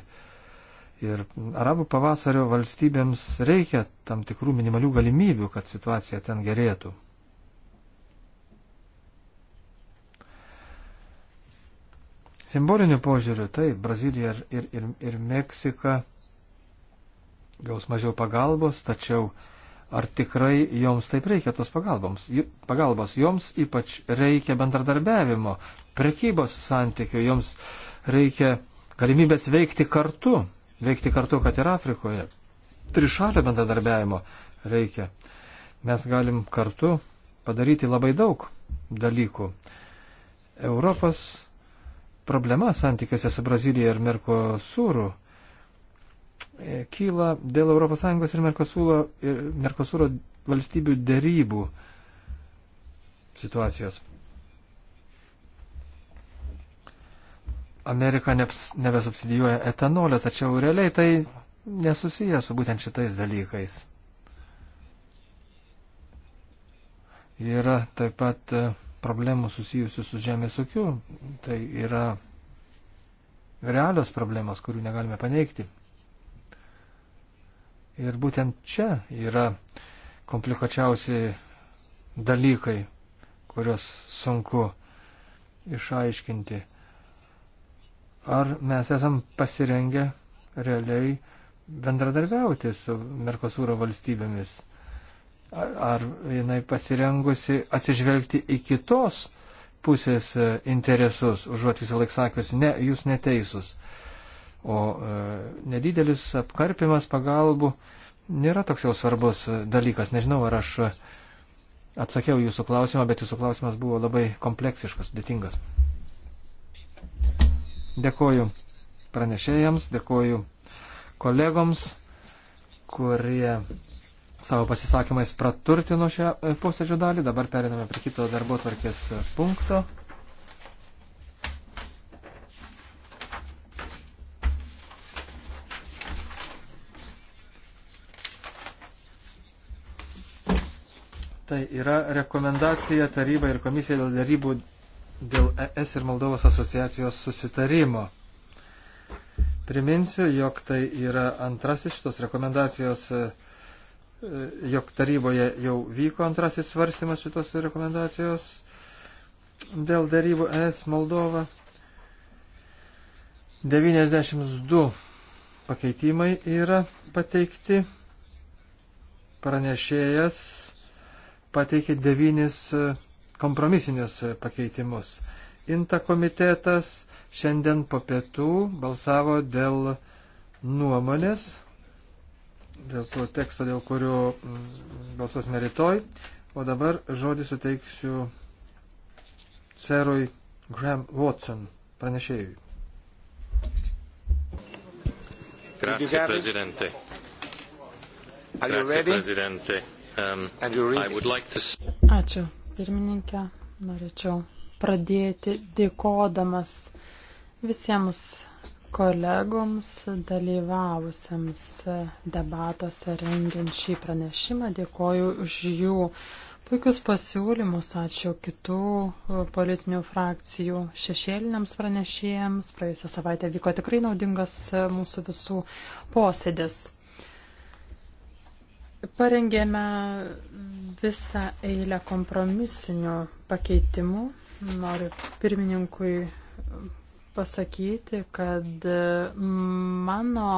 Ir arabų pavasario valstybėms reikia tam tikrų minimalių galimybių, kad situacija ten gerėtų. Simboliniu požiūriu, tai Brazilija ir, ir, ir Meksika gaus mažiau pagalbos, tačiau ar tikrai joms taip reikia tos pagalbos. pagalbos. Joms ypač reikia bendradarbiavimo, prekybos santykių, joms reikia galimybės veikti kartu, veikti kartu, kad ir Afrikoje. Trišalio bendradarbiavimo reikia. Mes galim kartu padaryti labai daug dalykų. Europos problema santykiuose su Brazilija ir Merkosūru E, kyla dėl ES ir Merkosūro, ir Merkosūro valstybių dėrybų situacijos. Amerika nebesubsidijuoja etanolio, tačiau realiai tai nesusiję su būtent šitais dalykais. Yra taip pat e, problemų susijusių su žemės ūkiu, tai yra realios problemos, kurių negalime paneigti. Ir būtent čia yra komplikuočiausi dalykai, kuriuos sunku išaiškinti. Ar mes esam pasirengę realiai bendradarbiauti su Merkosūro valstybėmis? Ar, ar jinai pasirengusi atsižvelgti į kitos pusės e, interesus, užuot visą laiką sakius, ne, jūs neteisus. O e, nedidelis apkarpimas pagalbų nėra toks jau svarbus dalykas. Nežinau, ar aš atsakiau jūsų klausimą, bet jūsų klausimas buvo labai kompleksiškas, sudėtingas. Dėkoju pranešėjams, dėkoju kolegoms, kurie savo pasisakymais praturtino šią posėdžio dalį. Dabar periname prie kito darbo tvarkės punkto. Tai yra rekomendacija taryba ir komisija dėl darybų dėl ES ir Moldovos asociacijos susitarimo. Priminsiu, jog tai yra antrasis šitos rekomendacijos, e, e, jog taryboje jau vyko antrasis svarstymas šitos rekomendacijos dėl darybų ES Moldova. 92 pakeitimai yra pateikti. Pranešėjas pateikė devynis e, kompromisinius e, pakeitimus. Inta komitetas šiandien po pietų balsavo dėl nuomonės, dėl to teksto, dėl kurio mm, balsuosime rytoj. O dabar žodį suteiksiu serui Graham Watson, pranešėjui. Grazie, Presidente. Grazie, Presidente. Um, like to... Ačiū, pirmininkė. Norėčiau pradėti dėkodamas visiems kolegoms dalyvavusiems debatuose rengiant šį pranešimą. Dėkoju už jų puikius pasiūlymus. Ačiū kitų politinių frakcijų šešėliniams pranešėjams. Praėjusią savaitę vyko tikrai naudingas mūsų visų posėdis. Parengėme visą eilę kompromisinių pakeitimų. Noriu pirmininkui pasakyti, kad mano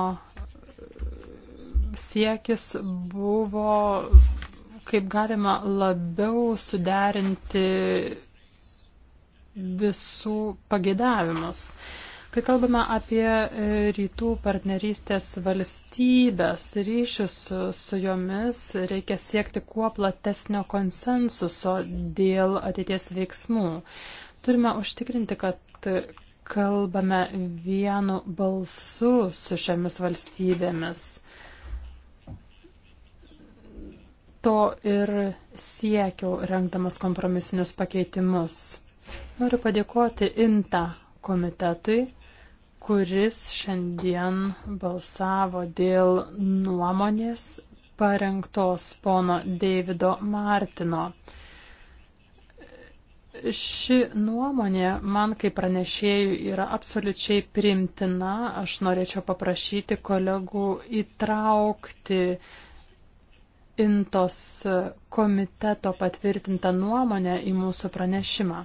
siekis buvo kaip galima labiau suderinti visų pagėdavimus. Uh, Kai kalbame apie e, rytų partnerystės valstybės ryšius su, su jomis, reikia siekti kuo platesnio konsensuso dėl ateities veiksmų. Turime užtikrinti, kad kalbame vienu balsu su šiomis valstybėmis. to ir siekiau rengdamas kompromisinius pakeitimus. Noriu padėkoti INTA komitetui kuris šiandien balsavo dėl nuomonės parengtos pono Davido Martino. Ši nuomonė man kaip pranešėjų yra absoliučiai primtina. Aš norėčiau paprašyti kolegų įtraukti Intos komiteto patvirtintą nuomonę į mūsų pranešimą.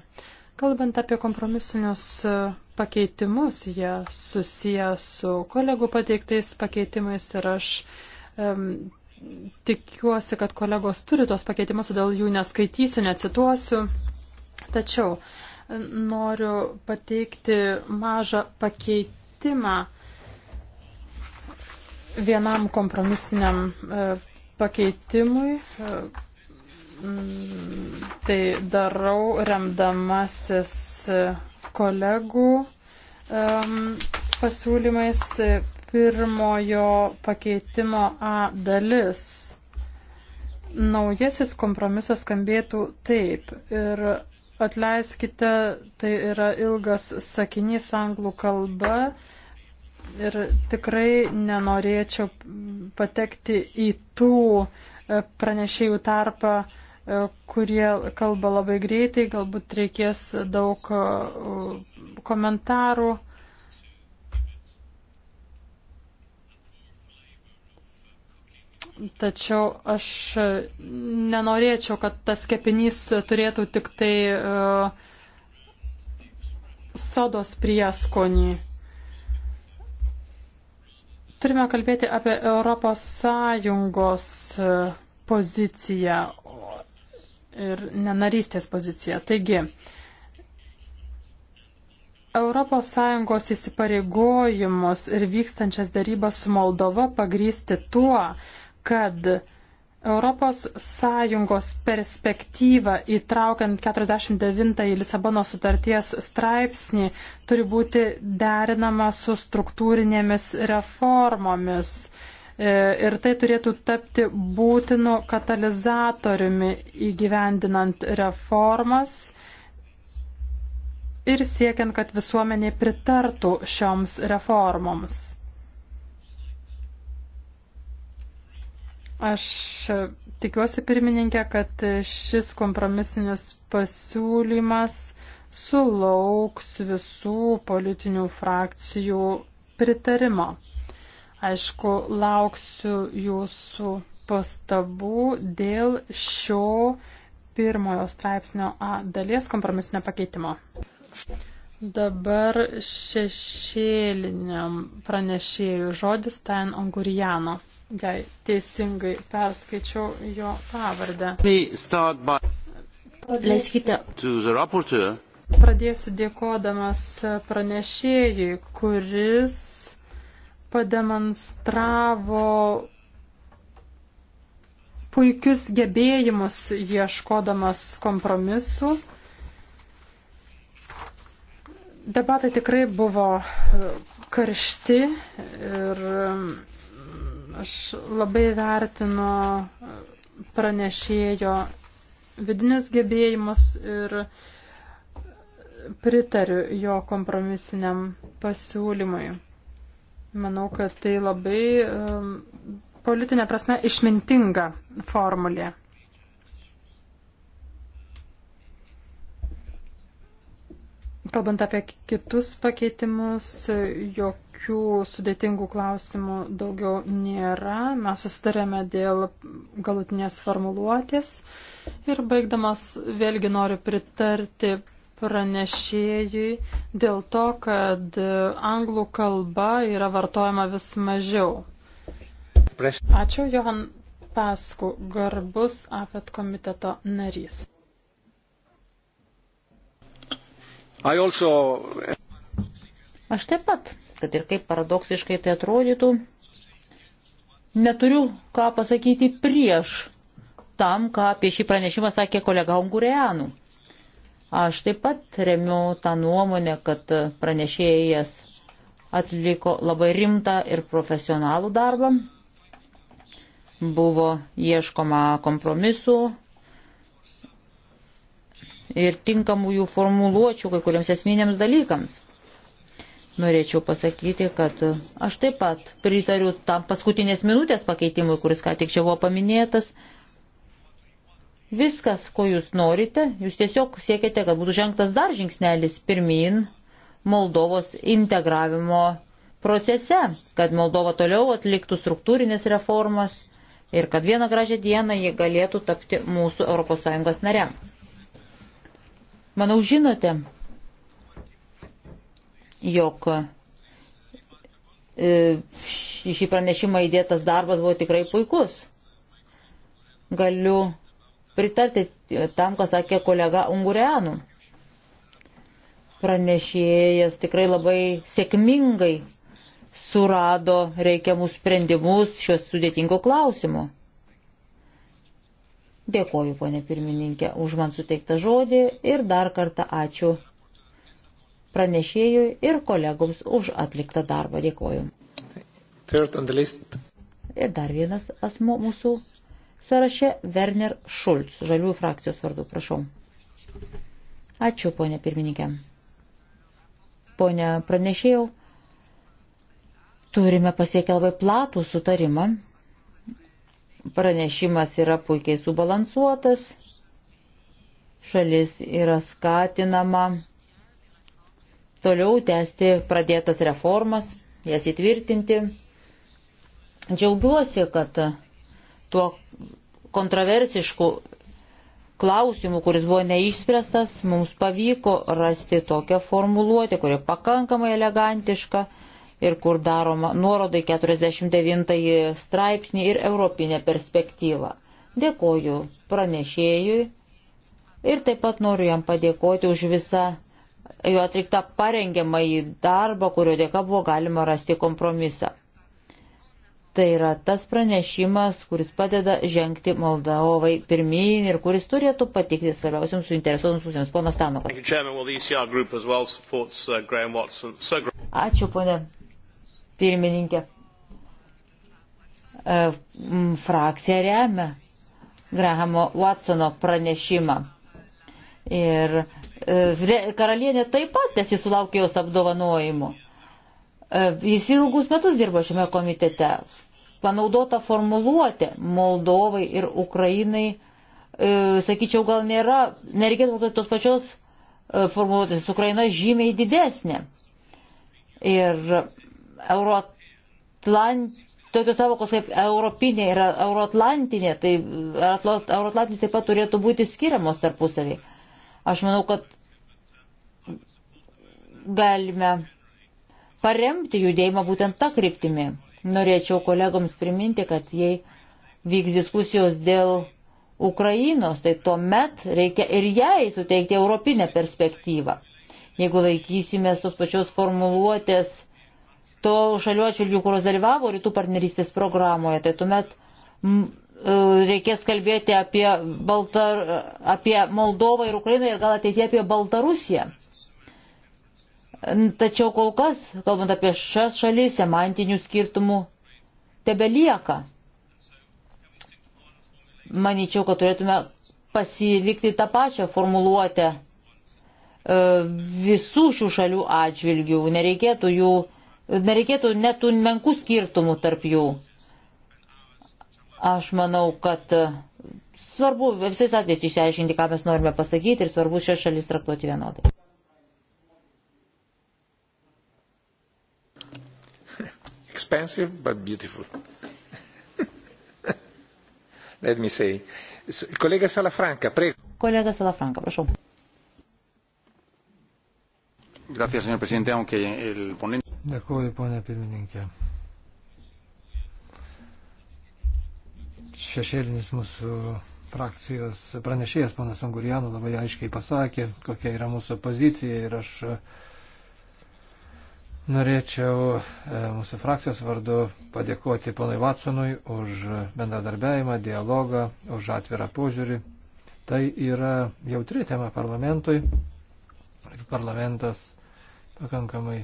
Kalbant apie kompromisinius e, pakeitimus, jie susiję su kolegų pateiktais pakeitimais ir aš um, tikiuosi, kad kolegos turi tos pakeitimus, todėl jų neskaitysiu, necituosiu. Tačiau e, noriu pateikti mažą pakeitimą vienam kompromisiniam e, pakeitimui, tai darau remdamasis e, kolegų um, pasiūlymais pirmojo pakeitimo A dalis. Naujasis kompromisas skambėtų taip ir atleiskite, tai yra ilgas sakinys anglų kalba ir tikrai nenorėčiau patekti į tų e, pranešėjų tarpą, E, kurie kalba labai greitai, galbūt reikės daug e, komentarų. Tačiau aš nenorėčiau, kad tas kepinys turėtų tik tai e, sodos prieskonį. Turime kalbėti apie Europos Sąjungos poziciją, ir nenarystės poziciją. Taigi, ES įsipareigojimus ir vykstančias darybas su Moldova pagrysti tuo, kad ES perspektyva įtraukiant 49-ąjį Lisabono sutarties straipsnį turi būti derinama su struktūrinėmis reformomis E, ir tai turėtų tapti būtinu katalizatoriumi įgyvendinant reformas ir siekiant, kad visuomenė pritartų šioms reformoms. Aš tikiuosi, pirmininkė, kad šis kompromisinis pasiūlymas sulauks visų politinių frakcijų pritarimo. Aišku, lauksiu jūsų pastabų dėl šio pirmojo straipsnio A dalies kompromisinio pakeitimo. Dabar šešėliniam pranešėjų žodis ten Angurijano, jei teisingai perskaičiau jo pavardę. Leiskite. Pradėsiu dėkodamas pranešėjui, kuris pademonstravo puikius gebėjimus ieškodamas kompromisų. Debatai tikrai buvo e, karšti ir e, aš labai vertinu pranešėjo vidinius gebėjimus ir pritariu jo kompromisiniam pasiūlymui. Manau, kad tai labai um, politinė prasme išmintinga formulė. Kalbant apie kitus pakeitimus, jokių sudėtingų klausimų daugiau nėra. Mes sustarėme dėl galutinės formuluotės. Ir baigdamas vėlgi noriu pritarti pranešėjui dėl to, kad anglų kalba yra vartojama vis mažiau. Ačiū, Johan Pasku, garbus AFET komiteto narys. Also... Aš taip pat, kad ir kaip paradoksiškai tai atrodytų, neturiu ką pasakyti prieš tam, ką apie šį pranešimą sakė kolega Ungurianų. Aš taip pat remiu tą nuomonę, kad pranešėjas atliko labai rimtą ir profesionalų darbą. Buvo ieškoma kompromisų ir tinkamų jų formuluočių kai kuriems esminėms dalykams. Norėčiau pasakyti, kad aš taip pat pritariu tam paskutinės minutės pakeitimui, kuris ką tik čia buvo paminėtas. Viskas, ko jūs norite, jūs tiesiog siekiate, kad būtų žengtas dar žingsnelis pirmin Moldovos integravimo procese, kad Moldova toliau atliktų struktūrinės reformas ir kad vieną gražią dieną ji galėtų tapti mūsų ES nare. Manau, žinote, jog e, šį pranešimą įdėtas darbas buvo tikrai puikus. Galiu pritarti e, tam, ką sakė kolega Ungureanu. Pranešėjas tikrai labai sėkmingai surado reikiamus sprendimus šios sudėtingo klausimu. Dėkoju, ponė pirmininkė, už man suteiktą žodį ir dar kartą ačiū pranešėjui ir kolegoms už atliktą darbą. Dėkoju. Ir dar vienas asmo mūsų sąraše Werner Schulz, žaliųjų frakcijos vardu, prašau. Ačiū, ponė pirmininkė. Pone pranešėjau, turime pasiekę labai platų sutarimą. Pranešimas yra puikiai subalansuotas, šalis yra skatinama toliau tęsti pradėtas reformas, jas įtvirtinti. Džiaugiuosi, kad tuo kontroversiškų klausimų, kuris buvo neišspręstas, mums pavyko rasti tokią formuluotę, kuri pakankamai elegantiška ir kur daroma nuorodai 49 straipsnį ir europinę perspektyvą. Dėkoju pranešėjui ir taip pat noriu jam padėkoti už visą jo atliktą parengiamąjį darbą, kurio dėka buvo galima rasti kompromisą. Tai yra tas pranešimas, kuris padeda žengti Moldovai pirmyn ir kuris turėtų patikti svarbiausiams suinteresuotams pusėms. Ponas Tanokas. E uh, Ačiū, ponė pirmininkė. E, frakcija remia Grahamo Watsono pranešimą. Ir e, karalienė taip pat, nes jis sulaukė jos apdovanojimo. E, jis ilgus metus dirbo šiame komitete. Panaudota formuluotė Moldovai ir Ukrainai, e, sakyčiau, gal nėra, nereikėtų tos pačios e, formuluotės. Ukraina žymiai didesnė. Ir Euroatlant, tokios savokos kaip europinė ir euroatlantinė, tai euroatlantinės taip pat turėtų būti skiriamos tarpusavį. Aš manau, kad galime paremti judėjimą būtent tą kryptimį. Norėčiau kolegoms priminti, kad jei vyks diskusijos dėl Ukrainos, tai tuomet reikia ir jai suteikti europinę perspektyvą. Jeigu laikysimės tos pačios formuluotės to šalių atšvilgių, kurios dalyvavo rytų partnerystės programoje, tai tuomet m, e, reikės kalbėti apie, Baltar, apie Moldovą ir Ukrainą ir gal ateitie apie Baltarusiją. Tačiau kol kas, kalbant apie šias šalis, semantinių skirtumų tebelieka. Maničiau, kad turėtume pasilikti tą pačią formuluotę e, visų šių šalių atžvilgių. Nereikėtų, jų, nereikėtų netų menkų skirtumų tarp jų. Aš manau, kad e, svarbu visais atvejais išsiaiškinti, ką mes norime pasakyti ir svarbu šias šalis traktuoti vienodai. Expensive, but beautiful. Let me say. Kolega Salafranca, prego. Kolega Salafranca, prašau. Gracias, señor presidente, aunque el ponente. Dėkuoju, ponia pirmininkė. Šešėlinis mūsų frakcijos pranešėjas, ponas Angurijanų, labai aiškiai pasakė, kokia yra mūsų pozicija ir aš uh, Norėčiau e, mūsų frakcijos vardu padėkoti ponui Vatsonui už bendradarbiavimą, dialogą, už atvirą požiūrį. Tai yra jautri tema parlamentui ir parlamentas pakankamai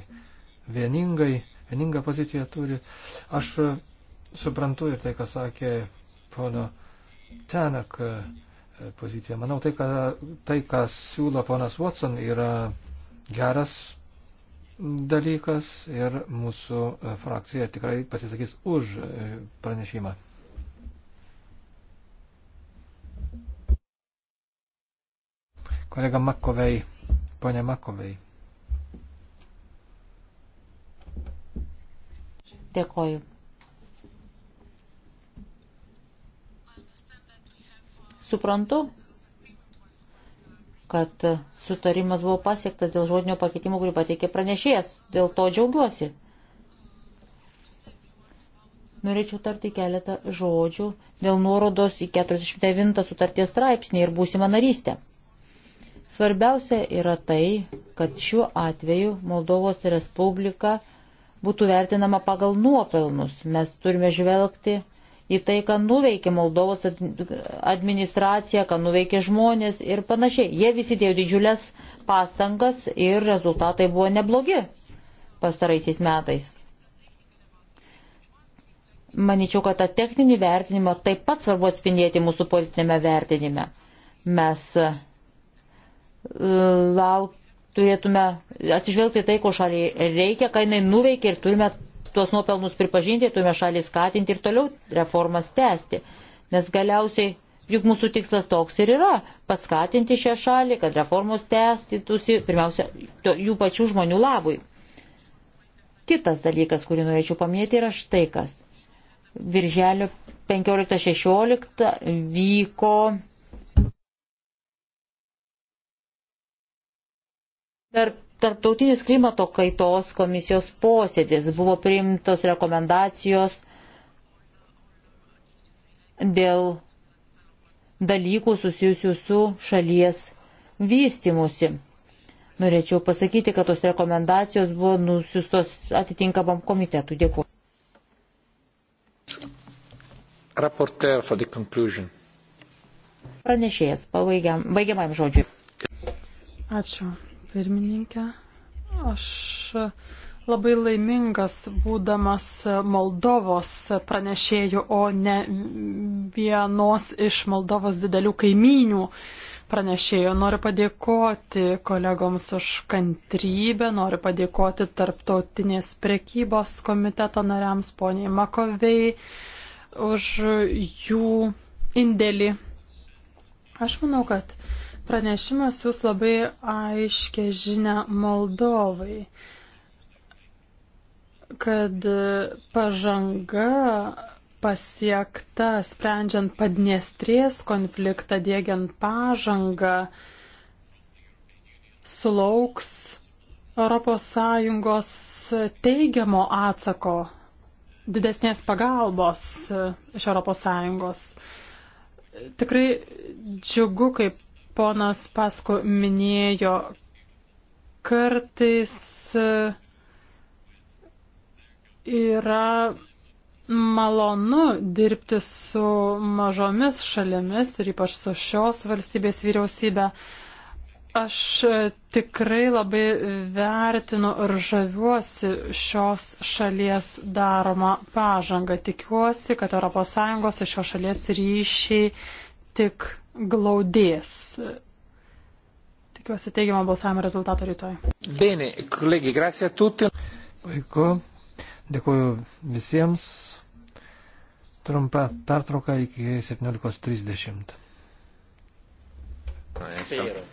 vieningai, vieningą poziciją turi. Aš suprantu ir tai, ką sakė pono Tenak e, pozicija. Manau, tai, ką, tai, ką siūlo ponas Watson, yra geras dalykas ir mūsų e, frakcija tikrai pasisakys už e, pranešimą. Kolega Makovei, ponė Makovei. Dėkoju. Suprantu, kad sutarimas buvo pasiektas dėl žodinio pakeitimo, kurį pateikė pranešėjas. Dėl to džiaugiuosi. Norėčiau tarti keletą žodžių dėl nuorodos į 49 sutarties straipsnį ir būsimą narystę. Svarbiausia yra tai, kad šiuo atveju Moldovos Respublika būtų vertinama pagal nuopelnus. Mes turime žvelgti į tai, ką nuveikė Moldovos administracija, ką nuveikė žmonės ir panašiai. Jie visi dėjo didžiulės pastangas ir rezultatai buvo neblogi pastaraisiais metais. Maničiau, kad tą techninį vertinimą taip pat svarbu atspindėti mūsų politinėme vertinime. Mes e, lauk, turėtume atsižvelgti tai, ko šaliai reikia, ką jinai nuveikia ir turime tuos nuopelnus pripažinti, turime šalį skatinti ir toliau reformas tęsti. Nes galiausiai juk mūsų tikslas toks ir yra - paskatinti šią šalį, kad reformos tęstytųsi, pirmiausia, to, jų pačių žmonių labui. Kitas dalykas, kurį norėčiau paminėti, yra štai kas. Virželio 15-16 vyko tarp Tarptautinis klimato kaitos komisijos posėdis buvo priimtos rekomendacijos dėl dalykų susijusių su šalies vystimusi. Norėčiau pasakyti, kad tos rekomendacijos buvo nusiustos atitinkamam komitetui. Dėkuoju. Pranešėjas, baigiamam žodžiui. Ačiū pirmininkė. Aš labai laimingas būdamas Moldovos pranešėjų, o ne vienos iš Moldovos didelių kaimynių pranešėjų. Noriu padėkoti kolegoms už kantrybę, noriu padėkoti tarptautinės prekybos komiteto nariams, poniai Makovei, už jų indėlį. Aš manau, kad Pranešimas jūs labai aiškia žinia Moldovai, kad pažanga pasiekta sprendžiant padniestrės konfliktą, dėgiant pažangą, sulauks ES teigiamo atsako, didesnės pagalbos iš ES. Tikrai džiugu, kaip ponas Pasko minėjo, kartais e, yra malonu dirbti su mažomis šalimis ir ypač su šios valstybės vyriausybė. Aš e, tikrai labai vertinu ir žaviuosi šios šalies daromą pažangą. Tikiuosi, kad ES ir šios šalies ryšiai tik glaudės. Tikiuosi teigiamą balsavimo rezultatą rytoj. Bene, kolegi, grazie a tutti. Puiku. Dėkuoju visiems. Trumpa pertrauka iki 17.30. Spero.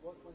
What was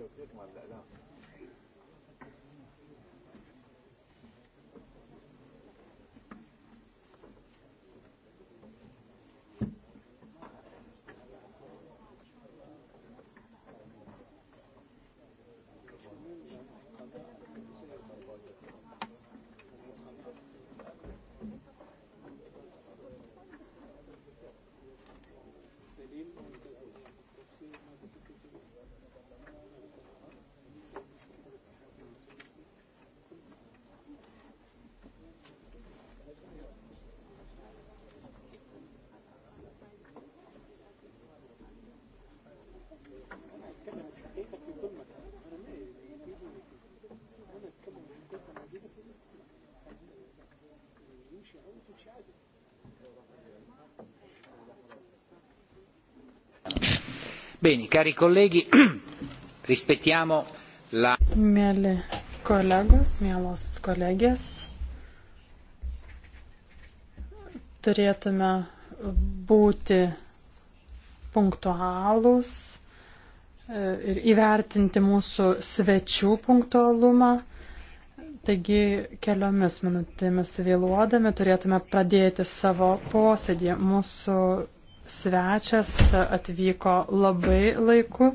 توثيق مبدأ ده Bene, cari colleghi, rispettiamo la. Mėly kolegos, mėlos kolegės, turėtume būti punktualūs e, ir įvertinti mūsų svečių punktualumą. Taigi keliomis minutėmis vėluodami turėtume pradėti savo posėdį. Mūsų svečias atvyko labai laiku,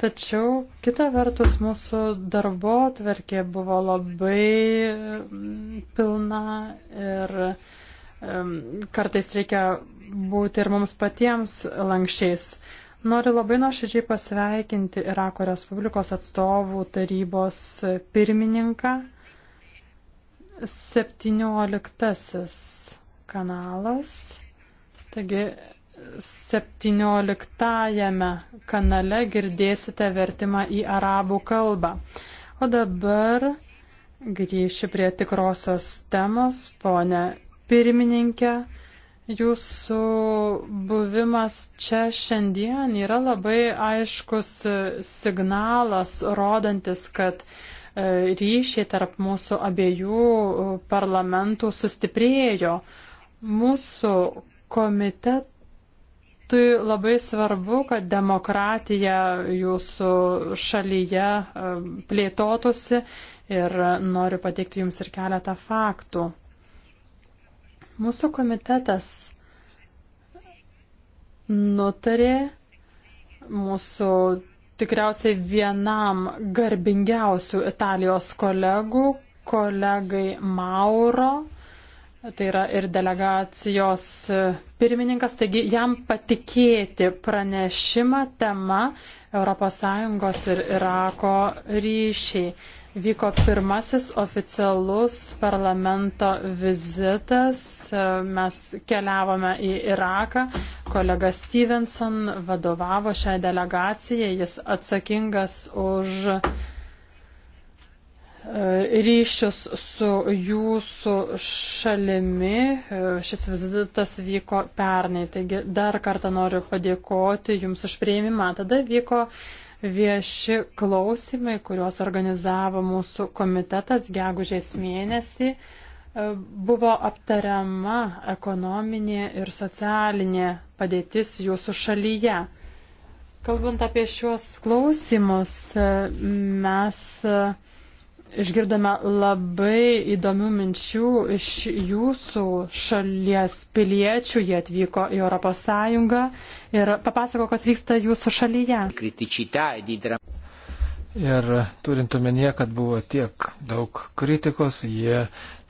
tačiau kita vertus mūsų darbo tvarkė buvo labai mm, pilna ir mm, kartais reikia būti ir mums patiems lankščiais. Noriu labai nuoširdžiai pasveikinti Irako Respublikos atstovų tarybos pirmininką. 17 kanalas. Taigi 17 kanale girdėsite vertimą į arabų kalbą. O dabar grįšiu prie tikrosios temos, ponė pirmininkė. Jūsų buvimas čia šiandien yra labai aiškus signalas, rodantis, kad e, ryšiai tarp mūsų abiejų parlamentų sustiprėjo. Mūsų komitetas Tai labai svarbu, kad demokratija jūsų šalyje plėtotųsi ir noriu pateikti jums ir keletą faktų. Mūsų komitetas nutarė mūsų tikriausiai vienam garbingiausių Italijos kolegų, kolegai Mauro, tai yra ir delegacijos pirmininkas, taigi jam patikėti pranešimą tema ES ir Irako ryšiai. Vyko pirmasis oficialus parlamento vizitas, mes keliavome į Iraką, kolega Stevenson vadovavo šią delegaciją, jis atsakingas už E, ryšius su jūsų šalimi. E, šis vizitas vyko pernai, taigi dar kartą noriu padėkoti Jums už prieimimą. Tada vyko vieši klausimai, kuriuos organizavo mūsų komitetas gegužės mėnesį. E, buvo aptariama ekonominė ir socialinė padėtis jūsų šalyje. Kalbant apie šiuos klausimus, mes Išgirdome labai įdomių minčių iš jūsų šalies piliečių, jie atvyko į ES ir papasako, kas vyksta jūsų šalyje. E ir turint omenyje, kad buvo tiek daug kritikos, jie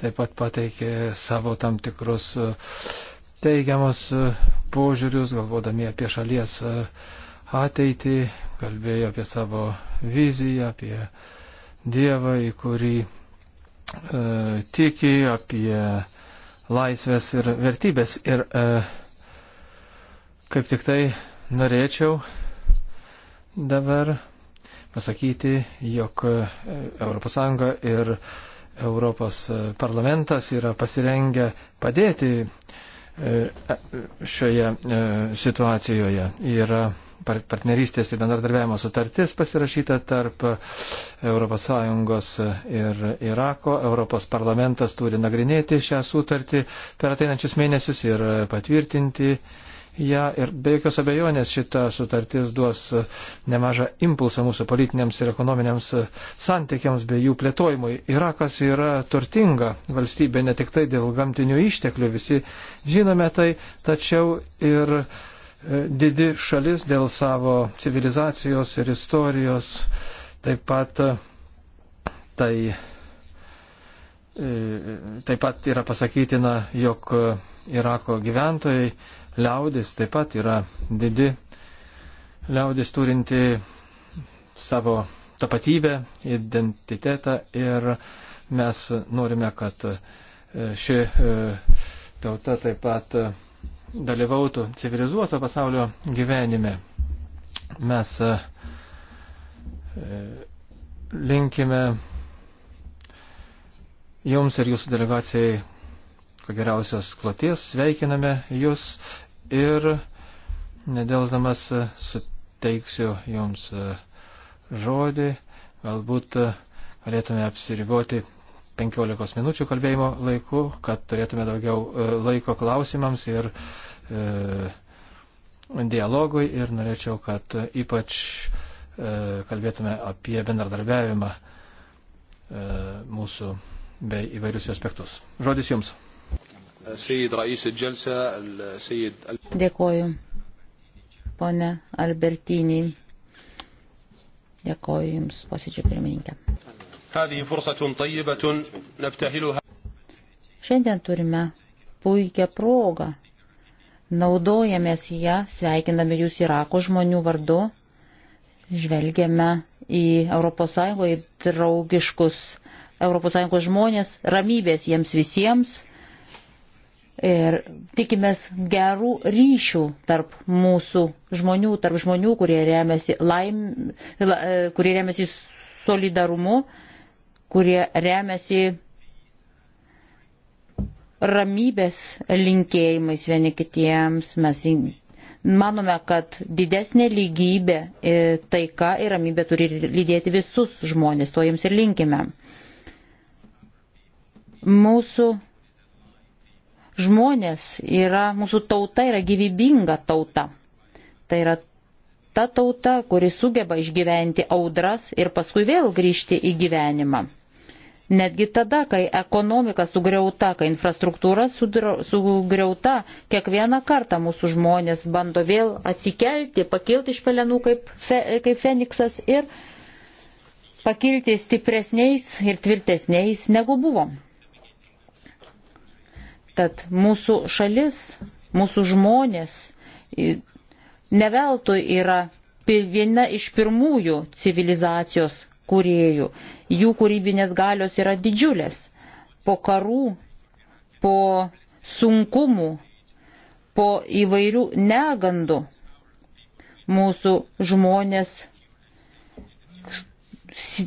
taip pat pateikė savo tam tikrus e, teigiamus e, požiūrius, galvodami apie šalies ateitį, kalbėjo apie savo viziją, apie Dievą, į kurį e, tiki, apie laisvės ir vertybės. Ir e, kaip tik tai norėčiau dabar pasakyti, jog ES ir Europos parlamentas yra pasirengę padėti e, šioje e, situacijoje. Yra partnerystės ir bendradarbiavimo sutartis pasirašyta tarp ES ir Irako. Europos parlamentas turi nagrinėti šią sutartį per ateinančius mėnesius ir patvirtinti ją. Ir be jokios abejonės šita sutartis duos nemažą impulsą mūsų politiniams ir ekonominiams santykiams bei jų plėtojimui. Irakas yra turtinga valstybė ne tik tai dėl gamtinių išteklių, visi žinome tai, tačiau ir E, didi šalis dėl savo civilizacijos ir istorijos. Taip pat e, tai e, taip pat yra pasakytina, jog Irako gyventojai, liaudis taip pat yra didi, liaudis turinti savo tapatybę, identitetą ir mes norime, kad ši tauta taip pat dalyvautų civilizuoto pasaulio gyvenime. Mes e, linkime jums ir jūsų delegacijai ko geriausios kloties, sveikiname jūs ir nedėlzamas e, suteiksiu jums e, žodį, galbūt galėtume apsiriboti 15 minučių kalbėjimo laiku, kad turėtume daugiau e, laiko klausimams ir e, dialogui ir norėčiau, kad ypač e, kalbėtume apie bendradarbiavimą e, mūsų bei įvairius aspektus. Žodis Jums. Dėkoju, ponė Albertiniai. Dėkoju Jums, posėdžio pirmininkė. Šiandien turime puikią progą. Naudojamės ją, sveikiname jūs Irako žmonių vardu, žvelgiame į ES į draugiškus ES žmonės, ramybės jiems visiems ir tikimės gerų ryšių tarp mūsų žmonių, tarp žmonių, kurie remiasi, laim, la, e, kurie remiasi solidarumu kurie remiasi ramybės linkėjimais vieni kitiems. Mes manome, kad didesnė lygybė, e, taika ir ramybė turi lydėti visus žmonės, to jiems ir linkime. Mūsų žmonės yra, mūsų tauta yra gyvybinga tauta. Tai yra ta tauta, kuri sugeba išgyventi audras ir paskui vėl grįžti į gyvenimą. Netgi tada, kai ekonomika sugriauta, kai infrastruktūra sugriauta, kiekvieną kartą mūsų žmonės bando vėl atsikelti, pakilti iš pelenų kaip, fe, kaip Feniksas ir pakilti stipresniais ir tvirtesniais negu buvom. Tad mūsų šalis, mūsų žmonės neveltui yra viena iš pirmųjų civilizacijos kuriejų. Jų kūrybinės galios yra didžiulės. Po karų, po sunkumų, po įvairių negandų mūsų žmonės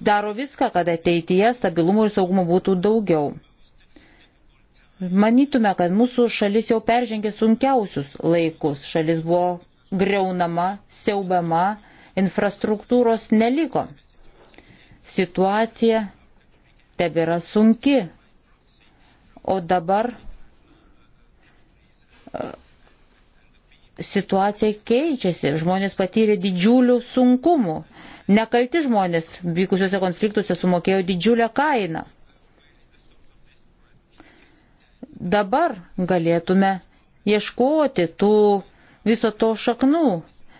daro viską, kad ateityje stabilumo ir saugumo būtų daugiau. Manytume, kad mūsų šalis jau peržengė sunkiausius laikus. Šalis buvo greunama, siaubama, infrastruktūros neliko situacija tebėra sunki. O dabar e, situacija keičiasi, žmonės patyrė didžiulių sunkumų. Nekalti žmonės vykusiuose konfliktuose sumokėjo didžiulę kainą. Dabar galėtume ieškoti tų viso to šaknų.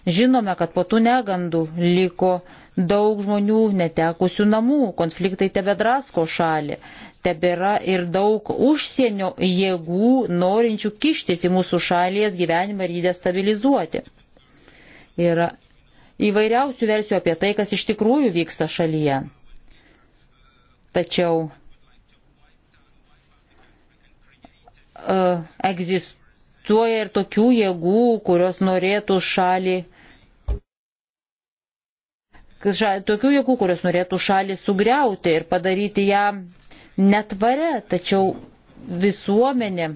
Žinome, kad po tų negandų liko daug žmonių netekusių namų, konfliktai tebedrasko šalį, tebėra ir daug užsienio jėgų norinčių kištis į mūsų šalies gyvenimą ir jį destabilizuoti. Yra įvairiausių versijų apie tai, kas iš tikrųjų vyksta šalyje. Tačiau uh, egzistuoja ir tokių jėgų, kurios norėtų šalį uh, tokių jėgų, kurios norėtų šalį sugriauti ir padaryti ją netvarę, tačiau visuomenė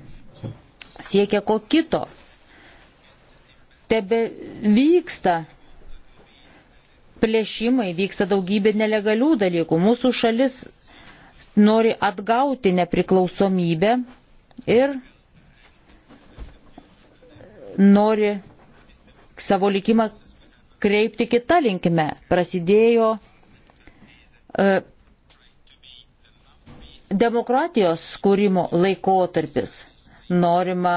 siekia ko kito. Tebe vyksta plėšimai, vyksta daugybė nelegalių dalykų. Mūsų šalis nori atgauti nepriklausomybę ir nori savo likimą kreipti kitą linkime. Prasidėjo e, demokratijos skūrimo laikotarpis. Norima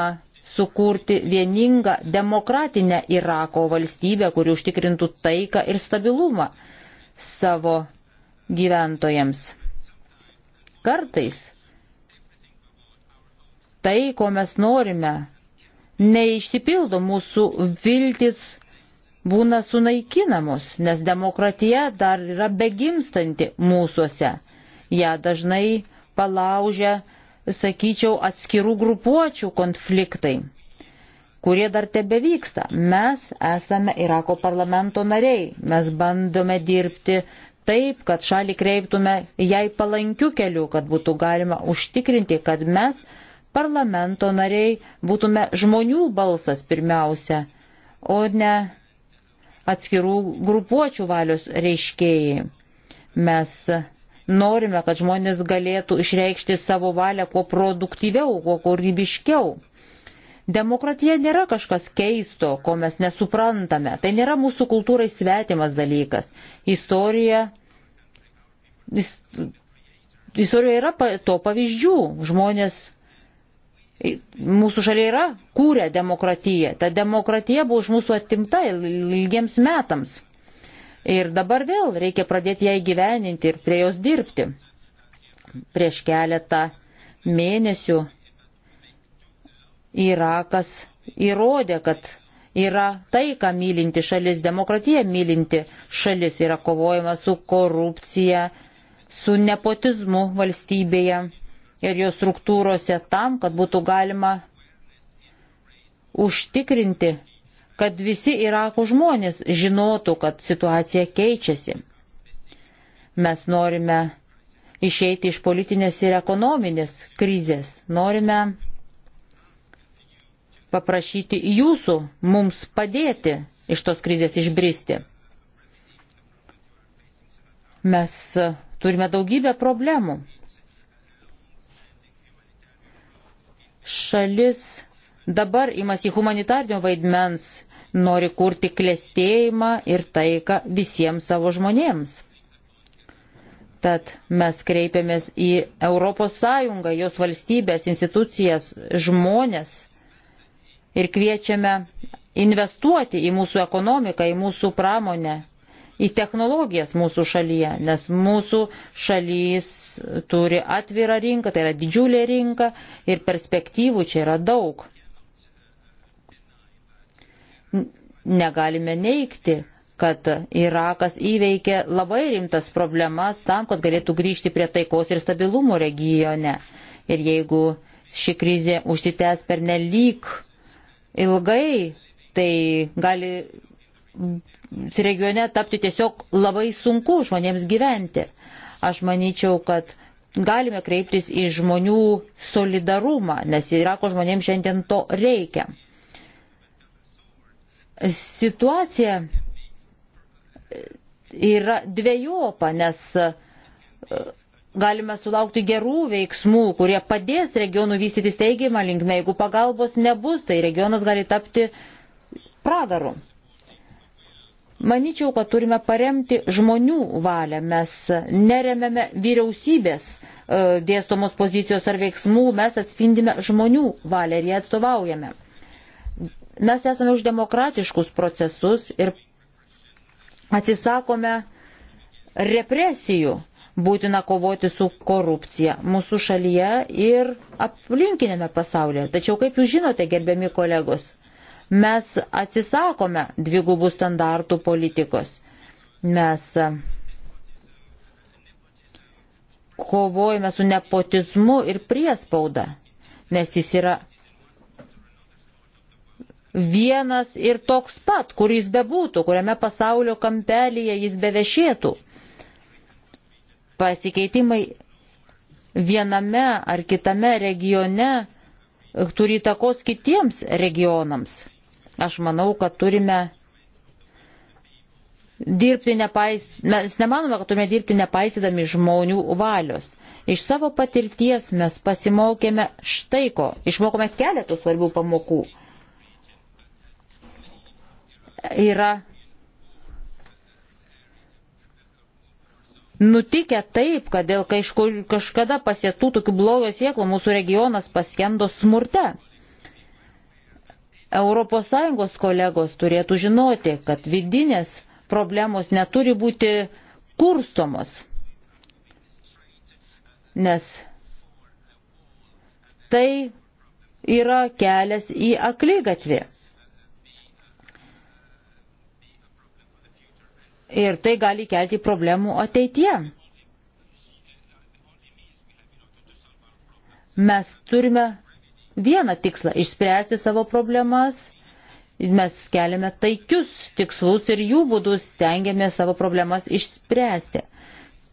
sukurti vieningą demokratinę Irako valstybę, kuri užtikrintų taiką ir stabilumą savo gyventojams. Kartais tai, ko mes norime, neišsipildo mūsų viltis būna sunaikinamos, nes demokratija dar yra begimstanti mūsųse. Ja dažnai palaužia, sakyčiau, atskirų grupuočių konfliktai, kurie dar tebe vyksta. Mes esame Irako parlamento nariai, mes bandome dirbti taip, kad šalį kreiptume jai palankių kelių, kad būtų galima užtikrinti, kad mes, parlamento nariai, būtume žmonių balsas pirmiausia, o ne atskirų grupuočių valios reiškėjai. Mes norime, kad žmonės galėtų išreikšti savo valią kuo produktyviau, kuo kūrybiškiau. Demokratija nėra kažkas keisto, ko mes nesuprantame. Tai nėra mūsų kultūrai svetimas dalykas. Istorija, is, istorija yra to pavyzdžių. Žmonės Mūsų šalia yra kūrę demokratiją. Ta demokratija buvo iš mūsų atimta ilgiems metams. Ir dabar vėl reikia pradėti ją įgyveninti ir prie jos dirbti. Prieš keletą mėnesių Irakas įrodė, kad yra tai, ką mylinti šalis, demokratija mylinti šalis, yra kovojama su korupcija, su nepotizmu valstybėje ir jos struktūrose tam, kad būtų galima užtikrinti, kad visi Irako žmonės žinotų, kad situacija keičiasi. Mes norime išeiti iš politinės ir ekonominės krizės. Norime paprašyti jūsų mums padėti iš tos krizės išbristi. Mes turime daugybę problemų. šalis dabar imasi humanitarnio vaidmens, nori kurti klėstėjimą ir taiką visiems savo žmonėms. Tad mes kreipiamės į ES, jos valstybės, institucijas, žmonės ir kviečiame investuoti į mūsų ekonomiką, į mūsų pramonę, į technologijas mūsų šalyje, nes mūsų šalis turi atvirą rinką, tai yra didžiulė rinka ir perspektyvų čia yra daug. Negalime neikti, kad Irakas įveikė labai rimtas problemas tam, kad galėtų grįžti prie taikos ir stabilumo regione. Ir jeigu ši krizė užsitęs per nelik ilgai, tai gali regione tapti tiesiog labai sunku žmonėms gyventi. Aš manyčiau, kad galime kreiptis į žmonių solidarumą, nes Irako žmonėms šiandien to reikia. Situacija yra dviejopa, nes e, galime sulaukti gerų veiksmų, kurie padės regionų vystytis teigiamą linkmę. Jeigu pagalbos nebus, tai regionas gali tapti pragaru. Maničiau, kad turime paremti žmonių valią, mes neremėme vyriausybės e, dėstomos pozicijos ar veiksmų, mes atspindime žmonių valią ir ją atstovaujame. Mes esame už demokratiškus procesus ir atsisakome represijų, būtina kovoti su korupcija mūsų šalyje ir aplinkinėme pasaulyje. Tačiau, kaip jūs žinote, gerbiami kolegos, Mes atsisakome dvigubų standartų politikos. Mes e, kovojame su nepotizmu ir priespauda, nes jis yra vienas ir toks pat, kur jis bebūtų, kuriame pasaulio kampelyje jis bevešėtų. Pasikeitimai viename ar kitame regione turi takos kitiems regionams. Aš manau, kad turime dirbti nepais, mes nemanome, kad turime dirbti nepaisydami žmonių valios. Iš savo patirties mes pasimokėme štai ko, išmokome keletų svarbių pamokų. Yra nutikę taip, kad dėl kažkada pasėtų tokių blogio sieklų mūsų regionas paskendo smurte. ES kolegos turėtų žinoti, kad vidinės problemos neturi būti kurstomos, nes tai yra kelias į aklygatvį. Ir tai gali kelti problemų ateitie. Mes turime vieną tikslą - išspręsti savo problemas. Mes keliame taikius tikslus ir jų būdus stengiamės savo problemas išspręsti.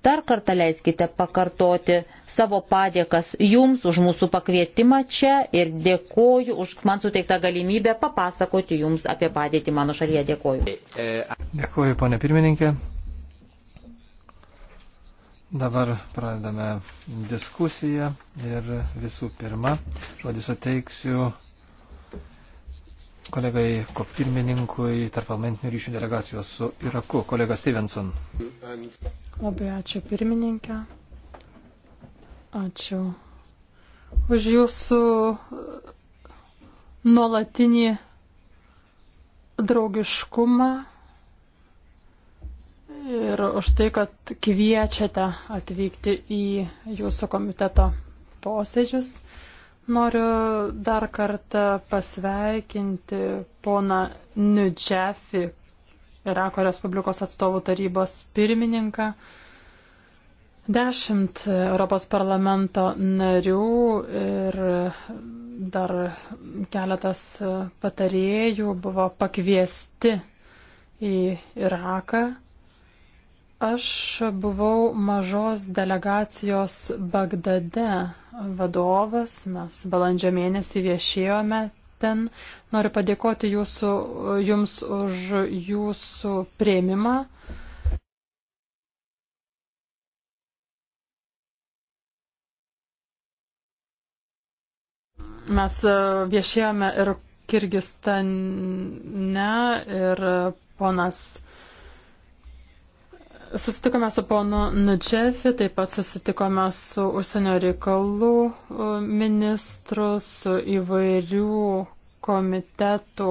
Dar kartą leiskite pakartoti savo padėkas jums už mūsų pakvietimą čia ir dėkoju už man suteiktą galimybę papasakoti jums apie padėtį mano šalyje. Dėkoju. Dėkoju, ponė pirmininkė. Dabar pradedame diskusiją ir visų pirma, žodį suteiksiu kolegai kopirmininkui tarpalmentinių ryšių delegacijos su Iraku, kolega Stevenson. Labai ačiū pirmininkė. Ačiū už jūsų nuolatinį draugiškumą ir už tai, kad kviečiate atvykti į jūsų komiteto posėdžius. Noriu dar kartą pasveikinti pona Nudžefi, Irako Respublikos atstovų tarybos pirmininką. Dešimt Europos parlamento narių ir dar keletas patarėjų buvo pakviesti į Iraką. Aš buvau mažos delegacijos Bagdade vadovas, mes balandžio mėnesį viešėjome ten. Noriu padėkoti jūsų, jums už jūsų prieimimą. Mes e, viešėjome ir Kirgistane, ir ponas Susitikome su ponu Nučefi, taip pat susitikome su užsienio reikalų e, ministru, su įvairių komitetų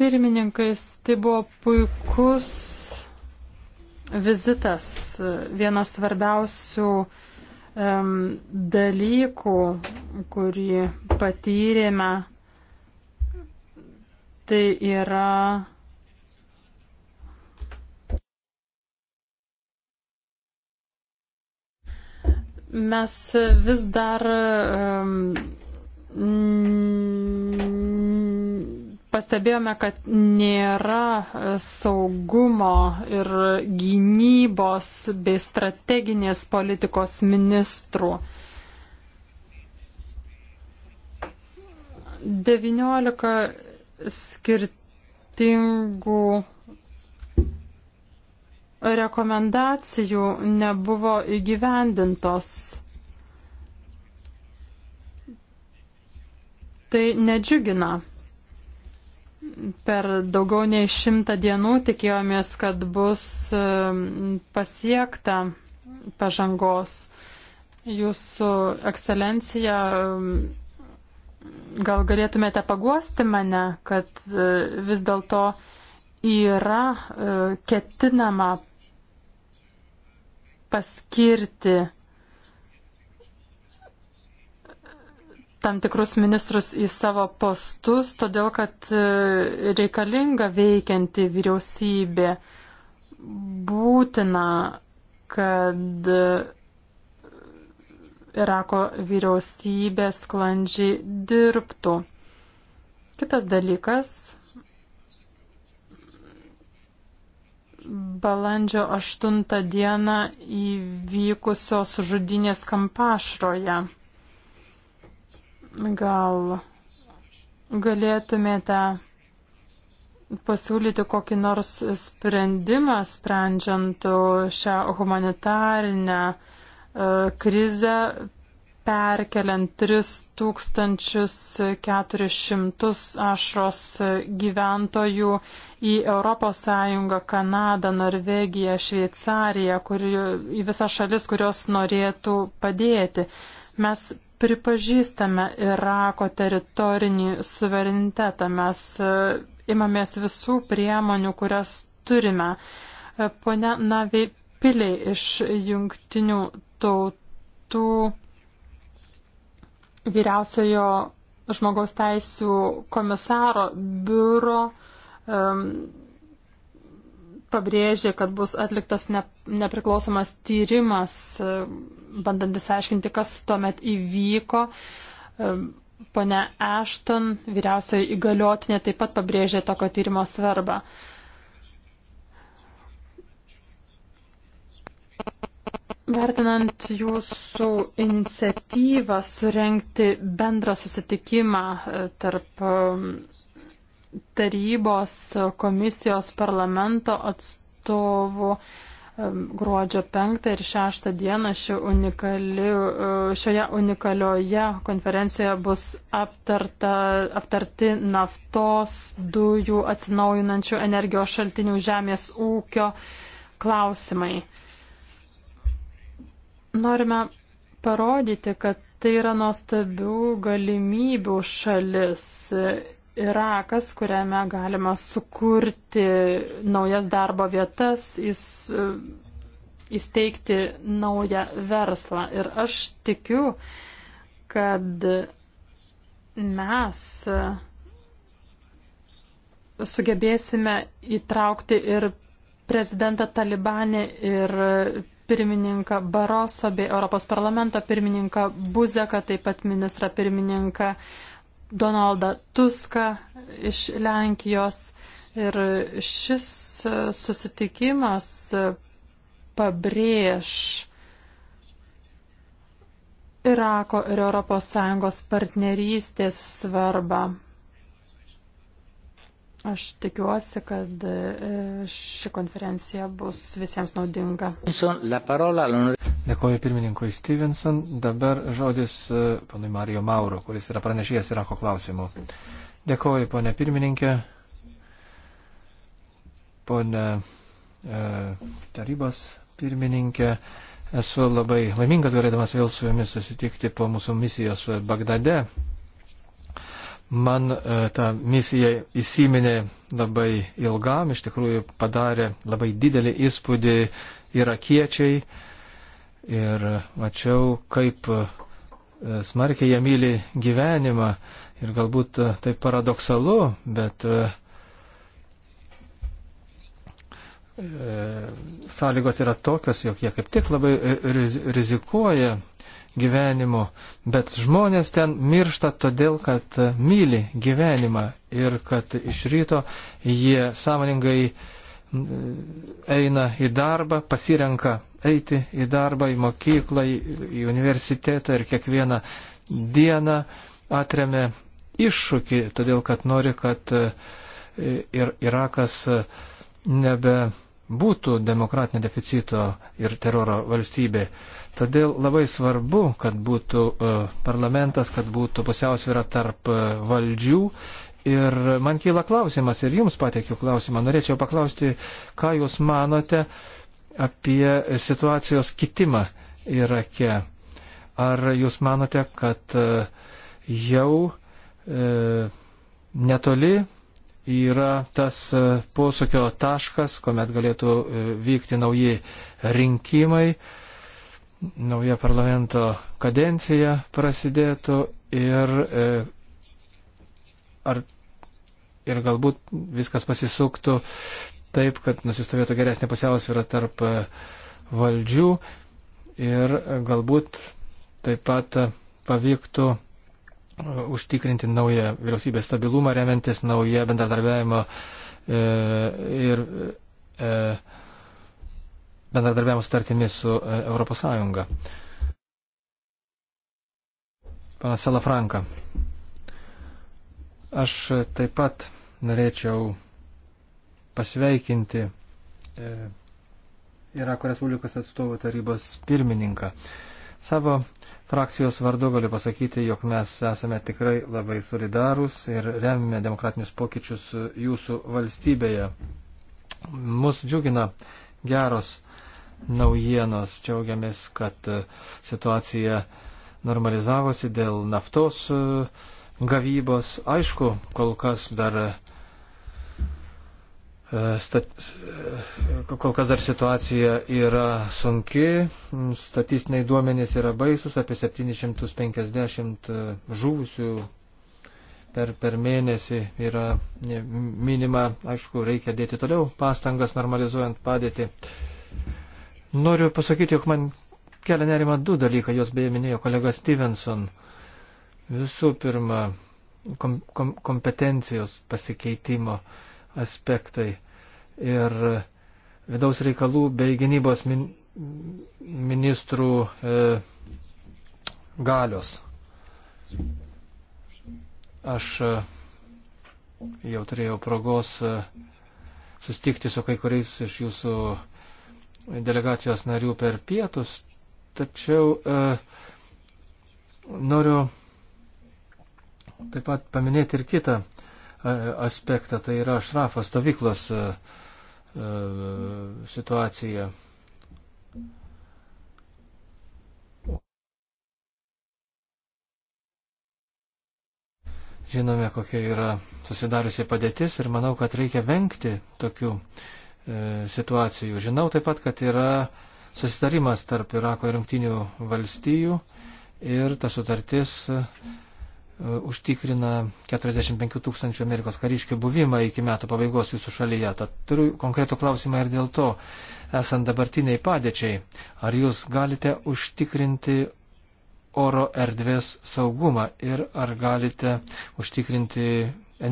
pirmininkais. Tai buvo puikus vizitas, e, vienas svarbiausių um, dalykų, kurį patyrėme. Tai yra mes vis dar pastebėjome, kad nėra saugumo ir gynybos bei strateginės politikos ministrų. 19 skirtingų rekomendacijų nebuvo įgyvendintos. Tai nedžiugina. Per daugiau nei šimtą dienų tikėjomės, kad bus pasiekta pažangos. Jūsų ekscelencija, gal galėtumėte paguosti mane, kad e, vis dėlto yra e, ketinama paskirti tam tikrus ministrus į savo postus, todėl kad e, reikalinga veikianti vyriausybė. Būtina, kad e, Irako vyriausybė sklandžiai dirbtų. Kitas dalykas balandžio 8 dieną įvykusios žudinės kampašroje. Gal galėtumėte pasiūlyti kokį nors sprendimą sprendžiant šią humanitarinę e, krizę perkeliant 3400 ašros gyventojų į ES, Kanadą, Norvegiją, Šveicariją, kur, į visas šalis, kurios norėtų padėti. Mes pripažįstame Irako teritorinį suverenitetą, mes e, imamės visų priemonių, kurias turime. E, Pone Navi Piliai iš jungtinių tautų vyriausiojo žmogaus teisų komisaro biuro um, pabrėžė, kad bus atliktas ne, nepriklausomas tyrimas, um, bandant įsiaiškinti, kas tuomet įvyko. Um, Pone Ashton, vyriausioji įgaliotinė, taip pat pabrėžė tokio tyrimo svarbą. Vertinant jūsų iniciatyvą surenkti bendrą susitikimą e, tarp tarybos, komisijos, parlamento atstovų, e, gruodžio 5 ir 6 dieną ši unikali, e, šioje unikalioje konferencijoje bus aptarta, aptarti naftos, dujų, atsinaujinančių energijos šaltinių žemės ūkio klausimai norime parodyti, kad tai yra nuostabių galimybių šalis. Irakas, kuriame galima sukurti naujas darbo vietas, jis įsteigti naują verslą. Ir aš tikiu, kad mes sugebėsime įtraukti ir prezidentą Talibanį ir pirmininką Barosą bei Europos parlamento pirmininką Buzeką, taip pat ministrą pirmininką Donaldą Tuską iš Lenkijos. Ir šis e, susitikimas e, pabrėž Irako ir ES partnerystės svarbą. Aš tikiuosi, kad e, ši konferencija bus visiems naudinga. Dėkuoju pirmininkui Stevenson. Dabar žodis e, panui Mario Mauro, kuris yra pranešėjęs Irako klausimų. Dėkuoju, ponė pirmininkė, ponė e, tarybos pirmininkė. Esu labai laimingas galėdamas vėl su jumis susitikti po mūsų misijos Bagdade Man e, ta misija įsiminė labai ilgam, iš tikrųjų padarė labai didelį įspūdį irakiečiai ir mačiau, kaip e, smarkiai jie myli gyvenimą ir galbūt e, tai paradoksalu, bet sąlygos yra tokios, jog jie kaip tik labai rizikuoja gyvenimu, bet žmonės ten miršta todėl, kad myli gyvenimą ir kad iš ryto jie sąmoningai mm, eina į darbą, pasirenka eiti į darbą, į mokyklą, į universitetą ir kiekvieną dieną atremia iššūkį, todėl kad nori, kad e, ir Irakas e, nebebūtų demokratinio deficito ir teroro valstybė. Todėl labai svarbu, kad būtų e, parlamentas, kad būtų pusiausvėra tarp e, valdžių. Ir man kyla klausimas, ir jums pateikiu klausimą. Norėčiau paklausti, ką jūs manote apie situacijos kitimą Irake. Ar jūs manote, kad e, jau e, netoli yra tas posūkio taškas, kuomet galėtų vykti nauji rinkimai? E, nauja parlamento kadencija prasidėtų ir, e, ar, ir galbūt viskas pasisuktų taip, kad nusistovėtų geresnė pusiausvyrą tarp e, valdžių ir galbūt taip pat pavyktų e, užtikrinti naują vyriausybės stabilumą, remiantis naują bendradarbiavimo ir, ir, ir bendradarbiavimo sutartimis su ES. Pana Salafranka, aš e, taip pat norėčiau pasveikinti e, Irako Respublikos atstovų tarybos pirmininką. Savo frakcijos vardu galiu pasakyti, jog mes esame tikrai labai solidarūs ir remime demokratinius pokyčius jūsų valstybėje. Mus džiugina geros naujienos. Džiaugiamės, kad e, situacija normalizavosi dėl naftos e, gavybos. Aišku, kol kas dar. E, stat, kol kas dar situacija yra sunki, statistiniai duomenys yra baisus, apie 750 žuvusių per, per mėnesį yra minima, aišku, reikia dėti toliau pastangas normalizuojant padėtį. Uh, Noriu pasakyti, jog man kelia nerima du dalykai, jos beje minėjo kolega Stevenson. Visų pirma, kom, kom, kompetencijos pasikeitimo aspektai ir vidaus reikalų bei gynybos min, ministrų e, galios. Aš e, jau turėjau progos e, sustikti su kai kuriais iš jūsų delegacijos narių per pietus, tačiau e, noriu taip pat paminėti ir kitą e, aspektą, tai yra Šrafo stovyklos e, e, situacija. Žinome, kokia yra susidariusi padėtis ir manau, kad reikia vengti tokių E, situacijų. Žinau taip pat, kad yra susitarimas tarp Irako ir Junktinių valstijų ir ta sutartis e, užtikrina 45 tūkstančių Amerikos kariškių buvimą iki metų pabaigos jūsų šalyje. Tad turiu konkretų klausimą ir dėl to, esant dabartiniai padėčiai, ar jūs galite užtikrinti oro erdvės saugumą ir ar galite užtikrinti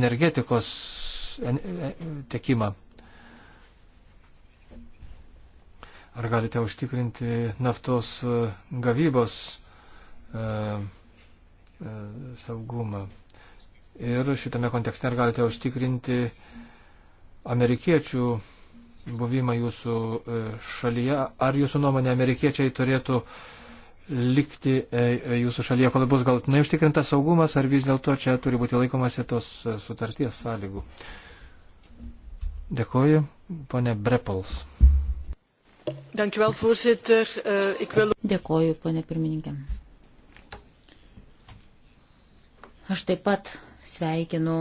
energetikos e, tiekimą Ar galite užtikrinti naftos e, gavybos e, e, saugumą? Ir šitame kontekste ar galite užtikrinti amerikiečių buvimą jūsų e, šalyje? Ar jūsų nuomonė amerikiečiai turėtų likti e, jūsų šalyje, kol bus galtinai užtikrintas saugumas, ar vis dėlto čia turi būti laikomasi tos sutarties sąlygų? Dėkuoju, ponė Brepals. Dankjewel, voorzitter. Eh, ik wil... Dėkoju, ponė pirmininkė. Aš taip pat sveikinu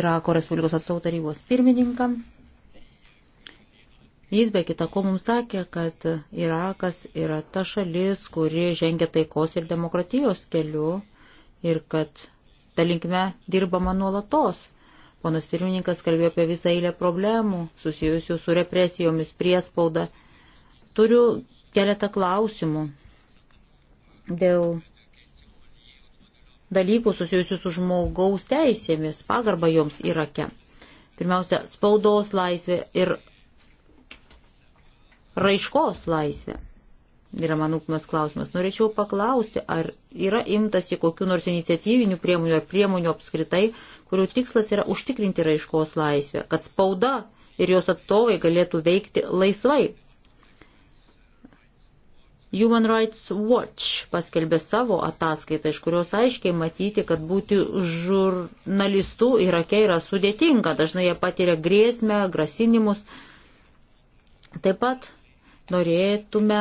Irako Respublikos atstovų tarybos pirmininką. Jis be kita ko mums sakė, kad Irakas yra ta šalis, kuri žengia taikos ir demokratijos keliu ir kad ta linkme dirbama nuolatos. Ponas pirmininkas kalbėjo apie visą eilę problemų susijusių su represijomis, priespauda Turiu keletą klausimų dėl dalykų susijusių su žmogaus teisėmis, pagarba joms Irake. Pirmiausia, spaudos laisvė ir raiškos laisvė. Yra man rūpimas klausimas. Norėčiau paklausti, ar yra imtasi kokiu nors iniciatyvinių priemonių ar priemonių apskritai, kurių tikslas yra užtikrinti raiškos laisvę, kad spauda ir jos atstovai galėtų veikti laisvai, Human Rights Watch paskelbė savo ataskaitą, iš kurios aiškiai matyti, kad būti žurnalistu Irake yra sudėtinga, dažnai jie patiria grėsmę, grasinimus. Taip pat norėtume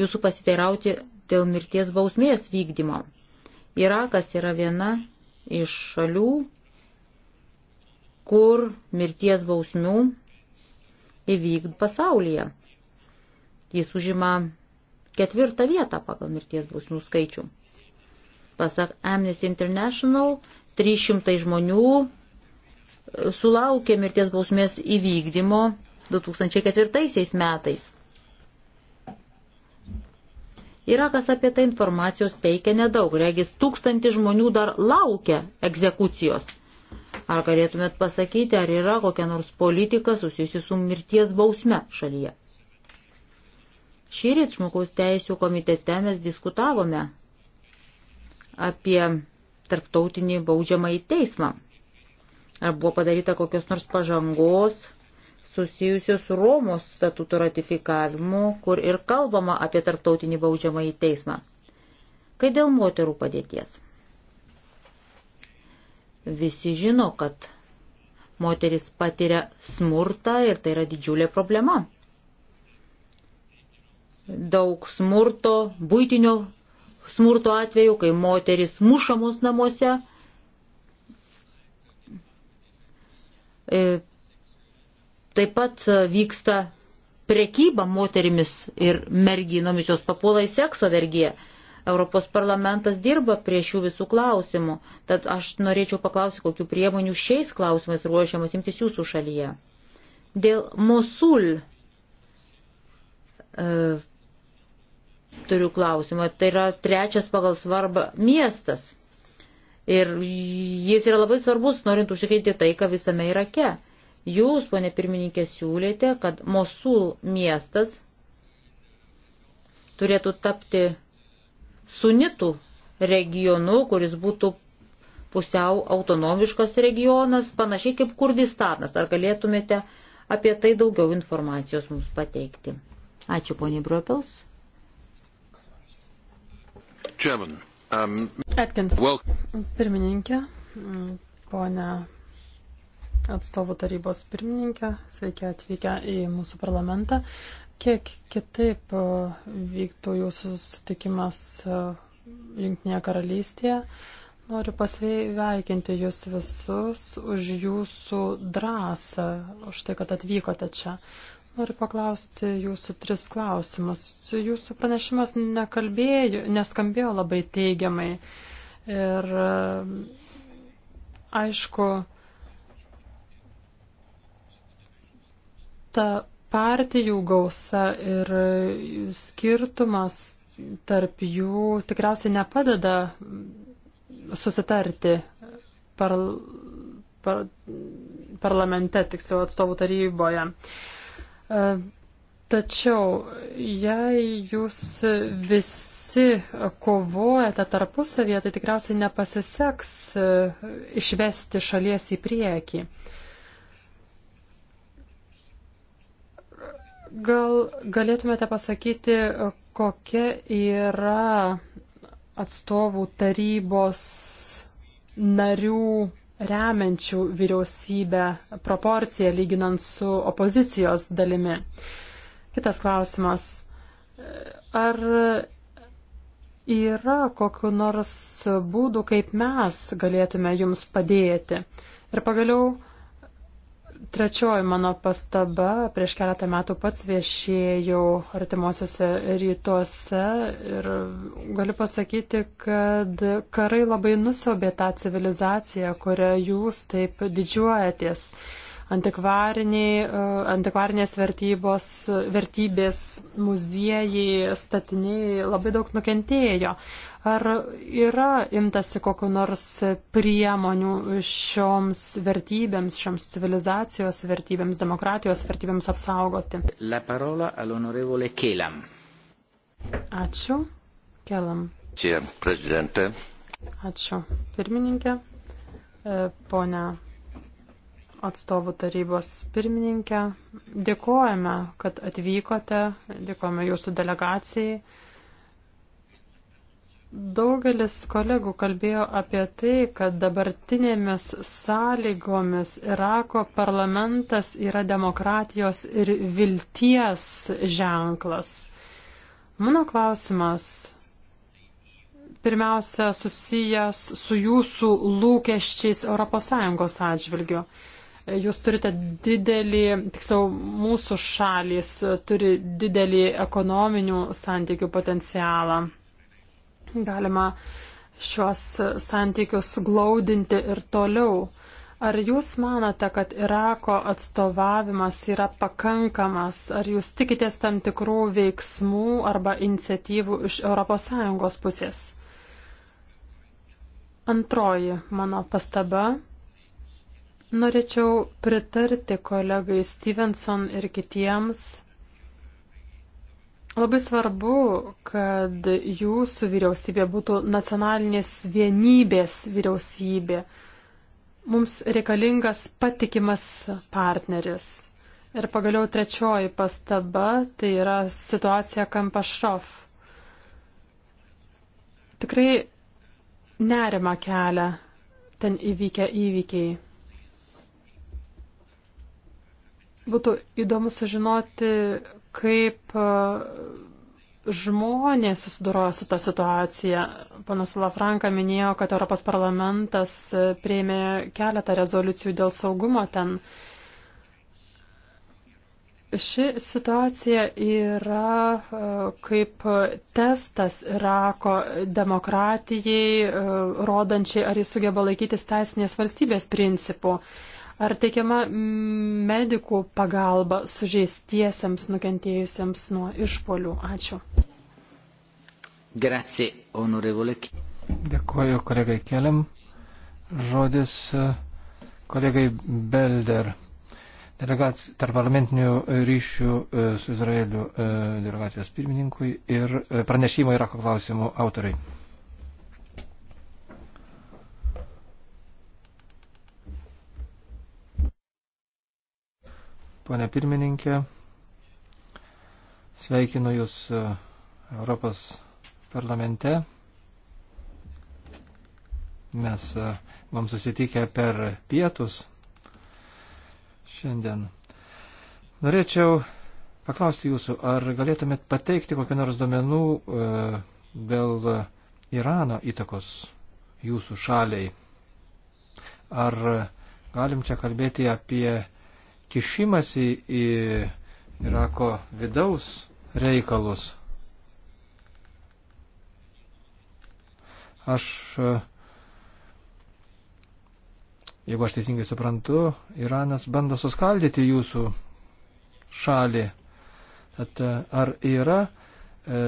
jūsų pasiteirauti dėl mirties bausmės vykdymo. Irakas yra viena iš šalių, kur mirties bausmių įvykd pasaulyje. Jis užima ketvirtą vietą pagal mirties bausmių skaičių. Pasak Amnesty International, 300 žmonių e, sulaukė mirties bausmės įvykdymo 2004 metais. Irakas apie tai informacijos teikia nedaug, regis tūkstantį žmonių dar laukia egzekucijos. Ar galėtumėt pasakyti, ar yra kokia nors politika susijusi su mirties bausme šalyje? Šįryt žmogaus teisų komitete mes diskutavome apie tarptautinį baudžiamąjį teismą. Ar buvo padaryta kokios nors pažangos susijusios su Romos statuto ratifikavimu, kur ir kalbama apie tarptautinį baudžiamąjį teismą. Kai dėl moterų padėties. Visi žino, kad moteris patiria smurtą ir tai yra didžiulė problema daug smurto, būtinio smurto atveju, kai moteris mušamos namuose. E, taip pat vyksta prekyba moterimis ir merginomis, jos papuola į sekso vergiją. Europos parlamentas dirba prie šių visų klausimų, tad aš norėčiau paklausyti, kokiu priemonių šiais klausimais ruošiamas imtis jūsų šalyje. Dėl Mosul e, turiu klausimą. Tai yra trečias pagal svarbą miestas. Ir jis yra labai svarbus, norint užtikrinti taiką visame Irake. Jūs, ponė pirmininkė, siūlėte, kad Mosul miestas turėtų tapti sunitų regionu, kuris būtų pusiau autonomiškas regionas, panašiai kaip Kurdistanas. Ar galėtumėte apie tai daugiau informacijos mums pateikti? Ačiū, ponė Bropels. Chairman. Um, Atkins. Well... Pirmininkė, ponia atstovų tarybos pirmininkė, sveiki atvykę į mūsų parlamentą. Kiek kitaip uh, vyktų jūsų susitikimas uh, Junktinėje karalystėje? Noriu pasveikinti jūs visus už jūsų drąsą, už tai, kad atvykote čia. Noriu paklausti jūsų tris klausimus. Jūsų pranešimas nekalbėjo, neskambėjo labai teigiamai. Ir aišku, ta partijų gausa ir skirtumas tarp jų tikriausiai nepadeda susitarti par, par, parlamente, tiksliau atstovų taryboje. Uh, E, tačiau, jei jūs visi kovojate tarpusavėje, tai tikriausiai nepasiseks e, išvesti šalies į priekį. Gal galėtumėte pasakyti, kokia yra atstovų tarybos narių remiančių vyriausybę proporciją lyginant su opozicijos dalimi. Kitas klausimas. Ar yra kokiu nors būdu, kaip mes galėtume jums padėti? Ir pagaliau, Trečioji mano pastaba, prieš keletą metų pats viešėjau artimuosiuose rytuose ir galiu pasakyti, kad karai labai nusiaubė tą civilizaciją, kurią jūs taip didžiuojatės. E, antikvarinės vertybos, vertybės, muziejai, statiniai labai daug nukentėjo. Ar yra imtasi kokiu nors priemonių šioms vertybėms, šioms civilizacijos vertybėms, demokratijos vertybėms apsaugoti? La parola all'onorevole Kelam. Ačiū. Kelam. Čia prezidentė. Ačiū. Pirmininkė. E, Pone atstovų tarybos pirmininkė, dėkojame, kad atvykote, dėkojame jūsų delegacijai. Daugelis kolegų kalbėjo apie tai, kad dabartinėmis sąlygomis Irako parlamentas yra demokratijos ir vilties ženklas. Mano klausimas pirmiausia susijęs su jūsų lūkesčiais ES atžvilgiu. Jūs turite didelį, tiksliau, mūsų šalys turi didelį ekonominių santykių potencialą. Galima šiuos santykius glaudinti ir toliau. Ar jūs manote, kad Irako atstovavimas yra pakankamas? Ar jūs tikitės tam tikrų veiksmų arba iniciatyvų iš ES pusės? Antroji mano pastaba. Norėčiau pritarti kolegai Stevenson ir kitiems Labai svarbu, kad jūsų vyriausybė būtų nacionalinės vienybės vyriausybė. Mums reikalingas patikimas partneris. Ir pagaliau trečioji pastaba - tai yra situacija Kampašrov. Tikrai nerima kelia ten įvykę įvykiai. Būtų įdomu sužinoti, kaip e, žmonės susidoroja su tą situaciją. Panas Lafranka minėjo, kad Europos parlamentas e, prieimė keletą rezoliucijų dėl saugumo ten. Ši situacija yra e, kaip testas Irako demokratijai, rodančiai, ar jis sugeba laikytis teisinės valstybės principų. Ar teikiama medikų pagalba sužeistiesiems nukentėjusiems nuo išpolių? Ačiū. Grazie, onorevole. Dėkuoju kolegai Keliam. Žodis e, kolegai Belder. Delegac, tarp parlamentinių ryšių e, su Izraeliu e, delegacijos pirmininkui ir pranešimo Irako klausimų autoriai. Pone pirmininkė, sveikinu Jūs e, Europos parlamente. Mes e, buvom susitikę per pietus šiandien. Norėčiau paklausti Jūsų, ar galėtumėt pateikti kokią nors domenų e, dėl Irano įtakos Jūsų šaliai? Ar galim čia kalbėti apie kišimasi į Irako vidaus reikalus. Aš, jeigu aš teisingai suprantu, Iranas bando suskaldyti jūsų šalį. Tad ar yra e,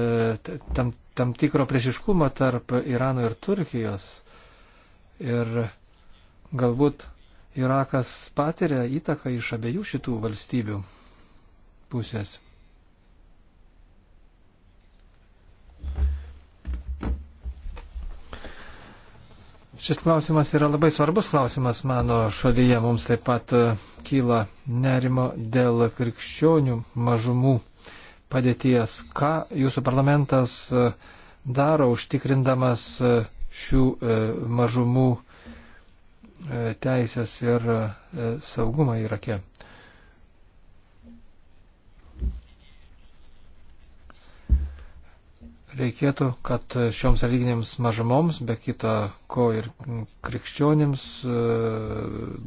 tam, tam tikro priešiškumo tarp Irano ir Turkijos? Ir galbūt Irakas patiria įtaką iš abiejų šitų valstybių pusės. Šis klausimas yra labai svarbus klausimas mano šalyje. Mums taip pat e, kyla nerimo dėl krikščionių mažumų padėties. Ką jūsų parlamentas e, daro užtikrindamas e, šių mažumų E, teisės ir e, saugumą Irake. Reikėtų, kad šioms religinėms mažumoms, be kita ko ir krikščionėms, e,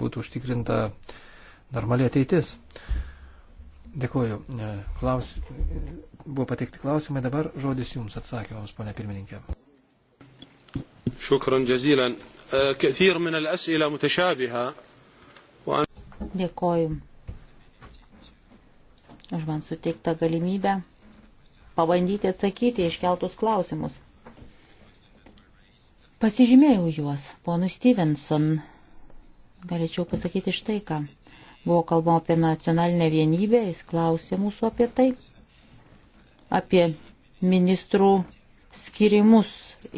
būtų užtikrinta normaliai ateitis. Dėkuoju. Klaus... Buvo pateikti klausimai, dabar žodis Jums atsakymams, ponia pirmininkė. Šukran džazylan كثير من الأسئلة متشابهة وأنا Dėkoju už man suteiktą galimybę pabandyti atsakyti iškeltus klausimus. Pasižymėjau juos, ponui Stevenson. Galėčiau pasakyti štai ką. Buvo kalbama apie nacionalinę vienybę, jis klausė mūsų apie tai, apie ministrų skirimus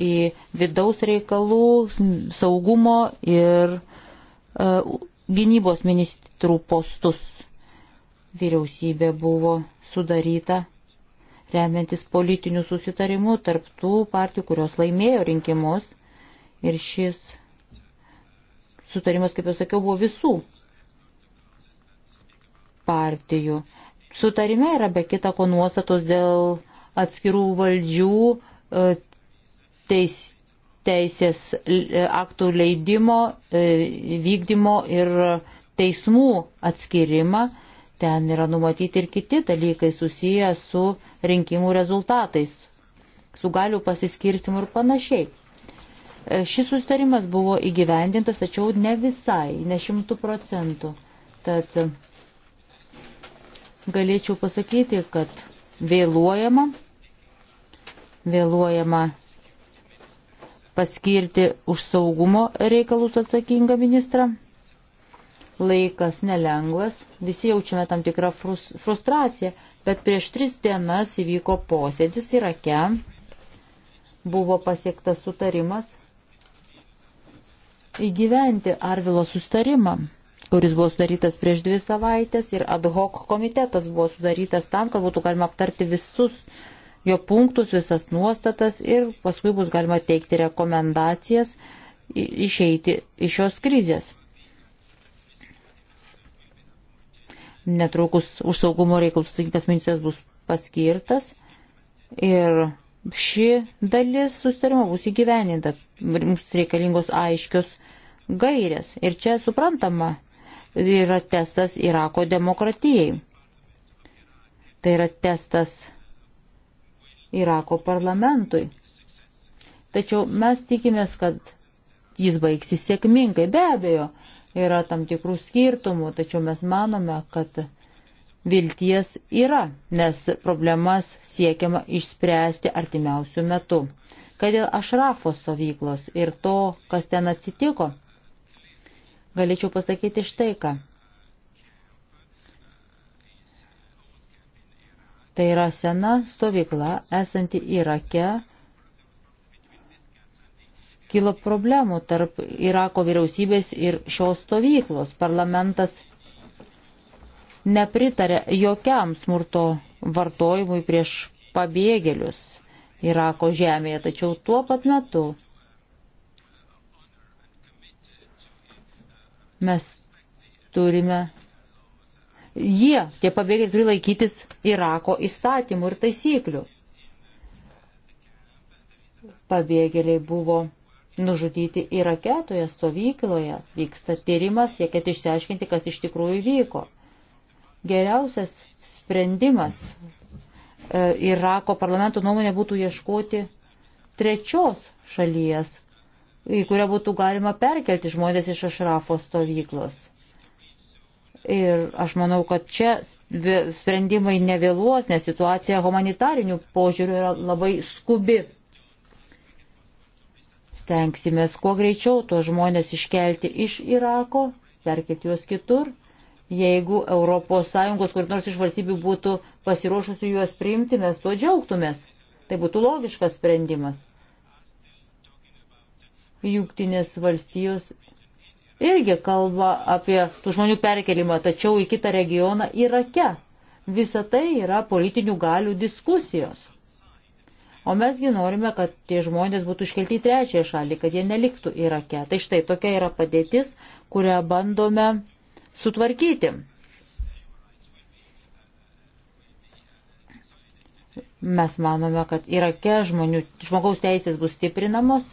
į vidaus reikalų, saugumo ir uh, gynybos ministrų postus. Vyriausybė buvo sudaryta remiantis politinių susitarimų tarp tų partijų, kurios laimėjo rinkimus. Ir šis sutarimas, kaip jau sakiau, buvo visų partijų. Sutarime yra be kita ko nuostatos dėl atskirų valdžių E, teis, teisės e, aktų leidimo, e, vykdymo ir teismų atskirimą. Ten yra numatyti ir kiti dalykai susiję su rinkimų rezultatais, su galių pasiskirstimu ir panašiai. Šis sustarimas buvo įgyvendintas, tačiau ne visai, ne šimtų procentų. Tad galėčiau pasakyti, kad vėluojama vėluojama paskirti už saugumo reikalus atsakingą ministrą. Laikas nelengvas, visi jaučiame tam tikrą frustraciją, bet prieš tris dienas įvyko posėdis Irake, buvo pasiektas sutarimas įgyventi Arvilo sustarimą, kuris buvo sudarytas prieš dvi savaitės ir ad hoc komitetas buvo sudarytas tam, kad būtų galima aptarti visus jo punktus, visas nuostatas ir paskui bus galima teikti rekomendacijas išeiti iš šios krizės. Netrukus už saugumo reikalus atsakingas ministras bus paskirtas ir ši dalis sustarimo bus įgyveninta. Mums reikalingos aiškios gairės ir čia suprantama yra testas Irako demokratijai. Tai yra testas Irako parlamentui. Tačiau mes tikimės, kad jis baigsis sėkmingai. Be abejo, yra tam tikrų skirtumų, tačiau mes manome, kad vilties yra, nes problemas siekiama išspręsti artimiausių metų. Kad dėl Ašrafo stovyklos ir to, kas ten atsitiko, galėčiau pasakyti štai ką. Tai yra sena stovykla esanti Irake. Kilo problemų tarp Irako vyriausybės ir šios stovyklos. Parlamentas nepritarė jokiam smurto vartojimui prieš pabėgėlius Irako žemėje, tačiau tuo pat metu mes turime Jie, tie pabėgėliai, turi laikytis Irako įstatymų ir taisyklių. Pabėgėliai buvo nužudyti Irake toje stovykloje. Vyksta tyrimas, siekiant išsiaiškinti, kas iš tikrųjų vyko. Geriausias sprendimas e, Irako parlamento nuomonė būtų ieškoti trečios šalies, į kurią būtų galima perkelti žmonės iš Ašrafo stovyklos. Ir aš manau, kad čia sprendimai nevėluos, nes situacija humanitarinių požiūrių yra labai skubi. Stengsimės kuo greičiau tos žmonės iškelti iš Irako, perkelti juos kitur, jeigu ES kur nors iš valstybių būtų pasiruošusi juos priimti, mes tuo džiaugtumės. Tai būtų logiškas sprendimas. Jungtinės valstijos irgi kalba apie tų žmonių perkelimą, tačiau į kitą regioną Irake. Visa tai yra politinių galių diskusijos. O mesgi norime, kad tie žmonės būtų iškelti į trečiąją šalį, kad jie neliktų Irake. Tai štai tokia yra padėtis, kurią bandome sutvarkyti. Mes manome, kad Irake žmonių, žmogaus teisės bus stiprinamos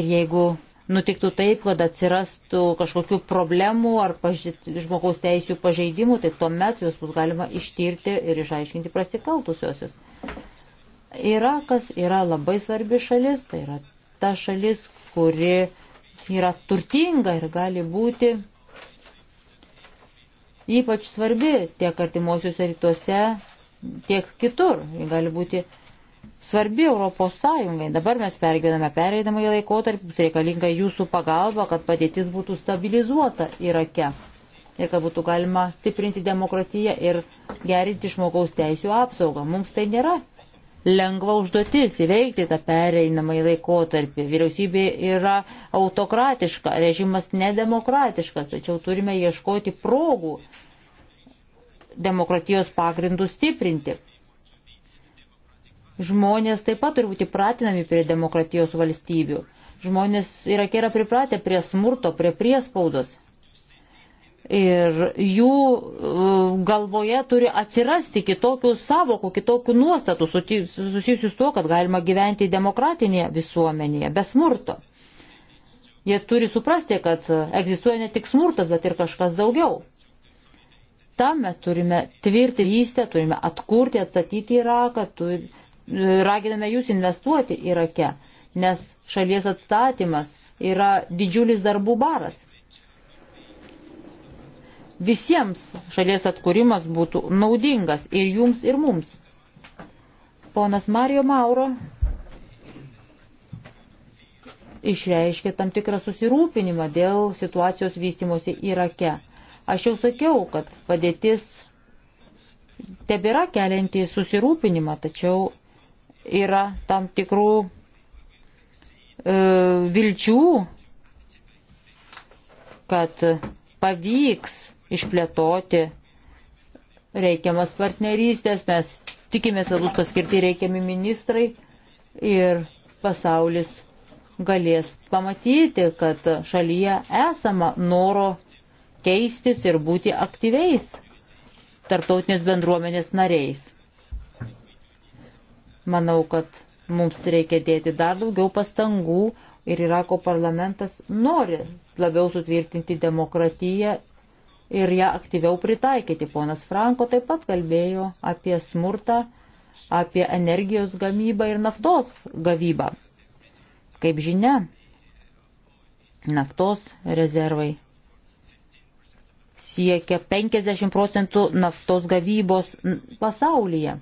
ir jeigu nutiktų taip, kad atsirastų kažkokių problemų ar pažyd, žmogaus teisų pažeidimų, tai tuomet jūs bus galima ištirti ir išaiškinti prasikaltusiosius. Irakas yra labai svarbi šalis, tai yra ta šalis, kuri yra turtinga ir gali būti ypač svarbi tiek artimuosiuose rytuose, tiek kitur. Ji gali būti svarbi Europos Sąjungai. Dabar mes pergyvename pereinamąjį laikotarpį, reikalinga jūsų pagalba, kad padėtis būtų stabilizuota Irake ir kad būtų galima stiprinti demokratiją ir gerinti žmogaus teisų apsaugą. Mums tai nėra lengva užduotis įveikti tą pereinamąjį laikotarpį. Vyriausybė yra autokratiška, režimas nedemokratiškas, tačiau turime ieškoti progų demokratijos pagrindų stiprinti. Žmonės taip pat turi būti pratinami prie demokratijos valstybių. Žmonės Irake yra pripratę prie smurto, prie priespaudos. Ir jų e, galvoje turi atsirasti kitokių savokų, kitokių nuostatų susijusių su to, kad galima gyventi demokratinėje visuomenėje be smurto. Jie turi suprasti, kad egzistuoja ne tik smurtas, bet ir kažkas daugiau. Tam mes turime tvirtinystę, turime atkurti, atstatyti Iraką, turime raginame jūs investuoti Irake, nes šalies atstatymas yra didžiulis darbų baras. Visiems šalies atkūrimas būtų naudingas ir jums, ir mums. Ponas Mario Mauro išreiškė tam tikrą susirūpinimą dėl situacijos vystimosi Irake. Aš jau sakiau, kad padėtis tebėra kelianti susirūpinimą, tačiau yra tam tikrų e, vilčių, kad pavyks išplėtoti reikiamas partnerystės, mes tikimės, kad bus paskirti reikiami ministrai ir pasaulis galės pamatyti, kad šalyje esama noro keistis ir būti aktyviais tarptautinės bendruomenės nariais. Manau, kad mums reikia dėti dar daugiau pastangų ir Irako parlamentas nori labiau sutvirtinti demokratiją ir ją aktyviau pritaikyti. Ponas Franko taip pat kalbėjo apie smurtą, apie energijos gamybą ir naftos gavybą. Kaip žinia, naftos rezervai siekia 50 procentų naftos gavybos pasaulyje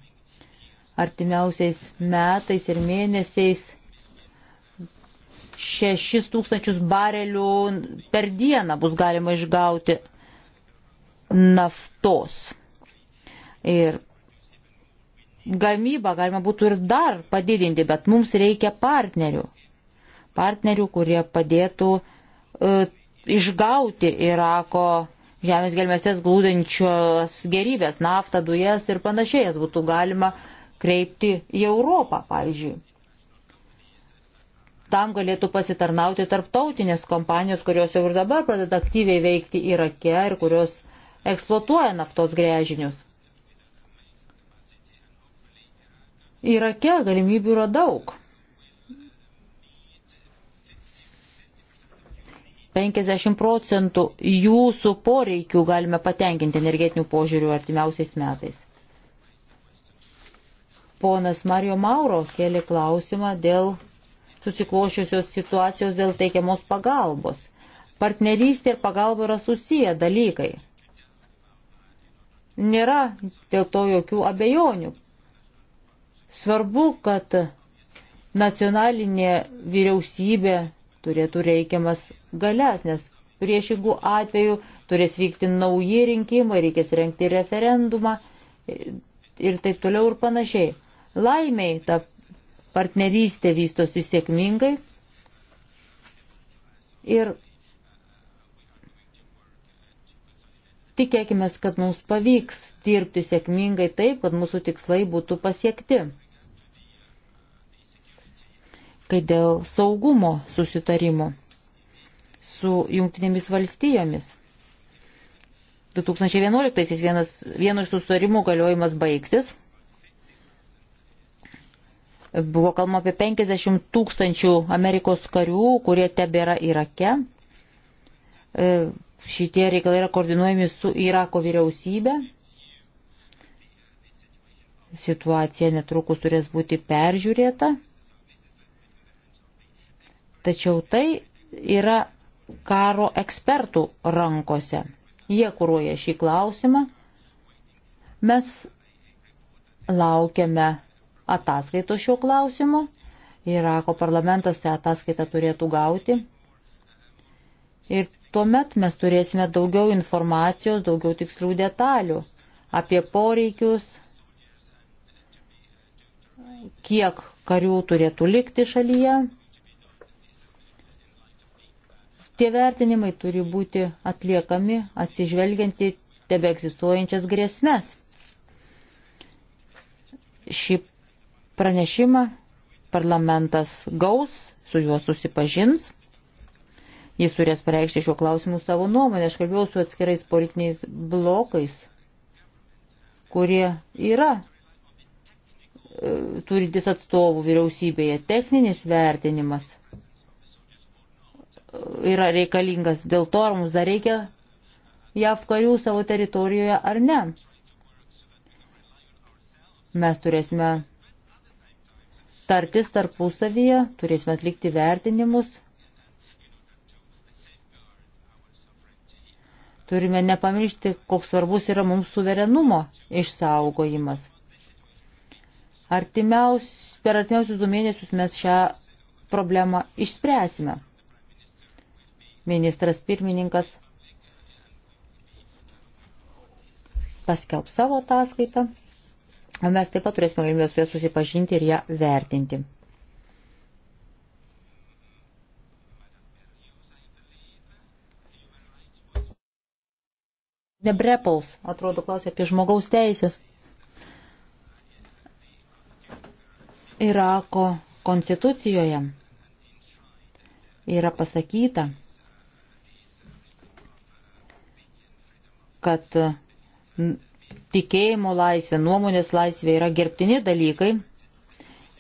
artimiausiais metais ir mėnesiais 6 tūkstančius barelių per dieną bus galima išgauti naftos. Ir gamybą galima būtų ir dar padidinti, bet mums reikia partnerių. Partnerių, kurie padėtų e, išgauti Irako žemės gelmėse glūdinčios gerybės, naftą, dujas ir panašiai, jas būtų galima kreipti į Europą, pavyzdžiui. Tam galėtų pasitarnauti tarptautinės kompanijos, kurios jau ir dabar pradeda aktyviai veikti Irake ir kurios eksploatuoja naftos grėžinius. Irake galimybių yra daug. 50 procentų jūsų poreikių galime patenkinti energetinių požiūrių artimiausiais metais. Ponas Mario Mauro kėlė klausimą dėl susiklošiusios situacijos dėl teikiamos pagalbos. Partnerystė ir pagalba yra susiję dalykai. Nėra dėl to jokių abejonių. Svarbu, kad nacionalinė vyriausybė turėtų reikiamas galias, nes priešingų atveju turės vykti nauji rinkimai, reikės renkti referendumą ir taip toliau ir panašiai. Laimiai ta partnerystė vystosi sėkmingai. Ir tikėkime, kad mums pavyks dirbti sėkmingai taip, kad mūsų tikslai būtų pasiekti. Kai dėl saugumo susitarimo su jungtinėmis valstijomis. 2011 vienas, vieno iš susitarimų galiojimas baigsis. Buvo kalbama apie 50 tūkstančių Amerikos karių, kurie tebėra Irake. E, šitie reikalai yra koordinuojami su Irako vyriausybė. Situacija netrukus turės būti peržiūrėta. Tačiau tai yra karo ekspertų rankose. Jie kūruoja šį klausimą. Mes laukiame ataskaito šio klausimu. Irako parlamentas tą ataskaitą turėtų gauti. Ir tuomet mes turėsime daugiau informacijos, daugiau tikslių detalių apie poreikius, kiek karių turėtų likti šalyje. Tie vertinimai turi būti atliekami atsižvelgianti tebe egzistuojančias grėsmes. Ši Pranešimą parlamentas gaus, su juo susipažins. Jis turės pareikšti šiuo klausimu savo nuomonę. Aš kalbėjau su atskirais politiniais blokais, kurie yra e, turintis atstovų vyriausybėje. Techninis vertinimas e, yra reikalingas. Dėl to, ar mums dar reikia JAV karių savo teritorijoje ar ne. Mes turėsime tartis tarpusavyje, turėsime atlikti vertinimus. Turime nepamiršti, koks svarbus yra mums suverenumo išsaugojimas. Artimiaus, per artimiausius du mėnesius mes šią problemą išspręsime. Ministras pirmininkas paskelb savo ataskaitą. Mes taip pat turėsime galimybę su ja susipažinti ir ją vertinti. Nebrepaus, atrodo, klausė apie žmogaus teisės. Irako konstitucijoje yra pasakyta, kad tikėjimo laisvė, nuomonės laisvė yra gerbtini dalykai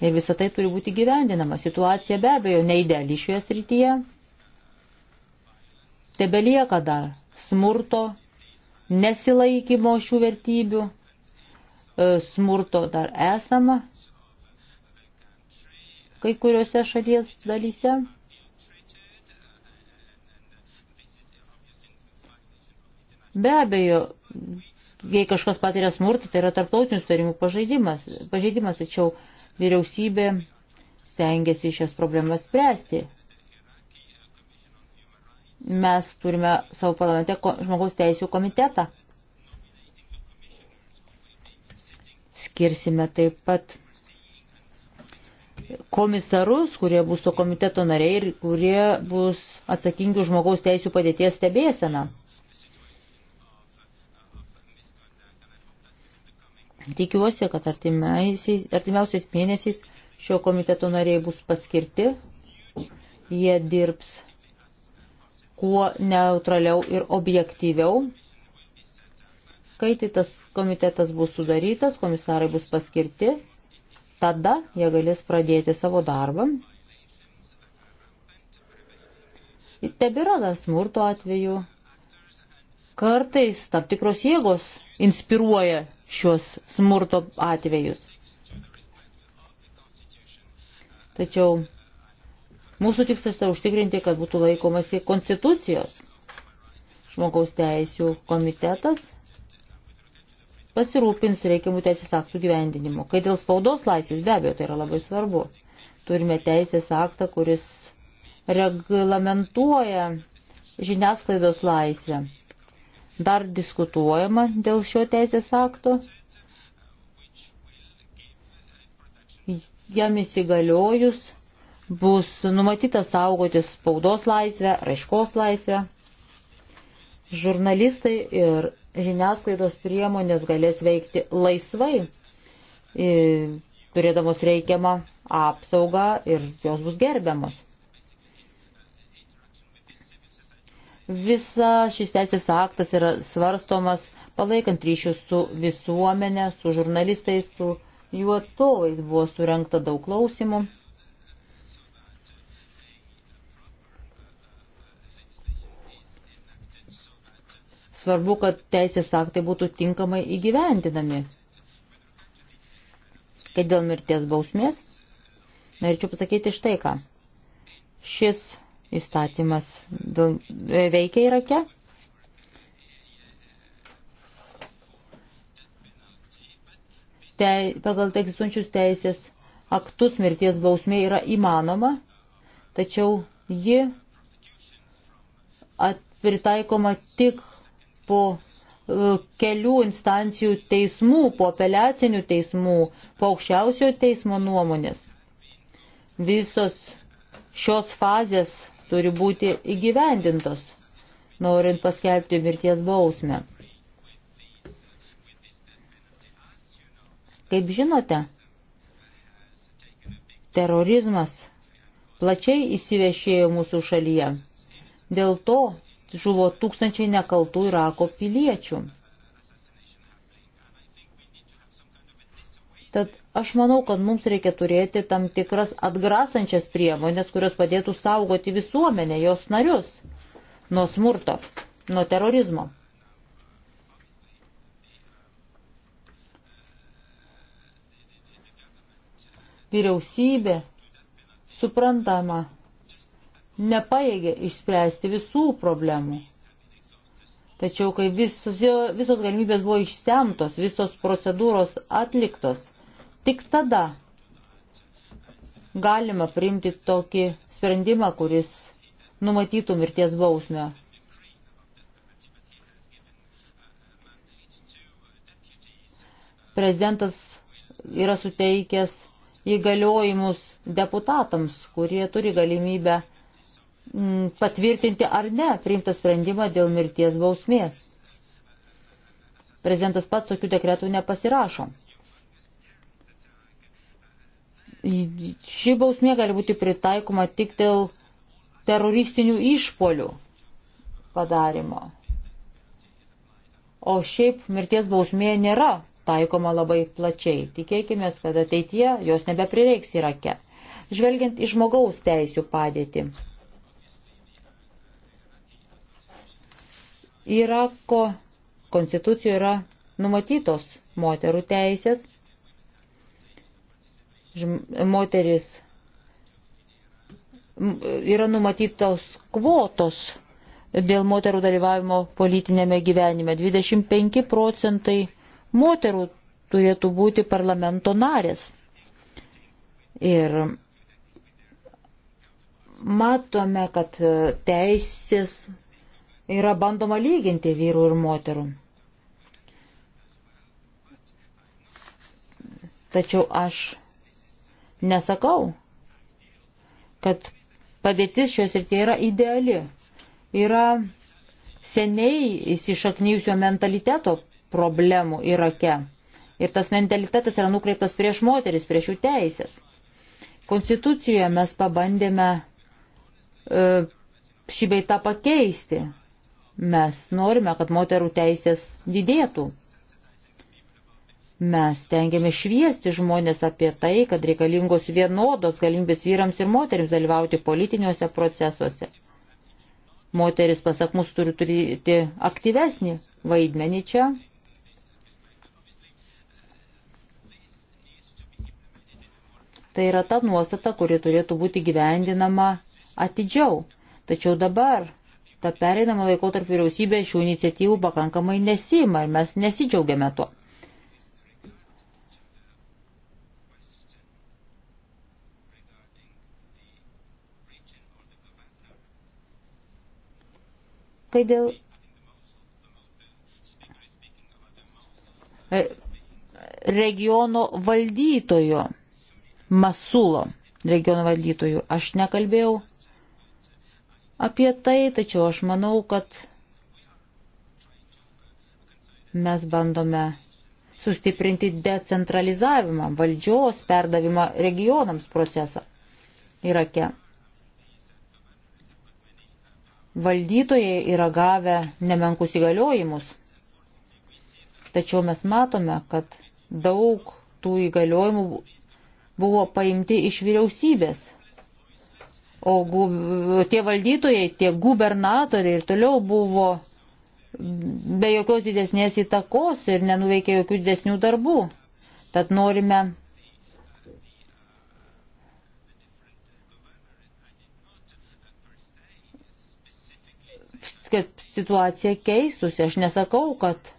ir visą tai turi būti gyvendinama. Situacija be abejo neįdėlį šioje srityje. Tebelieka dar smurto, nesilaikymo šių vertybių, e, smurto dar esama kai kuriuose šalies dalyse. Be abejo, jei kažkas patiria smurtą, tai yra tarptautinių sutarimų pažeidimas, pažeidimas, tačiau vyriausybė stengiasi šias problemas spręsti. Mes turime savo parlamente žmogaus teisų komitetą. Skirsime taip pat komisarus, kurie bus to komiteto nariai ir kurie bus atsakingi žmogaus teisų padėties stebėseną. Tikiuosi, kad artimiausiais mėnesiais šio komiteto nariai bus paskirti, jie dirbs kuo neutraliau ir objektyviau. Kai tai tas komitetas bus sudarytas, komisarai bus paskirti, tada jie galės pradėti savo darbą. Tebėra dar smurto atveju. Kartais tam tikros jėgos inspiruoja šios smurto atvejus. Tačiau mūsų tikslas yra užtikrinti, kad būtų laikomasi konstitucijos. Žmogaus teisų komitetas pasirūpins reikiamų teisės aktų gyvendinimu. Kai dėl spaudos laisvės, be abejo, tai yra labai svarbu. Turime teisės aktą, kuris reglamentuoja žiniasklaidos laisvę. Dar diskutuojama dėl šio teisės akto. Jam įsigaliojus bus numatyta saugotis spaudos laisvę, raiškos laisvę. Žurnalistai ir žiniasklaidos priemonės galės veikti laisvai, turėdamos reikiamą apsaugą ir jos bus gerbiamos. Visa šis teisės aktas yra svarstomas palaikant ryšius su visuomenė, su žurnalistais, su jų atstovais. Buvo surenkta daug klausimų. Svarbu, kad teisės aktai būtų tinkamai įgyvendinami. Kai dėl mirties bausmės, norėčiau pasakyti štai ką. Šis įstatymas e, veikia Irake. Te, pagal egzistuojančius teisės aktus mirties bausmė yra įmanoma, tačiau ji pritaikoma tik po e, kelių instancijų teismų, po apeliacinių teismų, po aukščiausio teismo nuomonės. Visos šios fazės turi būti įgyvendintos, norint paskelbti mirties bausmę. Kaip žinote, terorizmas plačiai įsivešėjo mūsų šalyje. Dėl to žuvo tūkstančiai nekaltų Irako piliečių. Tad Aš manau, kad mums reikia turėti tam tikras atgrasančias priemonės, kurios padėtų saugoti visuomenę, jos narius nuo smurto, nuo terorizmo. Vyriausybė, suprantama, nepaėgė išspręsti visų problemų. Tačiau, kai visos, visos galimybės buvo išsemtos, visos procedūros atliktos, Tik tada galima priimti tokį sprendimą, kuris numatytų mirties bausmę. Prezidentas yra suteikęs įgaliojimus deputatams, kurie turi galimybę mm, patvirtinti ar ne priimtą sprendimą dėl mirties bausmės. Prezidentas pats tokių dekretų nepasirašo. Ši bausmė gali būti pritaikoma tik dėl teroristinių išpolių padarimo. O šiaip mirties bausmė nėra taikoma labai plačiai. Tikėkime, kad ateitie jos nebeprireiks Irake. Žvelgiant į žmogaus teisų padėtį. Irako konstitucijoje yra numatytos moterų teisės, moteris yra numatytos kvotos dėl moterų dalyvavimo politinėme gyvenime. 25 procentai moterų turėtų būti parlamento narės. Ir matome, kad teisės yra bandoma lyginti vyrų ir moterų. Tačiau aš Nesakau, kad padėtis šios rytyje yra ideali. Yra seniai įsišaknyjusio mentaliteto problemų Irake. Ir tas mentalitetas yra nukreiptas prieš moteris, prieš jų teisės. Konstitucijoje mes pabandėme e, šį beitą pakeisti. Mes norime, kad moterų teisės didėtų. Mes tengiame šviesti žmonės apie tai, kad reikalingos vienodos galimybės vyrams ir moteriams dalyvauti politiniuose procesuose. Moteris, pasak mūsų, turi turėti aktyvesnį vaidmenį čia. Tai yra ta nuostata, kuri turėtų būti gyvendinama atidžiau. Tačiau dabar ta pereinama laikotarp vyriausybė šių iniciatyvų pakankamai nesima ir mes nesidžiaugiame tuo. Kai dėl. E, regiono valdytojo, Masulo regiono valdytojų. Aš nekalbėjau apie tai, tačiau aš manau, kad mes bandome sustiprinti decentralizavimą, valdžios perdavimą regionams procesą Irake valdytojai yra gavę nemenkus įgaliojimus. Tačiau mes matome, kad daug tų įgaliojimų buvo paimti iš vyriausybės. O gu, tie valdytojai, tie gubernatoriai ir toliau buvo be jokios didesnės įtakos ir nenuveikė jokių didesnių darbų. Tad norime kad situacija keistusi. Aš nesakau, kad e,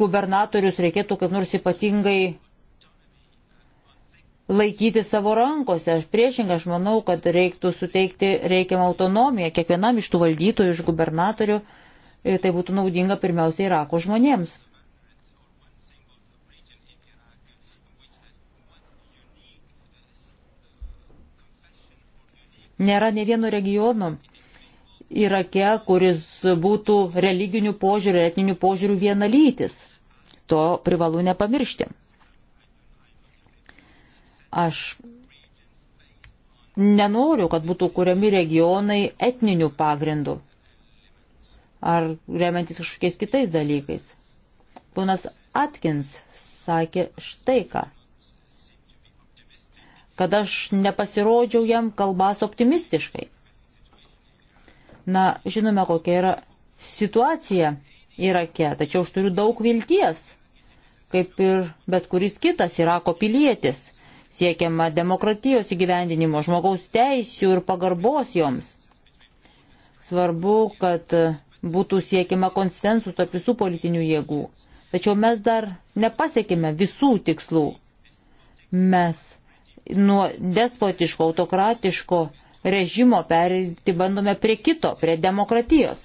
gubernatorius reikėtų kaip nors ypatingai laikyti savo rankose. Aš priešingai, aš manau, kad reiktų suteikti reikiamą autonomiją kiekvienam iš tų valdytojų, iš gubernatorių. Tai būtų naudinga pirmiausia Irako žmonėms. Nėra ne vieno regiono, Irake, kuris būtų religinių požiūrių, etninių požiūrių vienalytis. To privalu nepamiršti. Aš nenoriu, kad būtų kuriami regionai etninių pagrindų ar remiantis kažkokiais kitais dalykais. Ponas Atkins sakė štai ką kad aš nepasirodžiau jam kalbas optimistiškai. Na, žinome, kokia yra situacija Irake, tačiau aš turiu daug vilties, kaip ir bet kuris kitas Irako pilietis. Siekiama demokratijos įgyvendinimo, žmogaus teisių ir pagarbos joms. Svarbu, kad būtų siekima konsensus tarp visų politinių jėgų. Tačiau mes dar nepasiekime visų tikslų. Mes nuo despotiško, autokratiško režimo perėti bandome prie kito, prie demokratijos.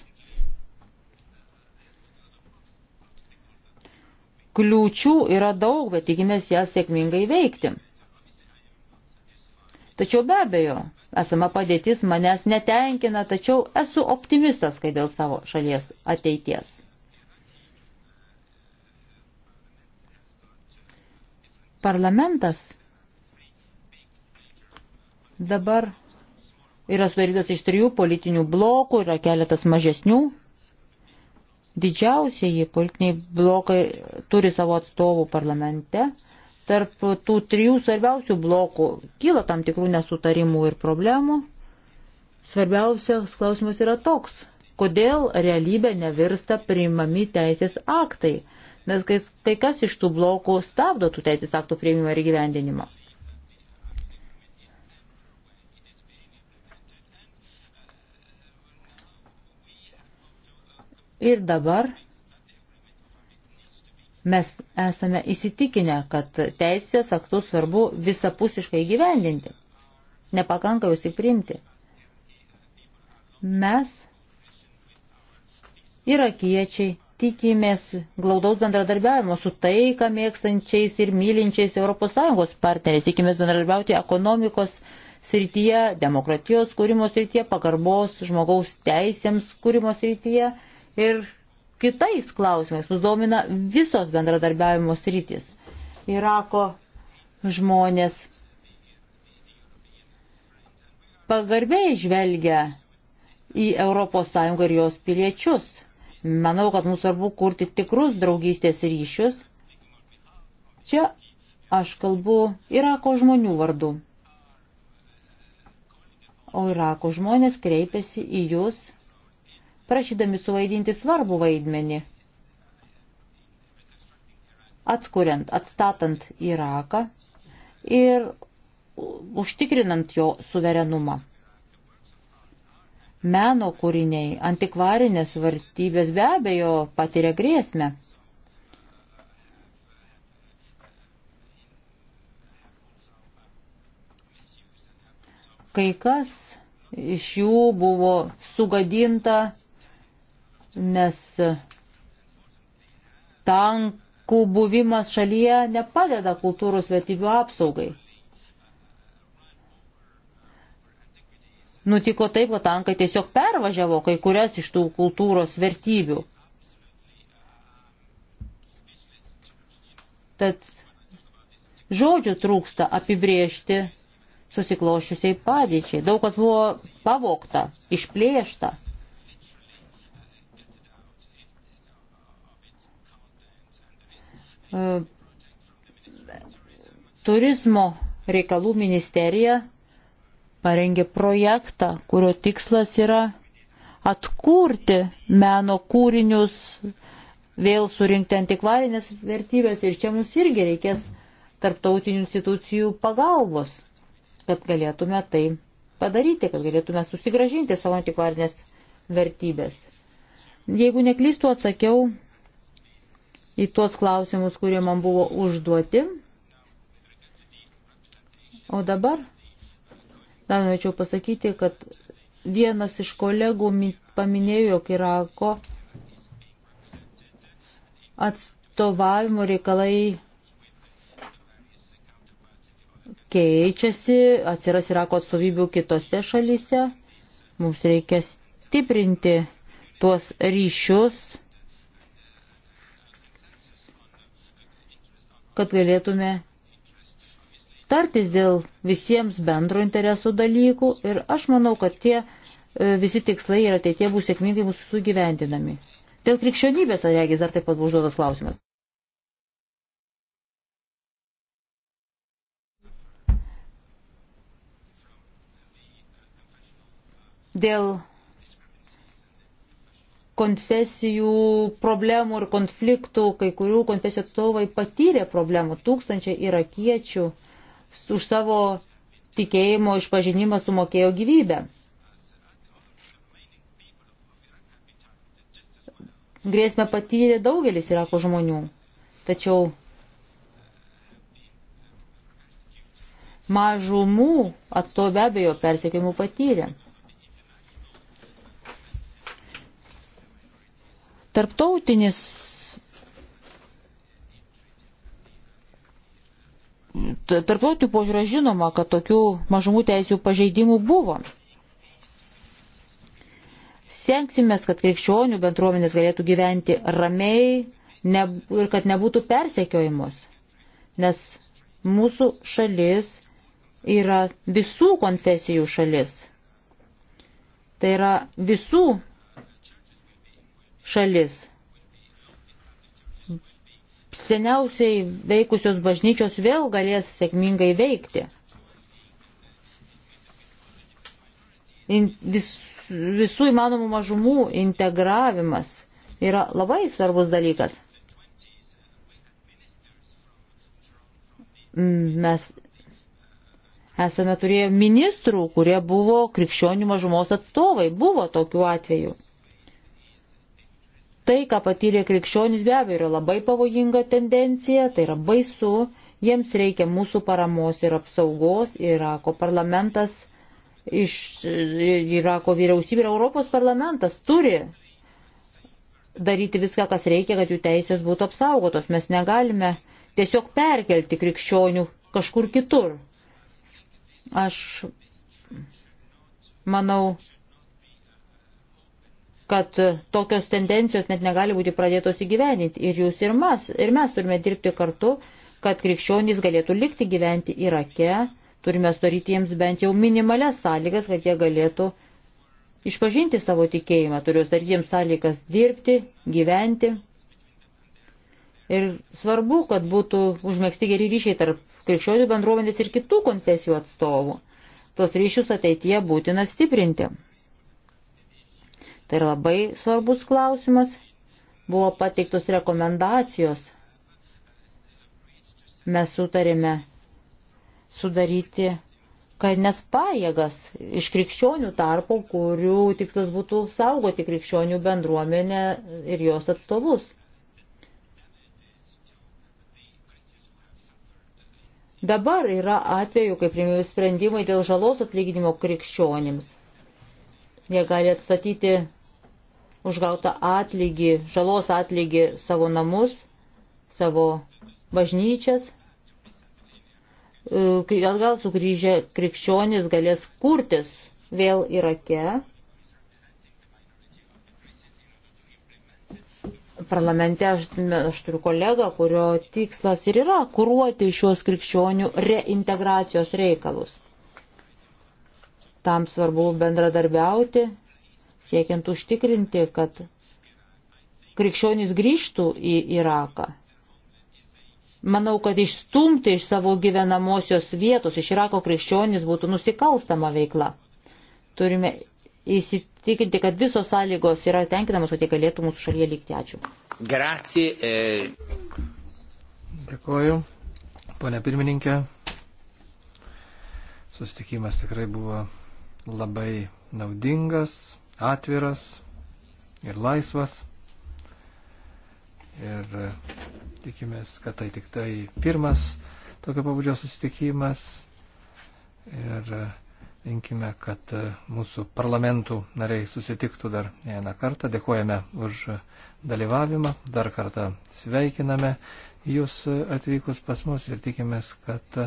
Kliūčių yra daug, bet tikimės jas sėkmingai veikti. Tačiau be abejo, esama padėtis manęs netenkina, tačiau esu optimistas, kai dėl savo šalies ateities. Parlamentas dabar yra sudarytas iš trijų politinių blokų, yra keletas mažesnių. Didžiausiai politiniai blokai turi savo atstovų parlamente. Tarp tų trijų svarbiausių blokų kyla tam tikrų nesutarimų ir problemų. Svarbiausias klausimas yra toks, kodėl realybė nevirsta priimami teisės aktai, nes kai, kai kas iš tų blokų stabdo tų teisės aktų priimimą ir gyvendinimą. Ir dabar mes esame įsitikinę, kad teisės aktus svarbu visapusiškai gyvendinti. Nepakanka juos įprimti. Mes, irakiečiai, tikimės glaudaus bendradarbiavimo su tai, ką mėgstančiais ir mylinčiais ES partneriais. Tikimės bendradarbiauti ekonomikos srityje, demokratijos kūrimo srityje, pagarbos žmogaus teisėms kūrimo srityje ir kitais klausimais. Mus domina visos bendradarbiavimo sritis. Irako žmonės pagarbiai žvelgia į ES ir jos piliečius. Manau, kad mums svarbu kurti tikrus draugystės ryšius. Čia aš kalbu Irako žmonių vardu. O Irako žmonės kreipiasi į jūs prašydami suvaidinti svarbų vaidmenį. Atkuriant, atstatant Iraką ir užtikrinant jo suverenumą. Meno kūriniai, antikvarinės vartybės be abejo patiria grėsmę. Kai kas iš jų buvo sugadinta nes tankų buvimas šalyje nepadeda kultūros vertybių apsaugai. Nutiko taip, kad tankai tiesiog pervažiavo kai kurias iš tų kultūros vertybių. Tad žodžių trūksta apibriežti susiklošiusiai padėčiai. Daug kas buvo pavokta, išplėšta. Turizmo reikalų ministerija parengė projektą, kurio tikslas yra atkurti meno kūrinius, vėl surinkti antikvarinės vertybės ir čia mums irgi reikės tarptautinių institucijų pagalbos, kad galėtume tai padaryti, kad galėtume susigražinti savo antikvarinės vertybės. Jeigu neklystų, atsakiau į tuos klausimus, kurie man buvo užduoti. O dabar dar norėčiau pasakyti, kad vienas iš kolegų paminėjo, jog Irako atstovavimo reikalai keičiasi, atsiras Irako atstovybių kitose šalyse. Mums reikia stiprinti tuos ryšius kad galėtume tartis dėl visiems bendro interesų dalykų ir aš manau, kad tie e, visi tikslai ir ateitie bus sėkmingai mūsų sugyvendinami. Dėl krikščionybės, ar regis, dar taip pat buvo užduotas klausimas. Dėl konfesijų problemų ir konfliktų, kai kurių konfesijų atstovai patyrė problemų. Tūkstančiai irakiečių už savo tikėjimo išpažinimą sumokėjo gyvybę. Grėsmę patyrė daugelis Irako žmonių, tačiau mažumų atstovė be abejo persiekimų patyrė. Tarptautinis tarptautinių požiūrą žinoma, kad tokių mažumų teisų pažeidimų buvo. Sengsimės, kad krikščionių bendruomenės galėtų gyventi ramiai ne, ir kad nebūtų persekiojimus, nes mūsų šalis yra visų konfesijų šalis. Tai yra visų šalis. Seniausiai veikusios bažnyčios vėl galės sėkmingai veikti. In, vis, visų įmanomų mažumų integravimas yra labai svarbus dalykas. Mes esame turėję ministrų, kurie buvo krikščionių mažumos atstovai. Buvo tokių atvejų. Tai, ką patyrė krikščionys, be abejo yra labai pavojinga tendencija, tai yra baisu, jiems reikia mūsų paramos ir apsaugos, Irako parlamentas, iš Irako vyriausybė ir Europos parlamentas turi daryti viską, kas reikia, kad jų teisės būtų apsaugotos. Mes negalime tiesiog perkelti krikščionių kažkur kitur. Aš manau, kad tokios tendencijos net negali būti pradėtos įgyveninti. Ir jūs ir mes, ir mes turime dirbti kartu, kad krikščionys galėtų likti gyventi Irake, turime sudaryti jiems bent jau minimales sąlygas, kad jie galėtų išpažinti savo tikėjimą, turiu sudaryti jiems sąlygas dirbti, gyventi. Ir svarbu, kad būtų užmėgsti geri ryšiai tarp krikščionių bendruomenės ir kitų konfesijų atstovų. Tos ryšius ateityje būtina stiprinti. Tai yra labai svarbus klausimas. Buvo pateiktos rekomendacijos. Mes sutarėme sudaryti karinės pajėgas iš krikščionių tarpo, kurių tikslas būtų saugoti krikščionių bendruomenę ir jos atstovus. Dabar yra atveju, kai priimami sprendimai dėl žalos atlyginimo krikščionims. Jie gali atstatyti už gautą atlygį, žalos atlygį savo namus, savo bažnyčias. E, kai atgal sugrįžę krikščionys galės kurtis vėl Irake. Parlamente aš, aš turiu kolegą, kurio tikslas ir yra kuruoti šios krikščionių reintegracijos reikalus. Tam svarbu bendradarbiauti siekiant užtikrinti, kad krikščionys grįžtų į Iraką. Manau, kad išstumti iš savo gyvenamosios vietos, iš Irako krikščionys būtų nusikalstama veikla. Turime įsitikinti, kad visos sąlygos yra tenkinamos, kad jie galėtų mūsų šalyje likti. Ačiū. Grazie. E... Dėkuoju, ponė pirmininkė. Susitikimas tikrai buvo labai naudingas atviras ir laisvas. Ir e, tikimės, kad tai tik tai pirmas tokio pabudžio susitikimas. Ir e, linkime, kad e, mūsų parlamentų nariai susitiktų dar ne vieną kartą. Dėkojame už dalyvavimą. Dar kartą sveikiname jūs atvykus pas mus ir tikimės, kad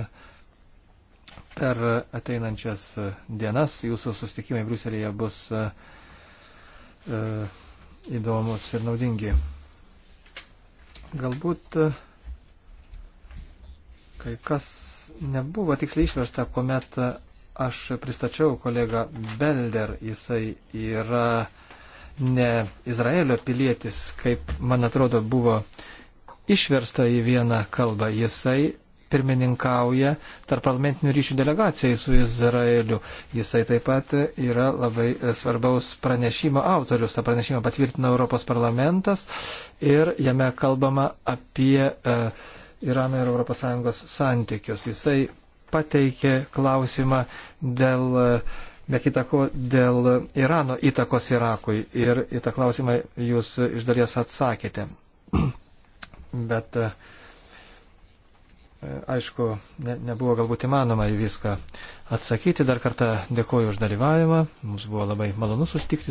per ateinančias dienas jūsų susitikimai Bruselėje bus uh, E, įdomus ir naudingi. Galbūt e, kai kas nebuvo tiksliai išversta, kuomet aš pristačiau kolegą Belder, jisai yra ne Izraelio pilietis, kaip man atrodo buvo išversta į vieną kalbą, jisai pirmininkauja tarp parlamentinių ryšių delegacijai su Izraeliu. Jisai taip pat yra labai svarbaus pranešimo autorius. Ta pranešimą patvirtina Europos parlamentas ir jame kalbama apie e, Irano ir ES santykius. Jisai pateikė klausimą dėl be kita ko dėl Irano įtakos Irakui. Ir į tą klausimą jūs iš dalies atsakėte. Bet uh, E, aišku, ne, nebuvo galbūt įmanoma į viską atsakyti. Dar kartą dėkoju už dalyvavimą. Mums buvo labai malonu sustikti.